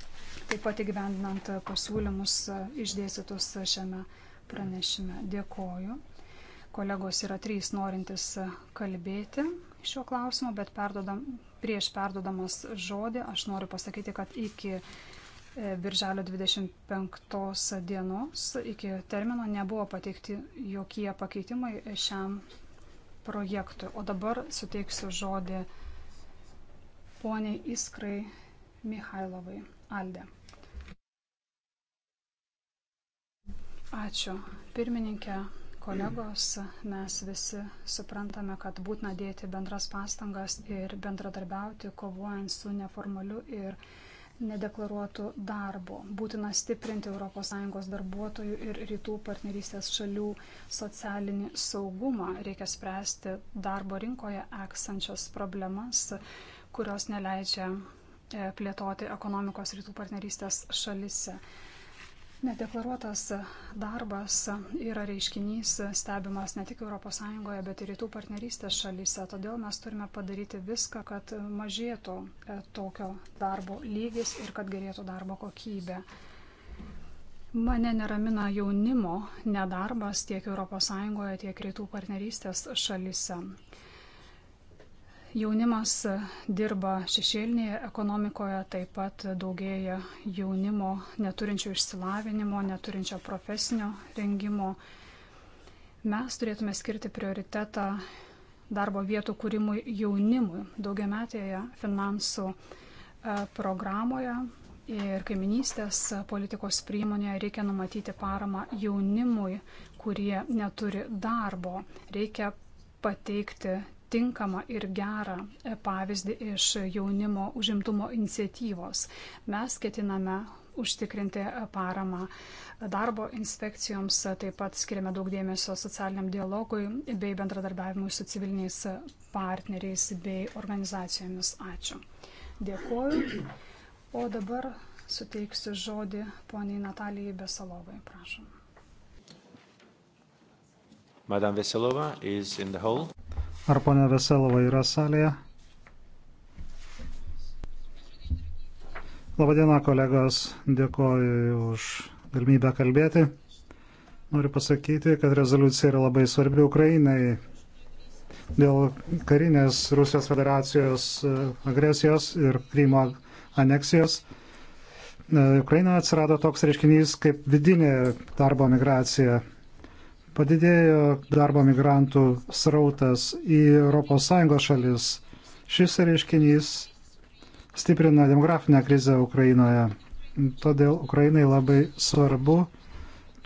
Taip pat įgyvendinant pasiūlymus išdėstytus šiame pranešime. Dėkoju. Kolegos yra trys norintys kalbėti šiuo klausimu, bet perdodam, prieš perdodamas žodį aš noriu pasakyti, kad iki Birželio 25 dienos iki termino nebuvo pateikti jokie pakeitimai šiam projektui. O dabar suteiksiu žodį poniai Iskrai Mihailovai Alde. Ačiū. Pirmininkė, kolegos, mes visi suprantame, kad būtina dėti bendras pastangas ir bendradarbiauti, kovojant su neformaliu ir neformaliu nedeklaruotų darbo. Būtina stiprinti ES darbuotojų ir rytų partnerystės šalių socialinį saugumą. Reikia spręsti darbo rinkoje eksančias problemas, kurios neleidžia e, plėtoti ekonomikos rytų partnerystės šalise. Nedeklaruotas darbas yra reiškinys stebimas ne tik ES, bet ir rytų partnerystės šalyse. Todėl mes turime padaryti viską, kad mažėtų e, tokio darbo lygis ir kad gerėtų darbo kokybė. Mane neramina jaunimo nedarbas tiek ES, tiek rytų partnerystės šalyse. Jaunimas dirba šešėlinėje ekonomikoje, taip pat daugėja jaunimo neturinčio išsilavinimo, neturinčio profesinio rengimo. Mes turėtume skirti prioritetą darbo vietų kūrimui jaunimui daugiametėje finansų e, programoje ir kaiminystės politikos priemonėje reikia numatyti paramą jaunimui, kurie neturi darbo. Reikia pateikti tinkamą ir gerą e, pavyzdį iš jaunimo užimtumo iniciatyvos. Mes ketiname užtikrinti e, paramą darbo inspekcijoms, e, taip pat skiriame daug dėmesio socialiniam dialogui bei bendradarbiavimui su civiliniais partneriais bei organizacijomis. Ačiū. Dėkuoju. O dabar suteiksiu žodį poniai Natalijai Besalovai. Prašom. Madame Veselova is in the hall. Ar ponia Veselova yra salėje? Labadiena, kolegos. Dėkoju už galimybę kalbėti. Noriu pasakyti, kad rezoliucija yra labai svarbi Ukrainai dėl karinės Rusijos federacijos e, agresijos ir Krymo aneksijos. E, Ukrainoje atsirado toks reiškinys kaip vidinė darbo migracija. Padidėjo darbo migrantų srautas į ES šalis. Šis reiškinys stiprina demografinę krizę Ukrainoje. Todėl Ukrainai labai svarbu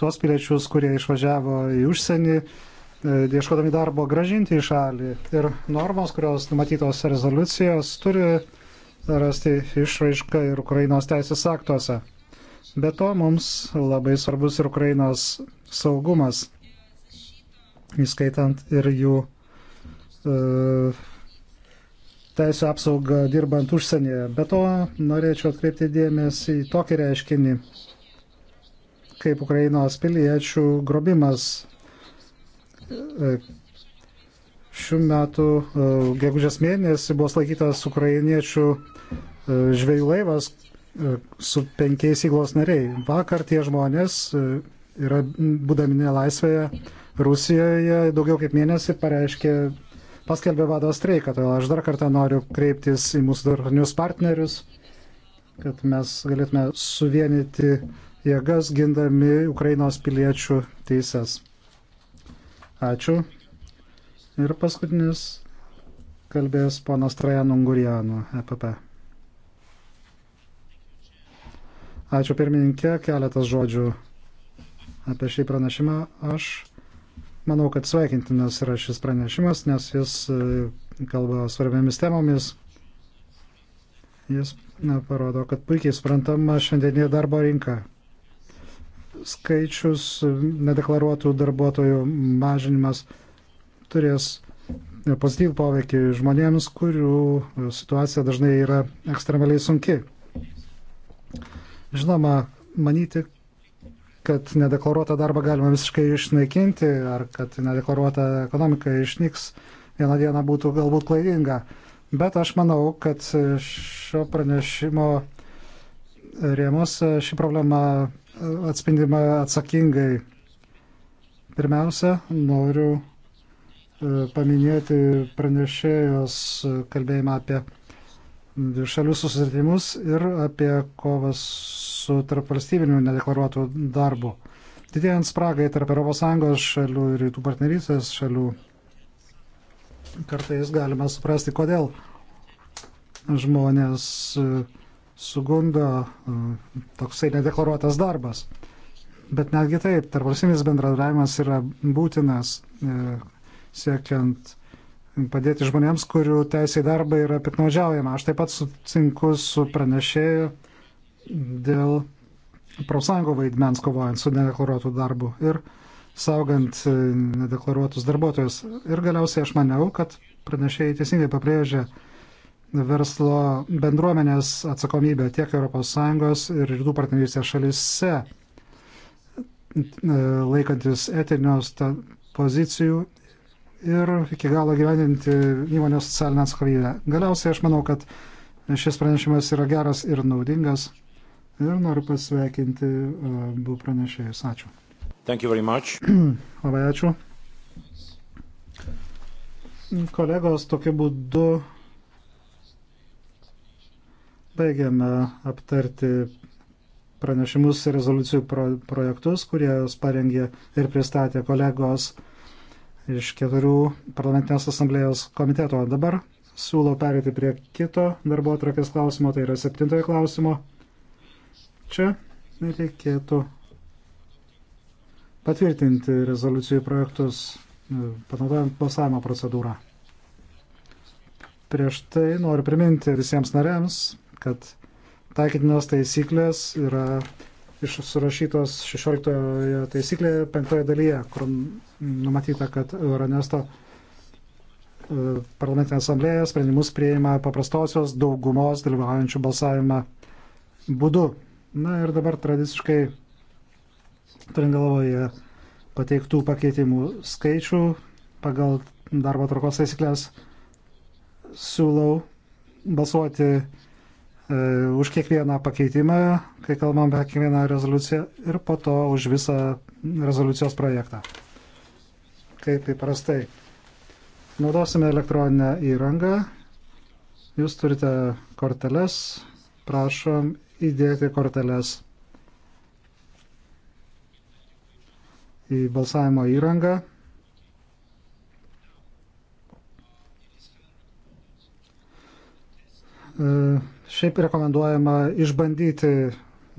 tuos piliečius, kurie išvažiavo į užsienį, e, ieškodami darbo gražinti į šalį. Ir normos, kurios numatytos rezoliucijos, turi rasti išraišką ir Ukrainos teisės aktuose. Be to mums labai svarbus ir Ukrainos saugumas įskaitant ir jų e, teisų apsaugą dirbant užsienyje. Be to, norėčiau atkreipti dėmesį į tokį reiškinį, kaip Ukrainos piliečių grobimas. E, šių metų e, gegužės mėnesį buvo slaikytas ukrainiečių e, žvėjų laivas e, su penkiais įglos nariai. Vakar tie žmonės e, yra būdami nelaisvėje Rusijoje daugiau kaip mėnesį pareiškė, paskelbė vado streiką, todėl aš dar kartą noriu kreiptis į mūsų darnius partnerius, kad mes galėtume suvienyti jėgas gindami Ukrainos piliečių teises. Ačiū. Ir paskutinis kalbės ponas Trajan Ungurijanų, EPP. Ačiū pirmininkė, keletas žodžių apie šį pranešimą. Aš Manau, kad sveikintinas yra šis pranešimas, nes jis e, kalba svarbiamis temomis. Jis na, parodo, kad puikiai suprantama šiandieninė darbo rinka. Skaičius nedeklaruotų darbuotojų mažinimas turės pozityvų poveikį žmonėms, kurių situacija dažnai yra ekstremaliai sunki. Žinoma, manyti, kad nedeklaruotą darbą galima visiškai išnaikinti ar kad nedeklaruota ekonomika išnyks vieną dieną būtų galbūt klaidinga. Bet aš manau, kad šio pranešimo rėmus ši problema atspindima atsakingai. Pirmiausia, noriu e, paminėti pranešėjos kalbėjimą apie dvišalius susirtimus ir apie kovas su tarpvalstybiniu nedeklaruotu darbu. Didėjant spragai tarp ES šalių ir rytų partnerystės šalių, kartais galima suprasti, kodėl žmonės e, sugundo e, toksai nedeklaruotas darbas. Bet netgi taip, tarpvalstybinis bendradarbiavimas yra būtinas e, siekiant padėti žmonėms, kurių teisė į darbą yra piknaudžiaujama. Aš taip pat sutinku su pranešėju dėl profsąjungo vaidmens kovojant su nedeklaruotu darbu ir saugant e, nedeklaruotus darbuotojus. Ir galiausiai aš maniau, kad pranešėjai teisingai pabrėžė verslo bendruomenės atsakomybę tiek ES ir rytų partnerystės šalise, e, laikantis etinios pozicijų ir iki galo gyveninti įmonės socialinę atsakomybę. Galiausiai aš manau, kad šis pranešimas yra geras ir naudingas ir noriu pasveikinti e, abu pranešėjus. Ačiū. Labai ačiū. Kolegos, tokiu būdu baigiame aptarti pranešimus ir rezoliucijų pro projektus, kurie parengė ir pristatė kolegos iš keturių parlamentinės asamblėjos komiteto. Dabar siūlau perėti prie kito darbo atrakės klausimo, tai yra septintojo klausimo. Čia reikėtų patvirtinti rezoliucijų projektus, e, panaudojant balsavimo procedūrą. Prieš tai noriu priminti visiems nariams, kad taikytinos taisyklės yra iš surašytos 16 taisyklėje 5 dalyje, kur numatyta, kad Euronesto e, parlamentinė asamblėja sprendimus prieima paprastosios daugumos dalyvaujančių balsavimą būdu. Na ir dabar tradiciškai, turint galvoje pateiktų pakeitimų skaičių, pagal darbo tvarkos taisyklės siūlau balsuoti E, už kiekvieną pakeitimą, kai kalbam apie kiekvieną rezoliuciją ir po to už visą rezoliucijos projektą. Kaip įprastai. Naudosime elektroninę įrangą. Jūs turite korteles. Prašom įdėti korteles į balsavimo įrangą. Uh, Šiaip rekomenduojama išbandyti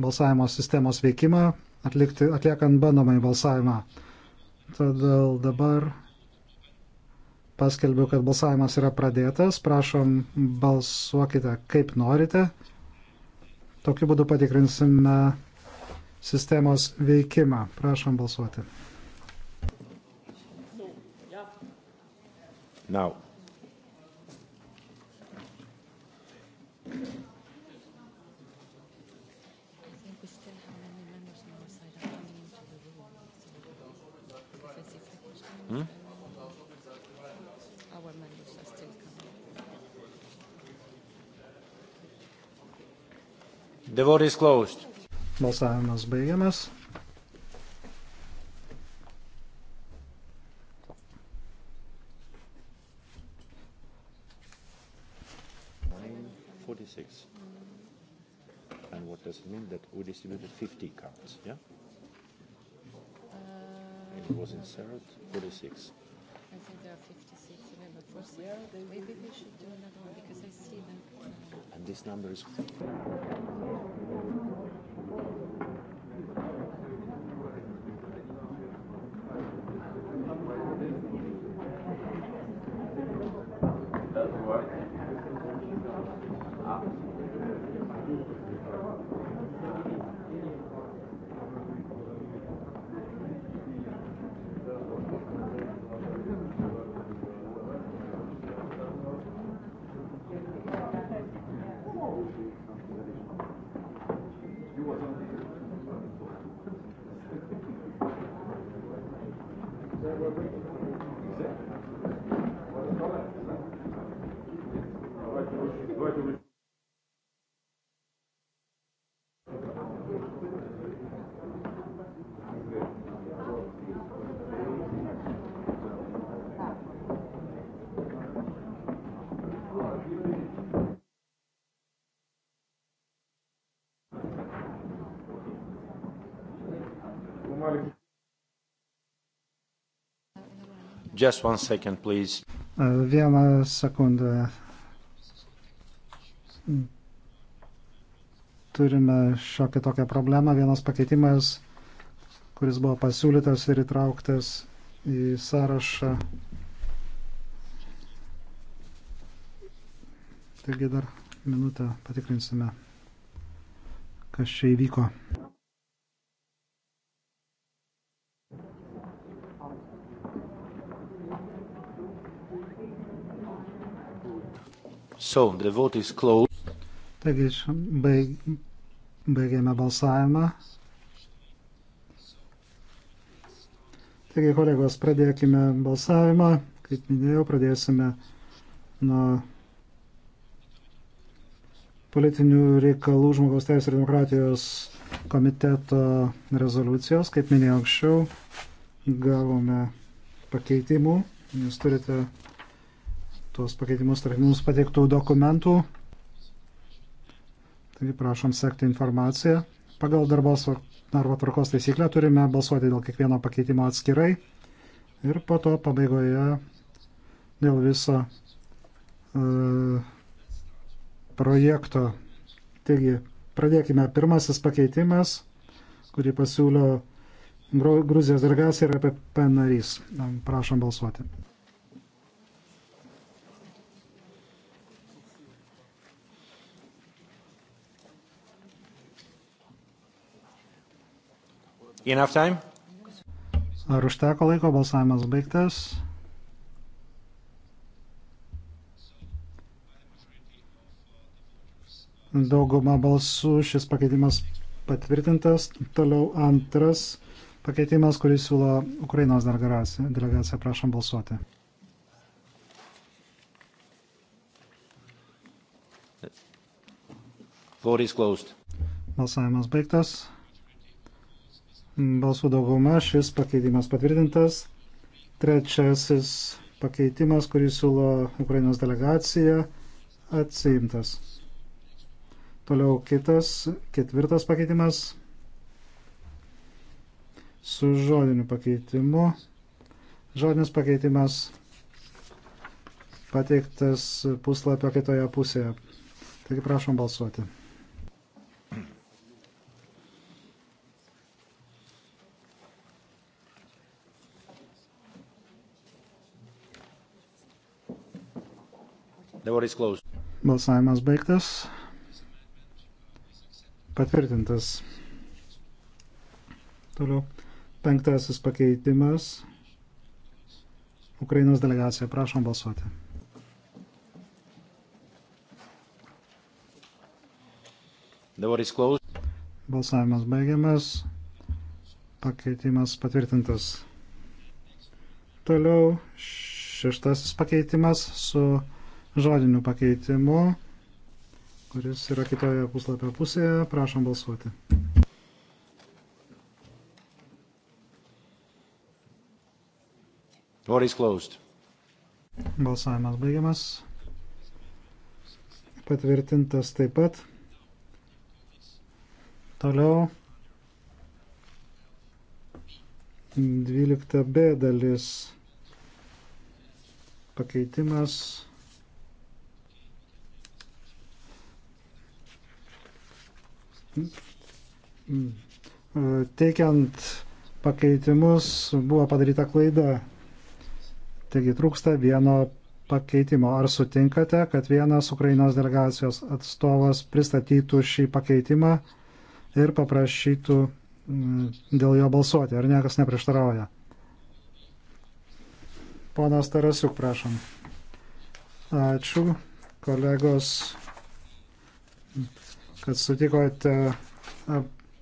balsavimo sistemos veikimą, atlikti, atliekant bandomąjį balsavimą. Todėl dabar paskelbiu, kad balsavimas yra pradėtas. Prašom, balsuokite kaip norite. Tokiu būdu patikrinsime sistemos veikimą. Prašom balsuoti. Now. Hmm? Our members are still coming. The vote is closed. Balsavimas baigiamas. And what does it mean that we distributed 50 cards, yeah? Uh, it was inserted. 46. I think there are 56, remember, first. Maybe we should do another one because I see them. And this number is. Just one second, please. Vieną sekundę. Turime šiokią tokią problemą. Vienas pakeitimas, kuris buvo pasiūlytas ir įtrauktas į sąrašą. Taigi dar minutę patikrinsime, kas čia įvyko. So, the vote is closed. Taigi, baig, baigėme balsavimą. Taigi, kolegos, pradėkime balsavimą. Kaip minėjau, pradėsime nuo politinių reikalų žmogaus teisų ir demokratijos komiteto rezoliucijos. Kaip minėjau anksčiau, gavome pakeitimų. Jūs turite tuos pakeitimus tarp mums pateiktų dokumentų. Taigi prašom sekti informaciją. Pagal darbos darbo tvarkos taisyklę turime balsuoti dėl kiekvieno pakeitimo atskirai ir po to pabaigoje dėl viso e, projekto. Taigi, pradėkime. Pirmasis pakeitimas, kurį pasiūlio Gruzijos dargas ir APP e narys. Prašom balsuoti. Enough time? Ar užteko laiko balsavimas baigtas? Dauguma balsų šis pakeitimas patvirtintas. Toliau antras pakeitimas, kurį siūlo Ukrainos delegacija. Prašom balsuoti. Balsavimas baigtas balsų dauguma šis pakeitimas patvirtintas. Trečiasis pakeitimas, kurį siūlo Ukrainos delegacija, atsiimtas. Toliau kitas, ketvirtas pakeitimas su žodiniu pakeitimu. Žodinis pakeitimas pateiktas puslapio kitoje pusėje. Taigi prašom balsuoti. Balsavimas baigtas. Patvirtintas. Toliau. Penktasis pakeitimas. Ukrainos delegacija. Prašom balsuoti. Balsavimas baigiamas. Pakeitimas patvirtintas. Toliau šeštasis pakeitimas su žodiniu pakeitimu, kuris yra kitoje puslapio pusėje. Prašom balsuoti. Balsavimas baigiamas. Patvirtintas taip pat. Toliau 12b dalis pakeitimas teikiant pakeitimus buvo padaryta klaida. Taigi trūksta vieno pakeitimo. Ar sutinkate, kad vienas Ukrainos delegacijos atstovas pristatytų šį pakeitimą ir paprašytų mm, dėl jo balsuoti? Ar niekas neprieštarauja? Ponas Tarasiuk, prašom. Ačiū, kolegos kad sutikote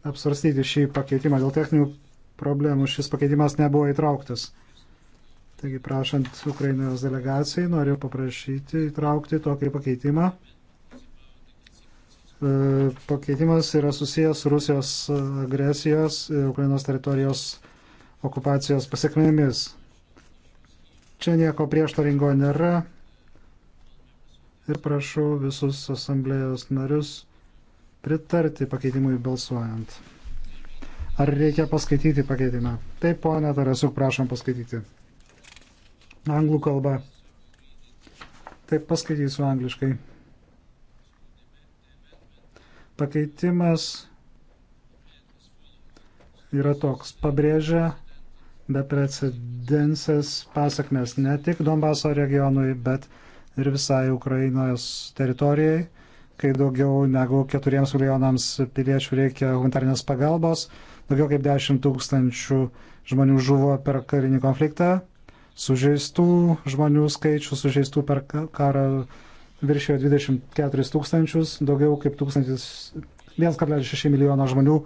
apsvarstyti šį pakeitimą. Dėl techninių problemų šis pakeitimas nebuvo įtrauktas. Taigi, prašant Ukrainos delegacijai, noriu paprašyti įtraukti tokį pakeitimą. E, pakeitimas yra susijęs Rusijos agresijos ir e, Ukrainos teritorijos okupacijos pasiekmėmis. Čia nieko prieštaringo nėra ir prašau visus asamblėjos narius pritarti pakeitimui balsuojant. Ar reikia paskaityti pakeitimą? Taip, ponė Tarasuk, prašom paskaityti. Anglų kalba. Taip, paskaitysiu angliškai. Pakeitimas yra toks. Pabrėžia beprecedensės pasakmes ne tik Donbaso regionui, bet ir visai Ukrainos teritorijai kai daugiau negu 4 milijonams piliečių reikia humanitarnės pagalbos, daugiau kaip 10 tūkstančių žmonių žuvo per karinį konfliktą, sužeistų žmonių skaičius, sužeistų per karą viršėjo 24 tūkstančius, daugiau kaip 1,6 milijono žmonių e,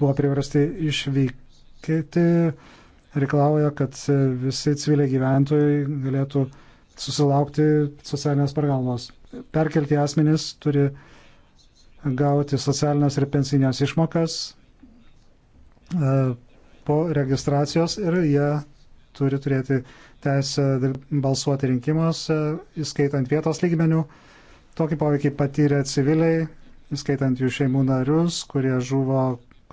buvo priversti išvykti, reikalauja, kad visi civiliai gyventojai galėtų susilaukti socialinės pagalbos perkelti asmenys turi gauti socialinės ir pensinės išmokas e, po registracijos ir jie turi turėti teisę balsuoti rinkimuose, įskaitant vietos lygmenių. Tokį poveikį patyrė civiliai, įskaitant jų šeimų narius, kurie žuvo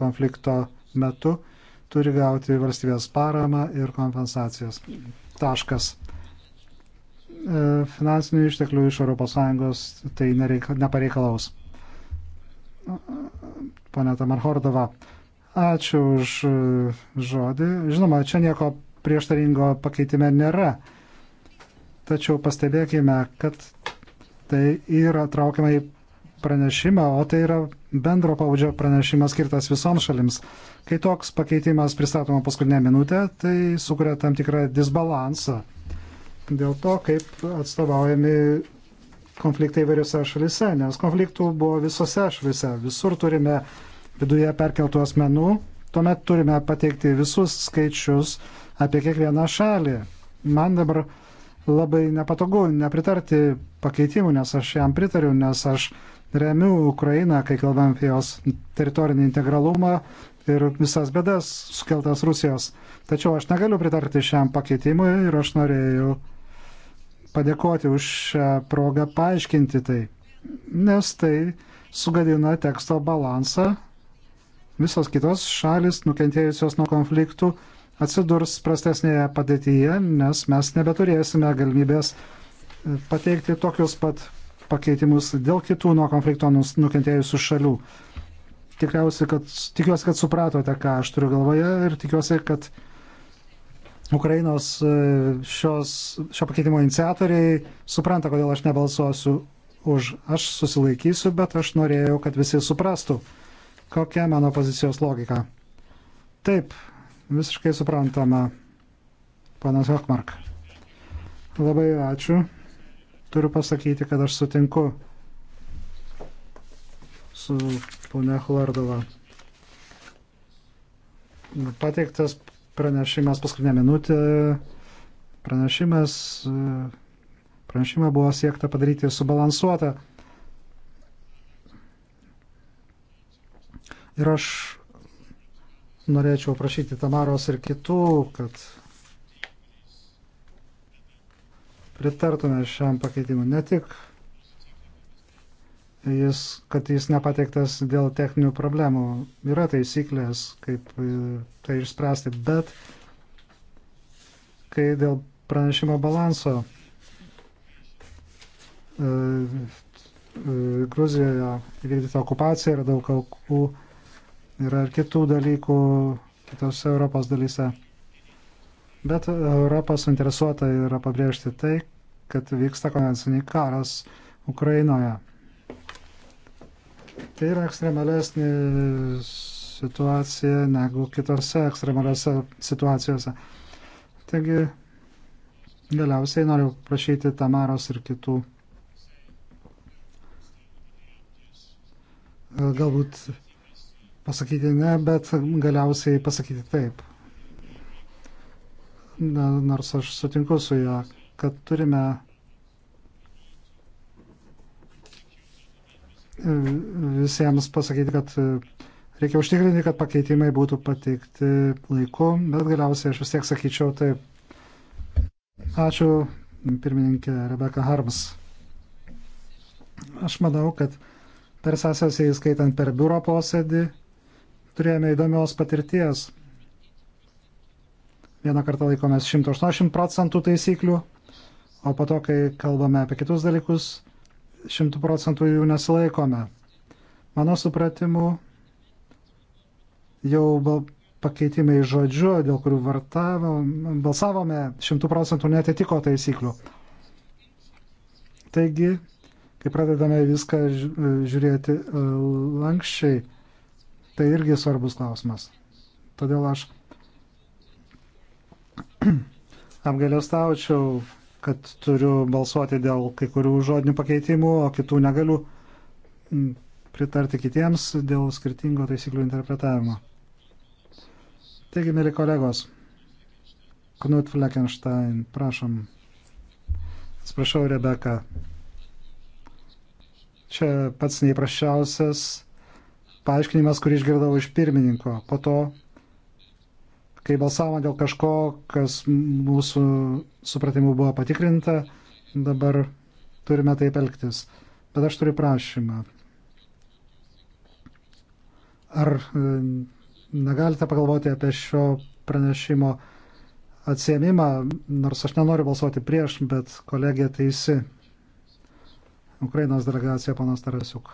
konflikto metu, turi gauti valstybės paramą ir kompensacijas. Taškas. E, finansinių išteklių iš ES tai nereik, nepareikalaus. Pane Tamarhordova, ačiū už e, žodį. Žinoma, čia nieko prieštaringo pakeitime nėra. Tačiau pastebėkime, kad tai yra traukiama į pranešimą, o tai yra bendro paudžio pranešimas skirtas visoms šalims. Kai toks pakeitimas pristatoma paskutinę minutę, tai sukuria tam tikrą disbalansą dėl to, kaip atstovaujami konfliktai įvairiose šalise, nes konfliktų buvo visose šalise, visur turime viduje perkeltų asmenų, tuomet turime pateikti visus skaičius apie kiekvieną šalį. Man dabar labai nepatogu nepritarti pakeitimų, nes aš jam pritariu, nes aš remiu Ukrainą, kai kalbam apie jos teritorinį integralumą ir visas bedas sukeltas Rusijos. Tačiau aš negaliu pritarti šiam pakeitimui ir aš norėjau padėkoti už šią progą paaiškinti tai, nes tai sugadina teksto balansą. Visos kitos šalis nukentėjusios nuo konfliktų atsidurs prastesnėje padėtyje, nes mes nebeturėsime galimybės e, pateikti tokius pat pakeitimus dėl kitų nuo konflikto nukentėjusių šalių. Tikriausiai, kad, tikiuosi, kad supratote, ką aš turiu galvoje ir tikiuosi, kad Ukrainos e, šios, šio pakeitimo iniciatoriai supranta, kodėl aš nebalsuosiu už. Aš susilaikysiu, bet aš norėjau, kad visi suprastų, kokia mano pozicijos logika. Taip, visiškai suprantama, panas Hochmark. Labai ačiū. Turiu pasakyti, kad aš sutinku su ponia Hlardova. Pateiktas pranešimas paskutinė minutė. Pranešimas, e, pranešimą buvo siekta padaryti subalansuotą. Ir aš norėčiau prašyti Tamaros ir kitų, kad pritartume šiam pakeitimui. Ne tik jis, kad jis nepateiktas dėl techninių problemų. Yra taisyklės, kaip e, tai išspręsti, bet kai dėl pranešimo balanso e, e, Gruzijoje įvykdyta okupacija yra daug aukų, yra ir kitų dalykų kitose Europos dalyse. Bet Europos interesuota yra pabrėžti tai, kad vyksta konvenciniai karas Ukrainoje. Tai yra ekstremalesnė situacija negu kitose ekstremaliose situacijose. Taigi, galiausiai noriu prašyti Tamaros ir kitų. Galbūt pasakyti ne, bet galiausiai pasakyti taip. Na, nors aš sutinku su juo, kad turime visiems pasakyti, kad e, reikia užtikrinti, kad pakeitimai būtų pateikti laiku, bet galiausiai aš vis tiek sakyčiau taip. Ačiū pirmininkė Rebeka Harms. Aš manau, kad per sesiją, įskaitant per biuro posėdį, turėjome įdomios patirties. Vieną kartą laikomės 180 procentų taisyklių, o po to, kai kalbame apie kitus dalykus, šimtų procentų jų nesilaikome. Mano supratimu, jau pakeitimai žodžiu, dėl kurių vartavo, balsavome, šimtų procentų netitiko taisyklių. Taigi, kai pradedame viską žiūrėti e, lankščiai, tai irgi svarbus klausimas. Todėl aš apgalėstaučiau kad turiu balsuoti dėl kai kurių žodinių pakeitimų, o kitų negaliu pritarti kitiems dėl skirtingo taisyklių interpretavimo. Taigi, mėly kolegos, Knut Fleckenstein, prašom. Atsiprašau, Rebeka. Čia pats neįprasčiausias paaiškinimas, kurį išgirdau iš pirmininko. Po to kai balsavome dėl kažko, kas mūsų supratimu buvo patikrinta, dabar turime taip elgtis. Bet aš turiu prašymą. Ar e, negalite pagalvoti apie šio pranešimo atsiemimą, nors aš nenoriu balsuoti prieš, bet kolegija teisi. Ukrainos delegacija panas Tarasiuk.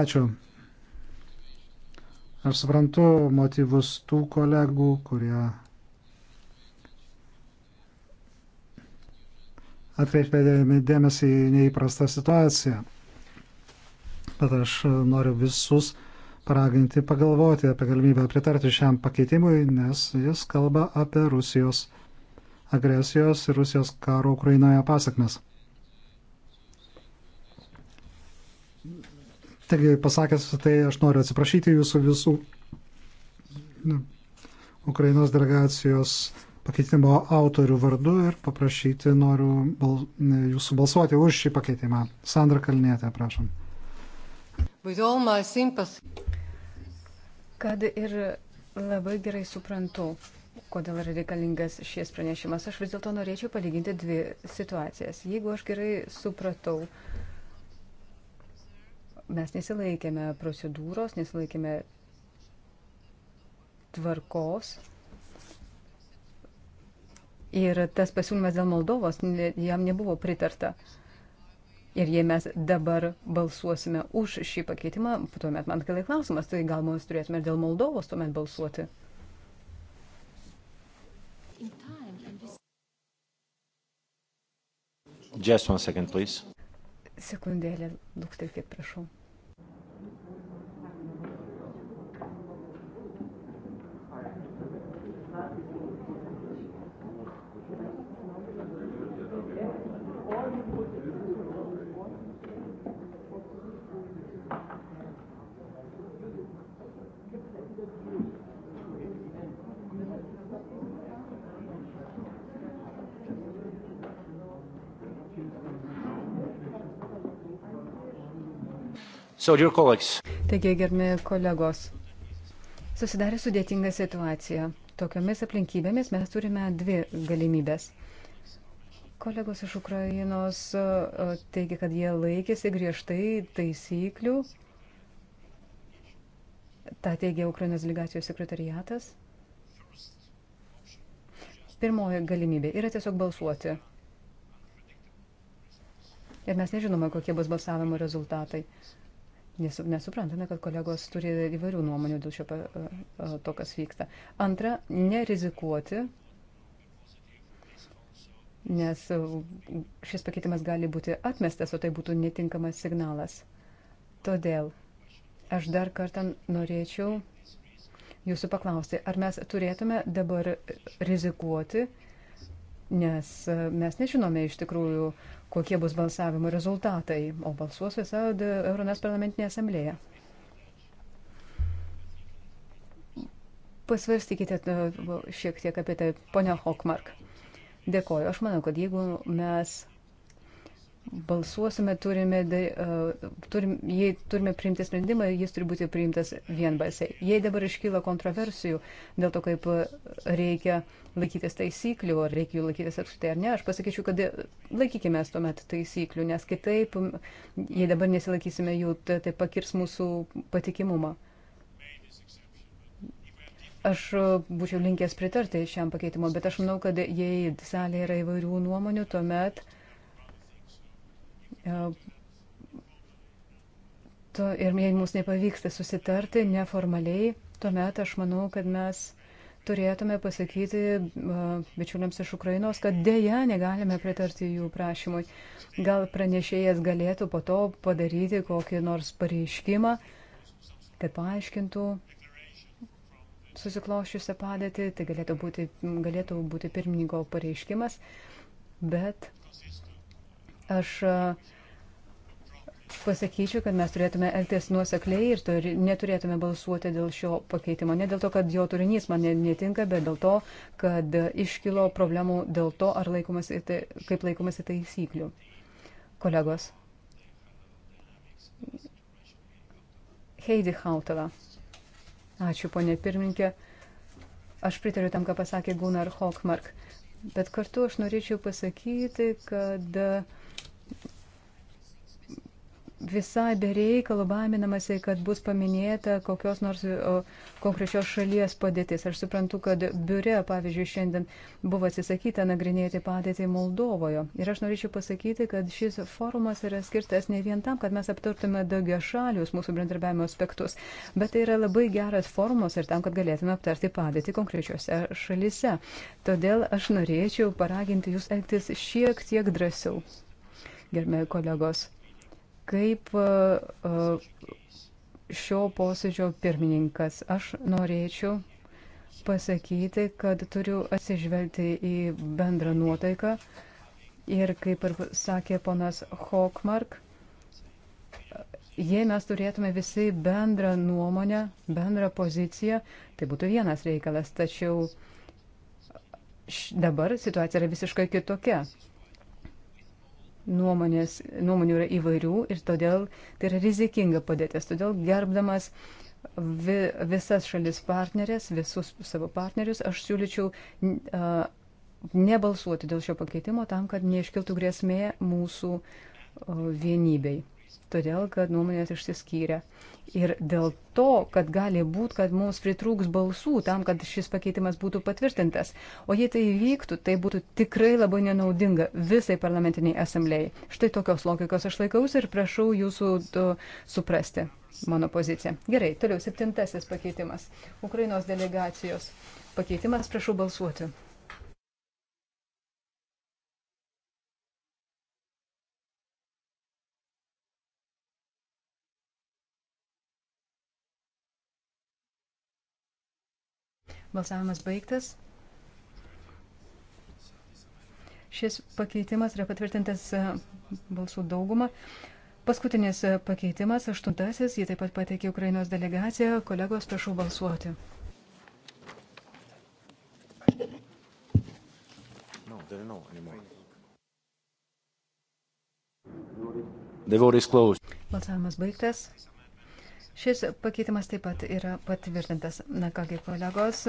Ačiū. Aš suprantu motyvus tų kolegų, kurie atkreipė dėmesį į neįprastą situaciją. Bet aš noriu visus paraginti pagalvoti apie galimybę pritarti šiam pakeitimui, nes jis kalba apie Rusijos agresijos ir Rusijos karo Ukrainoje pasakmes. Taigi, pasakęs tai, aš noriu atsiprašyti jūsų visų nu, Ukrainos delegacijos pakeitimo autorių vardu ir paprašyti noriu bal, jūsų balsuoti už šį pakeitimą. Sandra Kalnietė, prašom. Kad ir labai gerai suprantu, kodėl yra reikalingas šis pranešimas, aš vis dėlto norėčiau palyginti dvi situacijas. Jeigu aš gerai supratau, uh, mes nesilaikėme procedūros, nesilaikėme tvarkos. Ir tas pasiūlymas dėl Moldovos, jam nebuvo pritarta. Ir jei mes dabar balsuosime už šį pakeitimą, tuomet man kila klausimas, tai gal mes turėtume ir dėl Moldovos tuomet balsuoti. Just one second, please. Sekundėlė, lūktelkit, prašau. So, Taigi, gerbimi kolegos, susidarė sudėtinga situacija. Tokiomis aplinkybėmis mes turime dvi galimybės. Kolegos iš Ukrainos e, teigia, kad jie laikėsi griežtai taisyklių. Ta teigia Ukrainos delegacijos sekretariatas. Pirmoji galimybė yra tiesiog balsuoti. Ir mes nežinome, kokie bus balsavimo rezultatai. Nes, nesuprantame, kad kolegos turi įvairių nuomonių dėl šio to, kas vyksta. Antra, nerizikuoti, nes šis pakeitimas gali būti atmestas, o tai būtų netinkamas signalas. Todėl aš dar kartą norėčiau jūsų paklausti, ar mes turėtume dabar rizikuoti nes e, mes nežinome iš tikrųjų, kokie bus balsavimo rezultatai, o balsuos visa Euronės parlamentinė asamblėja. Pasvarstykite e, šiek tiek apie tai, ponia Hokmark. Dėkoju. Aš manau, kad jeigu mes balsuosime, turime, uh, turim, jei turime priimti sprendimą, jis turi būti priimtas vienbalsiai. Jei dabar iškyla kontroversijų dėl to, kaip reikia laikytis taisyklių, ar reikia jų laikytis apskritai ar ne, aš pasakyčiau, kad laikykime tuomet taisyklių, nes kitaip, jei dabar nesilaikysime jų, tai, tai pakirs mūsų patikimumą. Aš būčiau linkęs pritarti šiam pakeitimu, bet aš manau, kad jei salėje yra įvairių nuomonių, tuomet uh, E, to, ir jei mums nepavyksta susitarti neformaliai, tuomet aš manau, kad mes turėtume pasakyti e, bičiuliams iš Ukrainos, kad dėja negalime pritarti jų prašymui. Gal pranešėjas galėtų po to padaryti kokį nors pareiškimą, kad paaiškintų susiklošiusią padėtį, tai galėtų būti, galėtų būti pirmininko pareiškimas, bet aš uh, pasakyčiau, kad mes turėtume elgtis nuosekliai ir turi, neturėtume balsuoti dėl šio pakeitimo. Ne dėl to, kad jo turinys man netinka, bet dėl to, kad iškilo problemų dėl to, ar laikomasi, tai, kaip laikomasi taisyklių. Kolegos. Heidi Hautala. Ačiū, ponė pirmininkė. Aš pritariu tam, ką pasakė Gunnar Hockmark. Bet kartu aš norėčiau pasakyti, kad uh, visai bereikalo baiminamasi, kad bus paminėta kokios nors konkrečios šalies padėtis. Aš suprantu, kad biure, pavyzdžiui, šiandien buvo atsisakyta nagrinėti padėtį Moldovoje. Ir aš norėčiau pasakyti, kad šis forumas yra skirtas ne vien tam, kad mes aptartume daugia šalius mūsų bendradarbiavimo aspektus, bet tai yra labai geras forumas ir tam, kad galėtume aptarti padėtį konkrečiose šalise. Todėl aš norėčiau paraginti jūs elgtis šiek tiek drąsiau. Gerbėjai kolegos, Kaip e, e, šio posėdžio pirmininkas aš norėčiau pasakyti, kad turiu atsižvelgti į bendrą nuotaiką ir kaip ir sakė ponas Hokmark, jei mes turėtume visi bendrą nuomonę, bendrą poziciją, tai būtų vienas reikalas, tačiau dabar situacija yra visiškai kitokia nuomonės, nuomonių yra įvairių ir todėl tai yra rizikinga padėtis. Todėl gerbdamas vi, visas šalis partnerės, visus savo partnerius, aš siūlyčiau uh, nebalsuoti dėl šio pakeitimo tam, kad neiškiltų grėsmė mūsų uh, vienybei todėl kad nuomonės išsiskyrė. Ir dėl to, kad gali būti, kad mums pritrūks balsų tam, kad šis pakeitimas būtų patvirtintas. O jei tai vyktų, tai būtų tikrai labai nenaudinga visai parlamentiniai asamblėjai. Štai tokios logikos aš laikausi ir prašau jūsų to, suprasti mano poziciją. Gerai, toliau septintasis pakeitimas. Ukrainos delegacijos pakeitimas, prašau balsuoti. Balsavimas baigtas. Šis pakeitimas yra patvirtintas e, balsų daugumą. Paskutinis e, pakeitimas, aštuntasis, jį taip pat pateikė Ukrainos delegacija. Kolegos, prašau balsuoti. No, no Balsavimas baigtas. Šis pakeitimas taip pat yra patvirtintas. Na kągi, kolegos,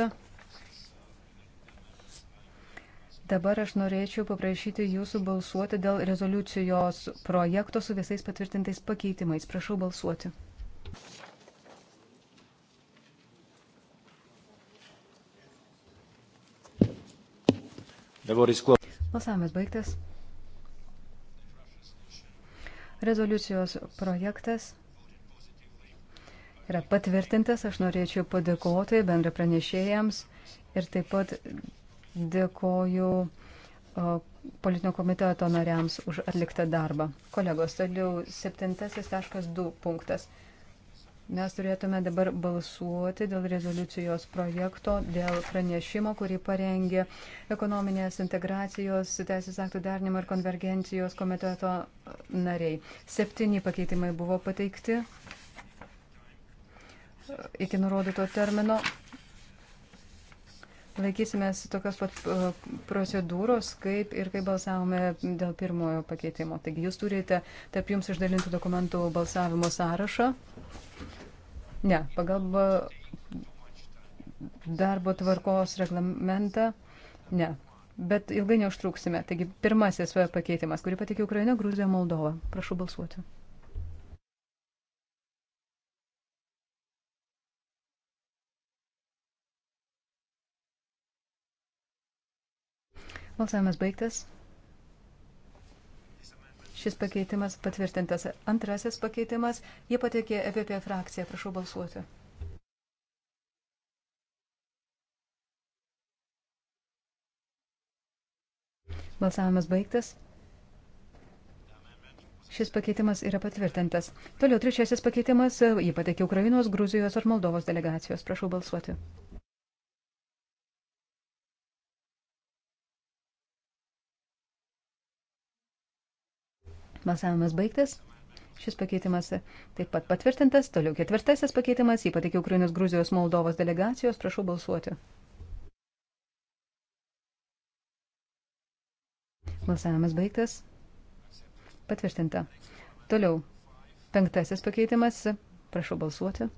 dabar aš norėčiau paprašyti jūsų balsuoti dėl rezoliucijos projekto su visais patvirtintais pakeitimais. Prašau balsuoti. Balsavimas baigtas. Rezoliucijos projektas yra patvirtintas. Aš norėčiau padėkoti bendra pranešėjams ir taip pat dėkoju politinio komiteto nariams už atliktą darbą. Kolegos, toliau 7.2 punktas. Mes turėtume dabar balsuoti dėl rezoliucijos projekto, dėl pranešimo, kurį parengė ekonominės integracijos, teisės aktų darnimo ir konvergencijos komiteto nariai. Septyni pakeitimai buvo pateikti iki nurodyto termino. Laikysimės tokios pat e, procedūros, kaip ir kai balsavome dėl pirmojo pakeitimo. Taigi jūs turite tarp jums išdalintų dokumentų balsavimo sąrašą. Ne, pagal darbo tvarkos reglamentą. Ne, bet ilgai neužtruksime. Taigi pirmasis pakeitimas, kurį patikė Ukraina, Gruzija, Moldova. Prašau balsuoti. Balsavimas baigtas. Šis pakeitimas patvirtintas. Antrasis pakeitimas. Jie pateikė EPP frakciją. Prašau balsuoti. Balsavimas baigtas. Šis pakeitimas yra patvirtintas. Toliau trečiasis pakeitimas. Jį pateikė Ukrainos, Gruzijos ir Moldovos delegacijos. Prašau balsuoti. Balsavimas baigtas. Šis pakeitimas taip pat patvirtintas. Toliau ketvirtasis pakeitimas. Jį pateikė Ukrainos Gruzijos Moldovos delegacijos. Prašau balsuoti. Balsavimas baigtas. Patvirtinta. Toliau. Penktasis pakeitimas. Prašau balsuoti.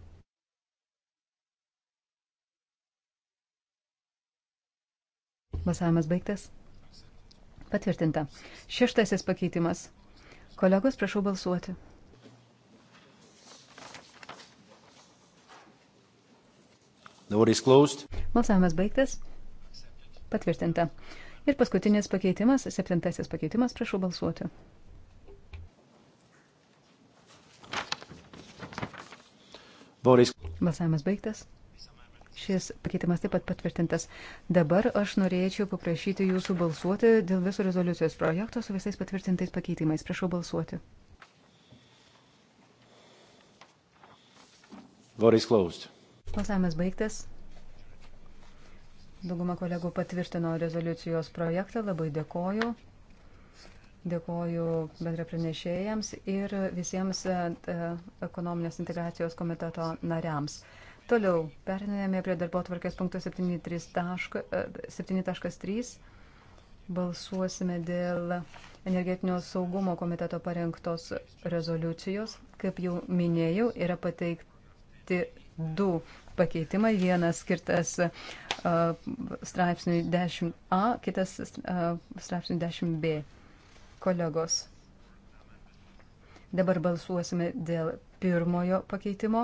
Balsavimas baigtas. Patvirtinta. Šeštasis pakeitimas. Kolegos, prašau balsuoti. Balsavimas baigtas. Patvirtinta. Ir paskutinis pakeitimas, septintasis pakeitimas, prašau balsuoti. Balsavimas baigtas. Šis pakeitimas taip pat patvirtintas. Dabar aš norėčiau paprašyti jūsų balsuoti dėl viso rezoliucijos projekto su visais patvirtintais pakeitimais. Prašau balsuoti. Balsavimas baigtas. Dauguma kolegų patvirtino rezoliucijos projektą. Labai dėkoju. Dėkoju bendrapranešėjams ir visiems e, e, ekonominės integracijos komiteto nariams. Toliau, perinėjame prie darbo tvarkės punkto 7.3. E, balsuosime dėl energetinio saugumo komiteto parengtos rezoliucijos. Kaip jau minėjau, yra pateikti du pakeitimai. Vienas skirtas uh, straipsniui 10a, kitas uh, straipsniui 10b. Kolegos, dabar balsuosime dėl pirmojo pakeitimo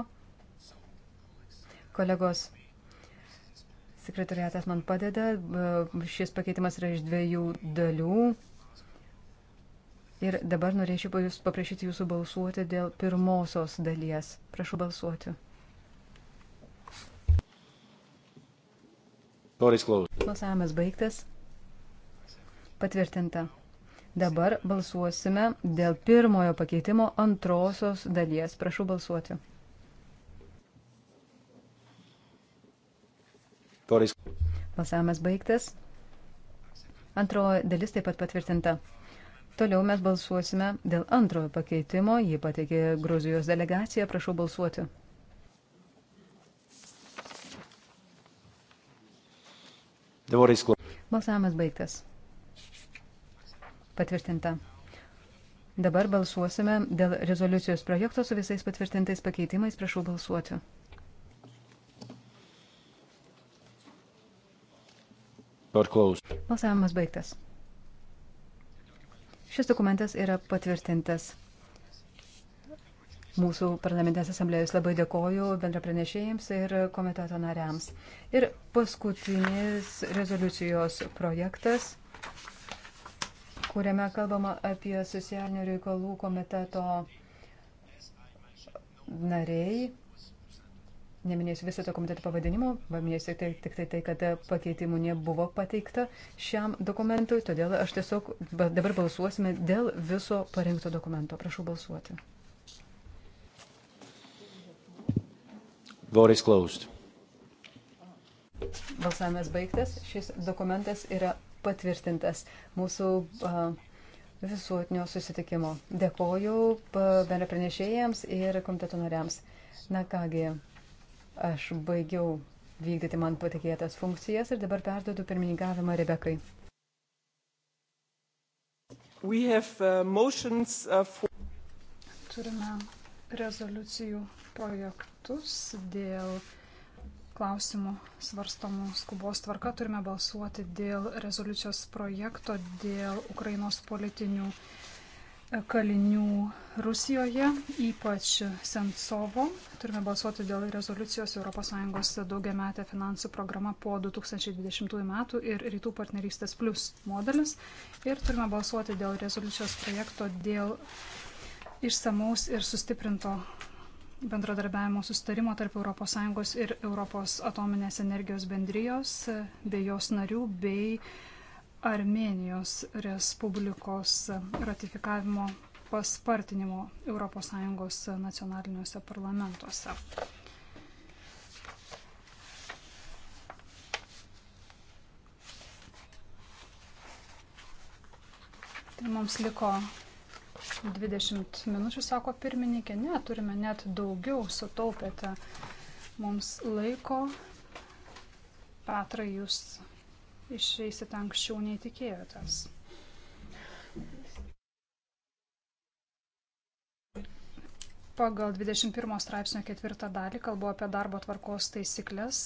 Kolegos, sekretariatas man padeda, šis pakeitimas yra iš dviejų dalių. Ir dabar norėčiau jūs paprašyti jūsų balsuoti dėl pirmosios dalies. Prašau balsuoti. Balsavimas baigtas. Patvirtinta. Dabar balsuosime dėl pirmojo pakeitimo antrosios dalies. Prašau balsuoti. Poreis. Balsavimas baigtas. Antroji dalis taip pat patvirtinta. Toliau mes balsuosime dėl antrojo pakeitimo. Jį pateikė Gruzijos delegacija. Prašau balsuoti. Balsavimas baigtas. Patvirtinta. Dabar balsuosime dėl rezoliucijos projekto su visais patvirtintais pakeitimais. Prašau balsuoti. Balsavimas baigtas. Šis dokumentas yra patvirtintas. Mūsų parlamentės asamblėjus labai dėkoju bendrapranešėjams ir komiteto nariams. Ir paskutinis rezoliucijos projektas, kuriame kalbama apie socialinių reikalų komiteto nariai neminėsiu viso to komiteto pavadinimo, paminėsiu tik, tai, tik tai tai, kad pakeitimų nebuvo pateikta šiam dokumentui, todėl aš tiesiog dabar balsuosime dėl viso parengto dokumento. Prašau balsuoti. Vote is closed. Balsavimas baigtas, šis dokumentas yra patvirtintas mūsų uh, visuotinio susitikimo. Dėkoju bendra pranešėjams ir komiteto nariams. Na kągi. Aš baigiau vykdyti man patikėtas funkcijas ir dabar perduodu pirmininkavimą Rebekai. Uh, uh, Turime rezoliucijų projektus dėl klausimų svarstomų skubos tvarka. Turime balsuoti dėl rezoliucijos projekto dėl Ukrainos politinių kalinių Rusijoje, ypač Sensovo. Turime balsuoti dėl rezoliucijos ES daugiametė finansų programa po 2020 metų ir rytų partnerystės plus modelis. Ir turime balsuoti dėl rezoliucijos projekto dėl išsamaus ir sustiprinto bendradarbiavimo sustarimo tarp ES ir ES atominės energijos bendrijos bei jos narių bei Armenijos Respublikos ratifikavimo paspartinimo ES nacionaliniuose parlamentuose. Tai mums liko 20 minučių, sako pirmininkė. Ne, turime net daugiau, sutaupėte mums laiko. Petrai, jūs išeisite anksčiau nei tikėjotės. Pagal 21 straipsnio ketvirtą dalį kalbu apie darbo tvarkos taisyklės.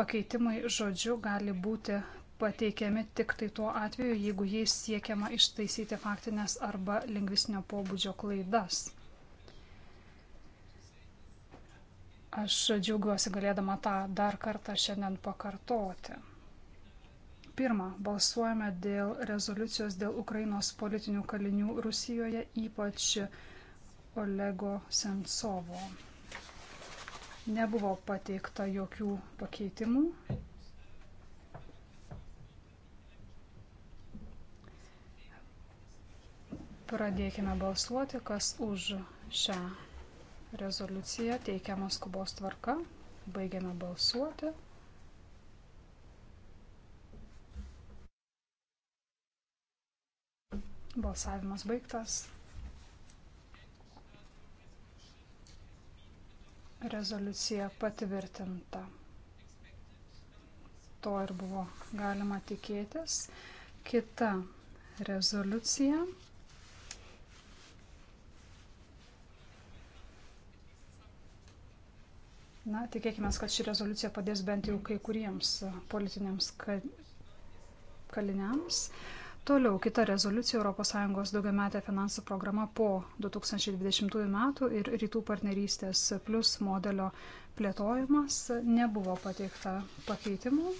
Pakeitimai žodžiu gali būti pateikiami tik tai tuo atveju, jeigu jais siekiama ištaisyti faktinės arba lingvisnio pobūdžio klaidas. Aš džiaugiuosi galėdama tą dar kartą šiandien pakartoti. Pirma, balsuojame dėl rezoliucijos dėl Ukrainos politinių kalinių Rusijoje, ypač Olego Sensovo. Nebuvo pateikta jokių pakeitimų. Pradėkime balsuoti, kas už šią rezoliuciją teikiamas skubos tvarka. Baigiame balsuoti. Balsavimas baigtas. Rezoliucija patvirtinta. To ir buvo galima tikėtis. Kita rezoliucija. Na, tikėkime, kad ši rezoliucija padės bent jau kai kuriems politiniams kaliniams. Toliau kita rezoliucija ES daugiametė finansų programa po 2020 metų ir rytų partnerystės plus modelio plėtojimas nebuvo pateikta pakeitimų.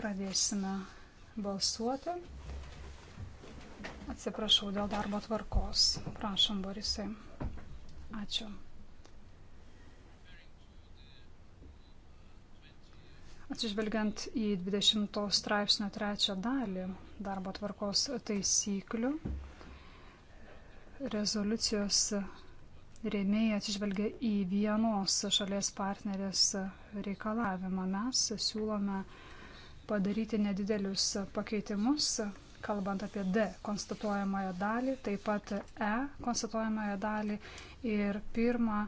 Pradėsime balsuoti. Atsiprašau dėl darbo tvarkos. Prašom, Borisai. Ačiū. Atsižvelgiant į 20 straipsnio trečią dalį darbo tvarkos taisyklių, rezoliucijos rėmėjai atsižvelgia į vienos šalies partnerės reikalavimą. Mes siūlome padaryti nedidelius pakeitimus, kalbant apie D konstatuojamąją dalį, taip pat E konstatuojamąją dalį ir pirmą,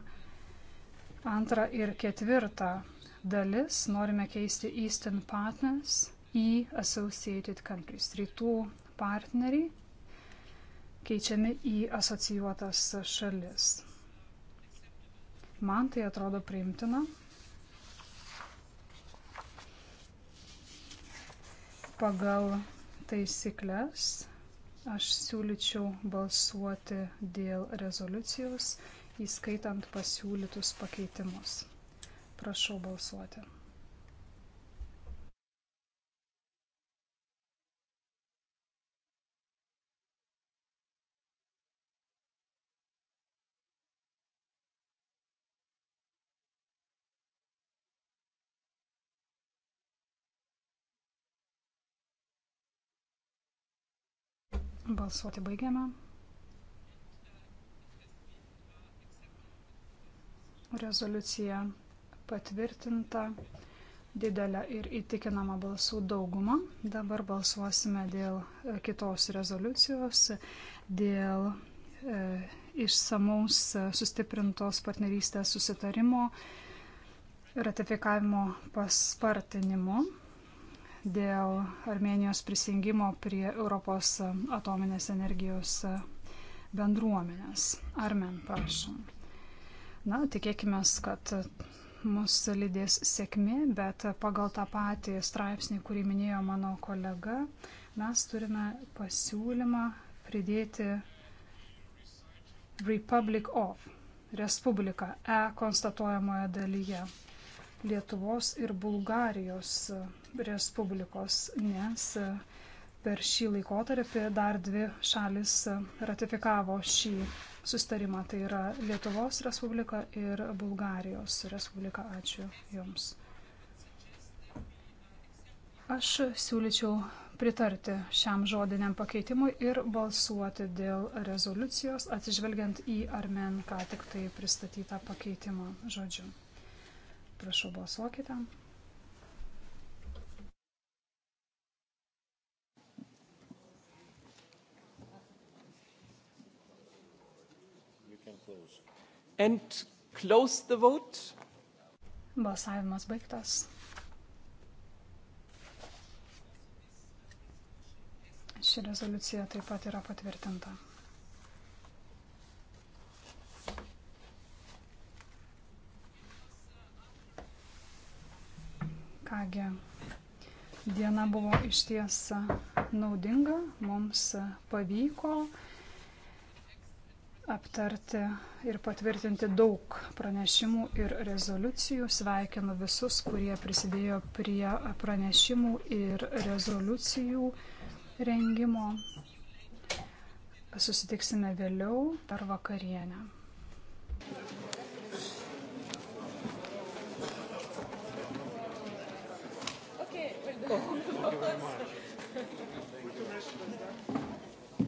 antrą ir ketvirtą dalis norime keisti Eastern Partners į Associated Countries, rytų partneriai keičiami į asocijuotas šalis. Man tai atrodo priimtina. Pagal taisyklės aš siūlyčiau balsuoti dėl rezoliucijos, įskaitant pasiūlytus pakeitimus. Prašau balsuoti. Balsuoti baigiame. Rezoliucija patvirtinta didelę ir įtikinamą balsų daugumą. Dabar balsuosime dėl e, kitos rezoliucijos, dėl e, išsamaus e, sustiprintos partnerystės susitarimo ratifikavimo paspartinimu dėl Armenijos prisijungimo prie Europos atominės energijos bendruomenės. Armen, prašom. Na, tikėkime, kad mus lydės sėkmė, bet pagal tą patį straipsnį, kurį minėjo mano kolega, mes turime pasiūlymą pridėti Republic of, Respublika E konstatuojamoje dalyje Lietuvos ir Bulgarijos Respublikos, nes per šį laikotarpį dar dvi šalis ratifikavo šį sustarimą. Tai yra Lietuvos Respublika ir Bulgarijos Respublika. Ačiū Jums. Aš siūlyčiau pritarti šiam žodiniam pakeitimui ir balsuoti dėl rezoliucijos atsižvelgiant į Armen ką tik tai pristatytą pakeitimą žodžiu. Prašau balsuokite. and close the vote. Balsavimas baigtas. Ši rezoliucija taip pat yra patvirtinta. Kągi, diena buvo išties naudinga, mums pavyko aptarti ir patvirtinti daug pranešimų ir rezoliucijų. Sveikinu visus, kurie prisidėjo prie pranešimų ir rezoliucijų rengimo. Susitiksime vėliau per vakarienę. Okay, well, Thank you very much.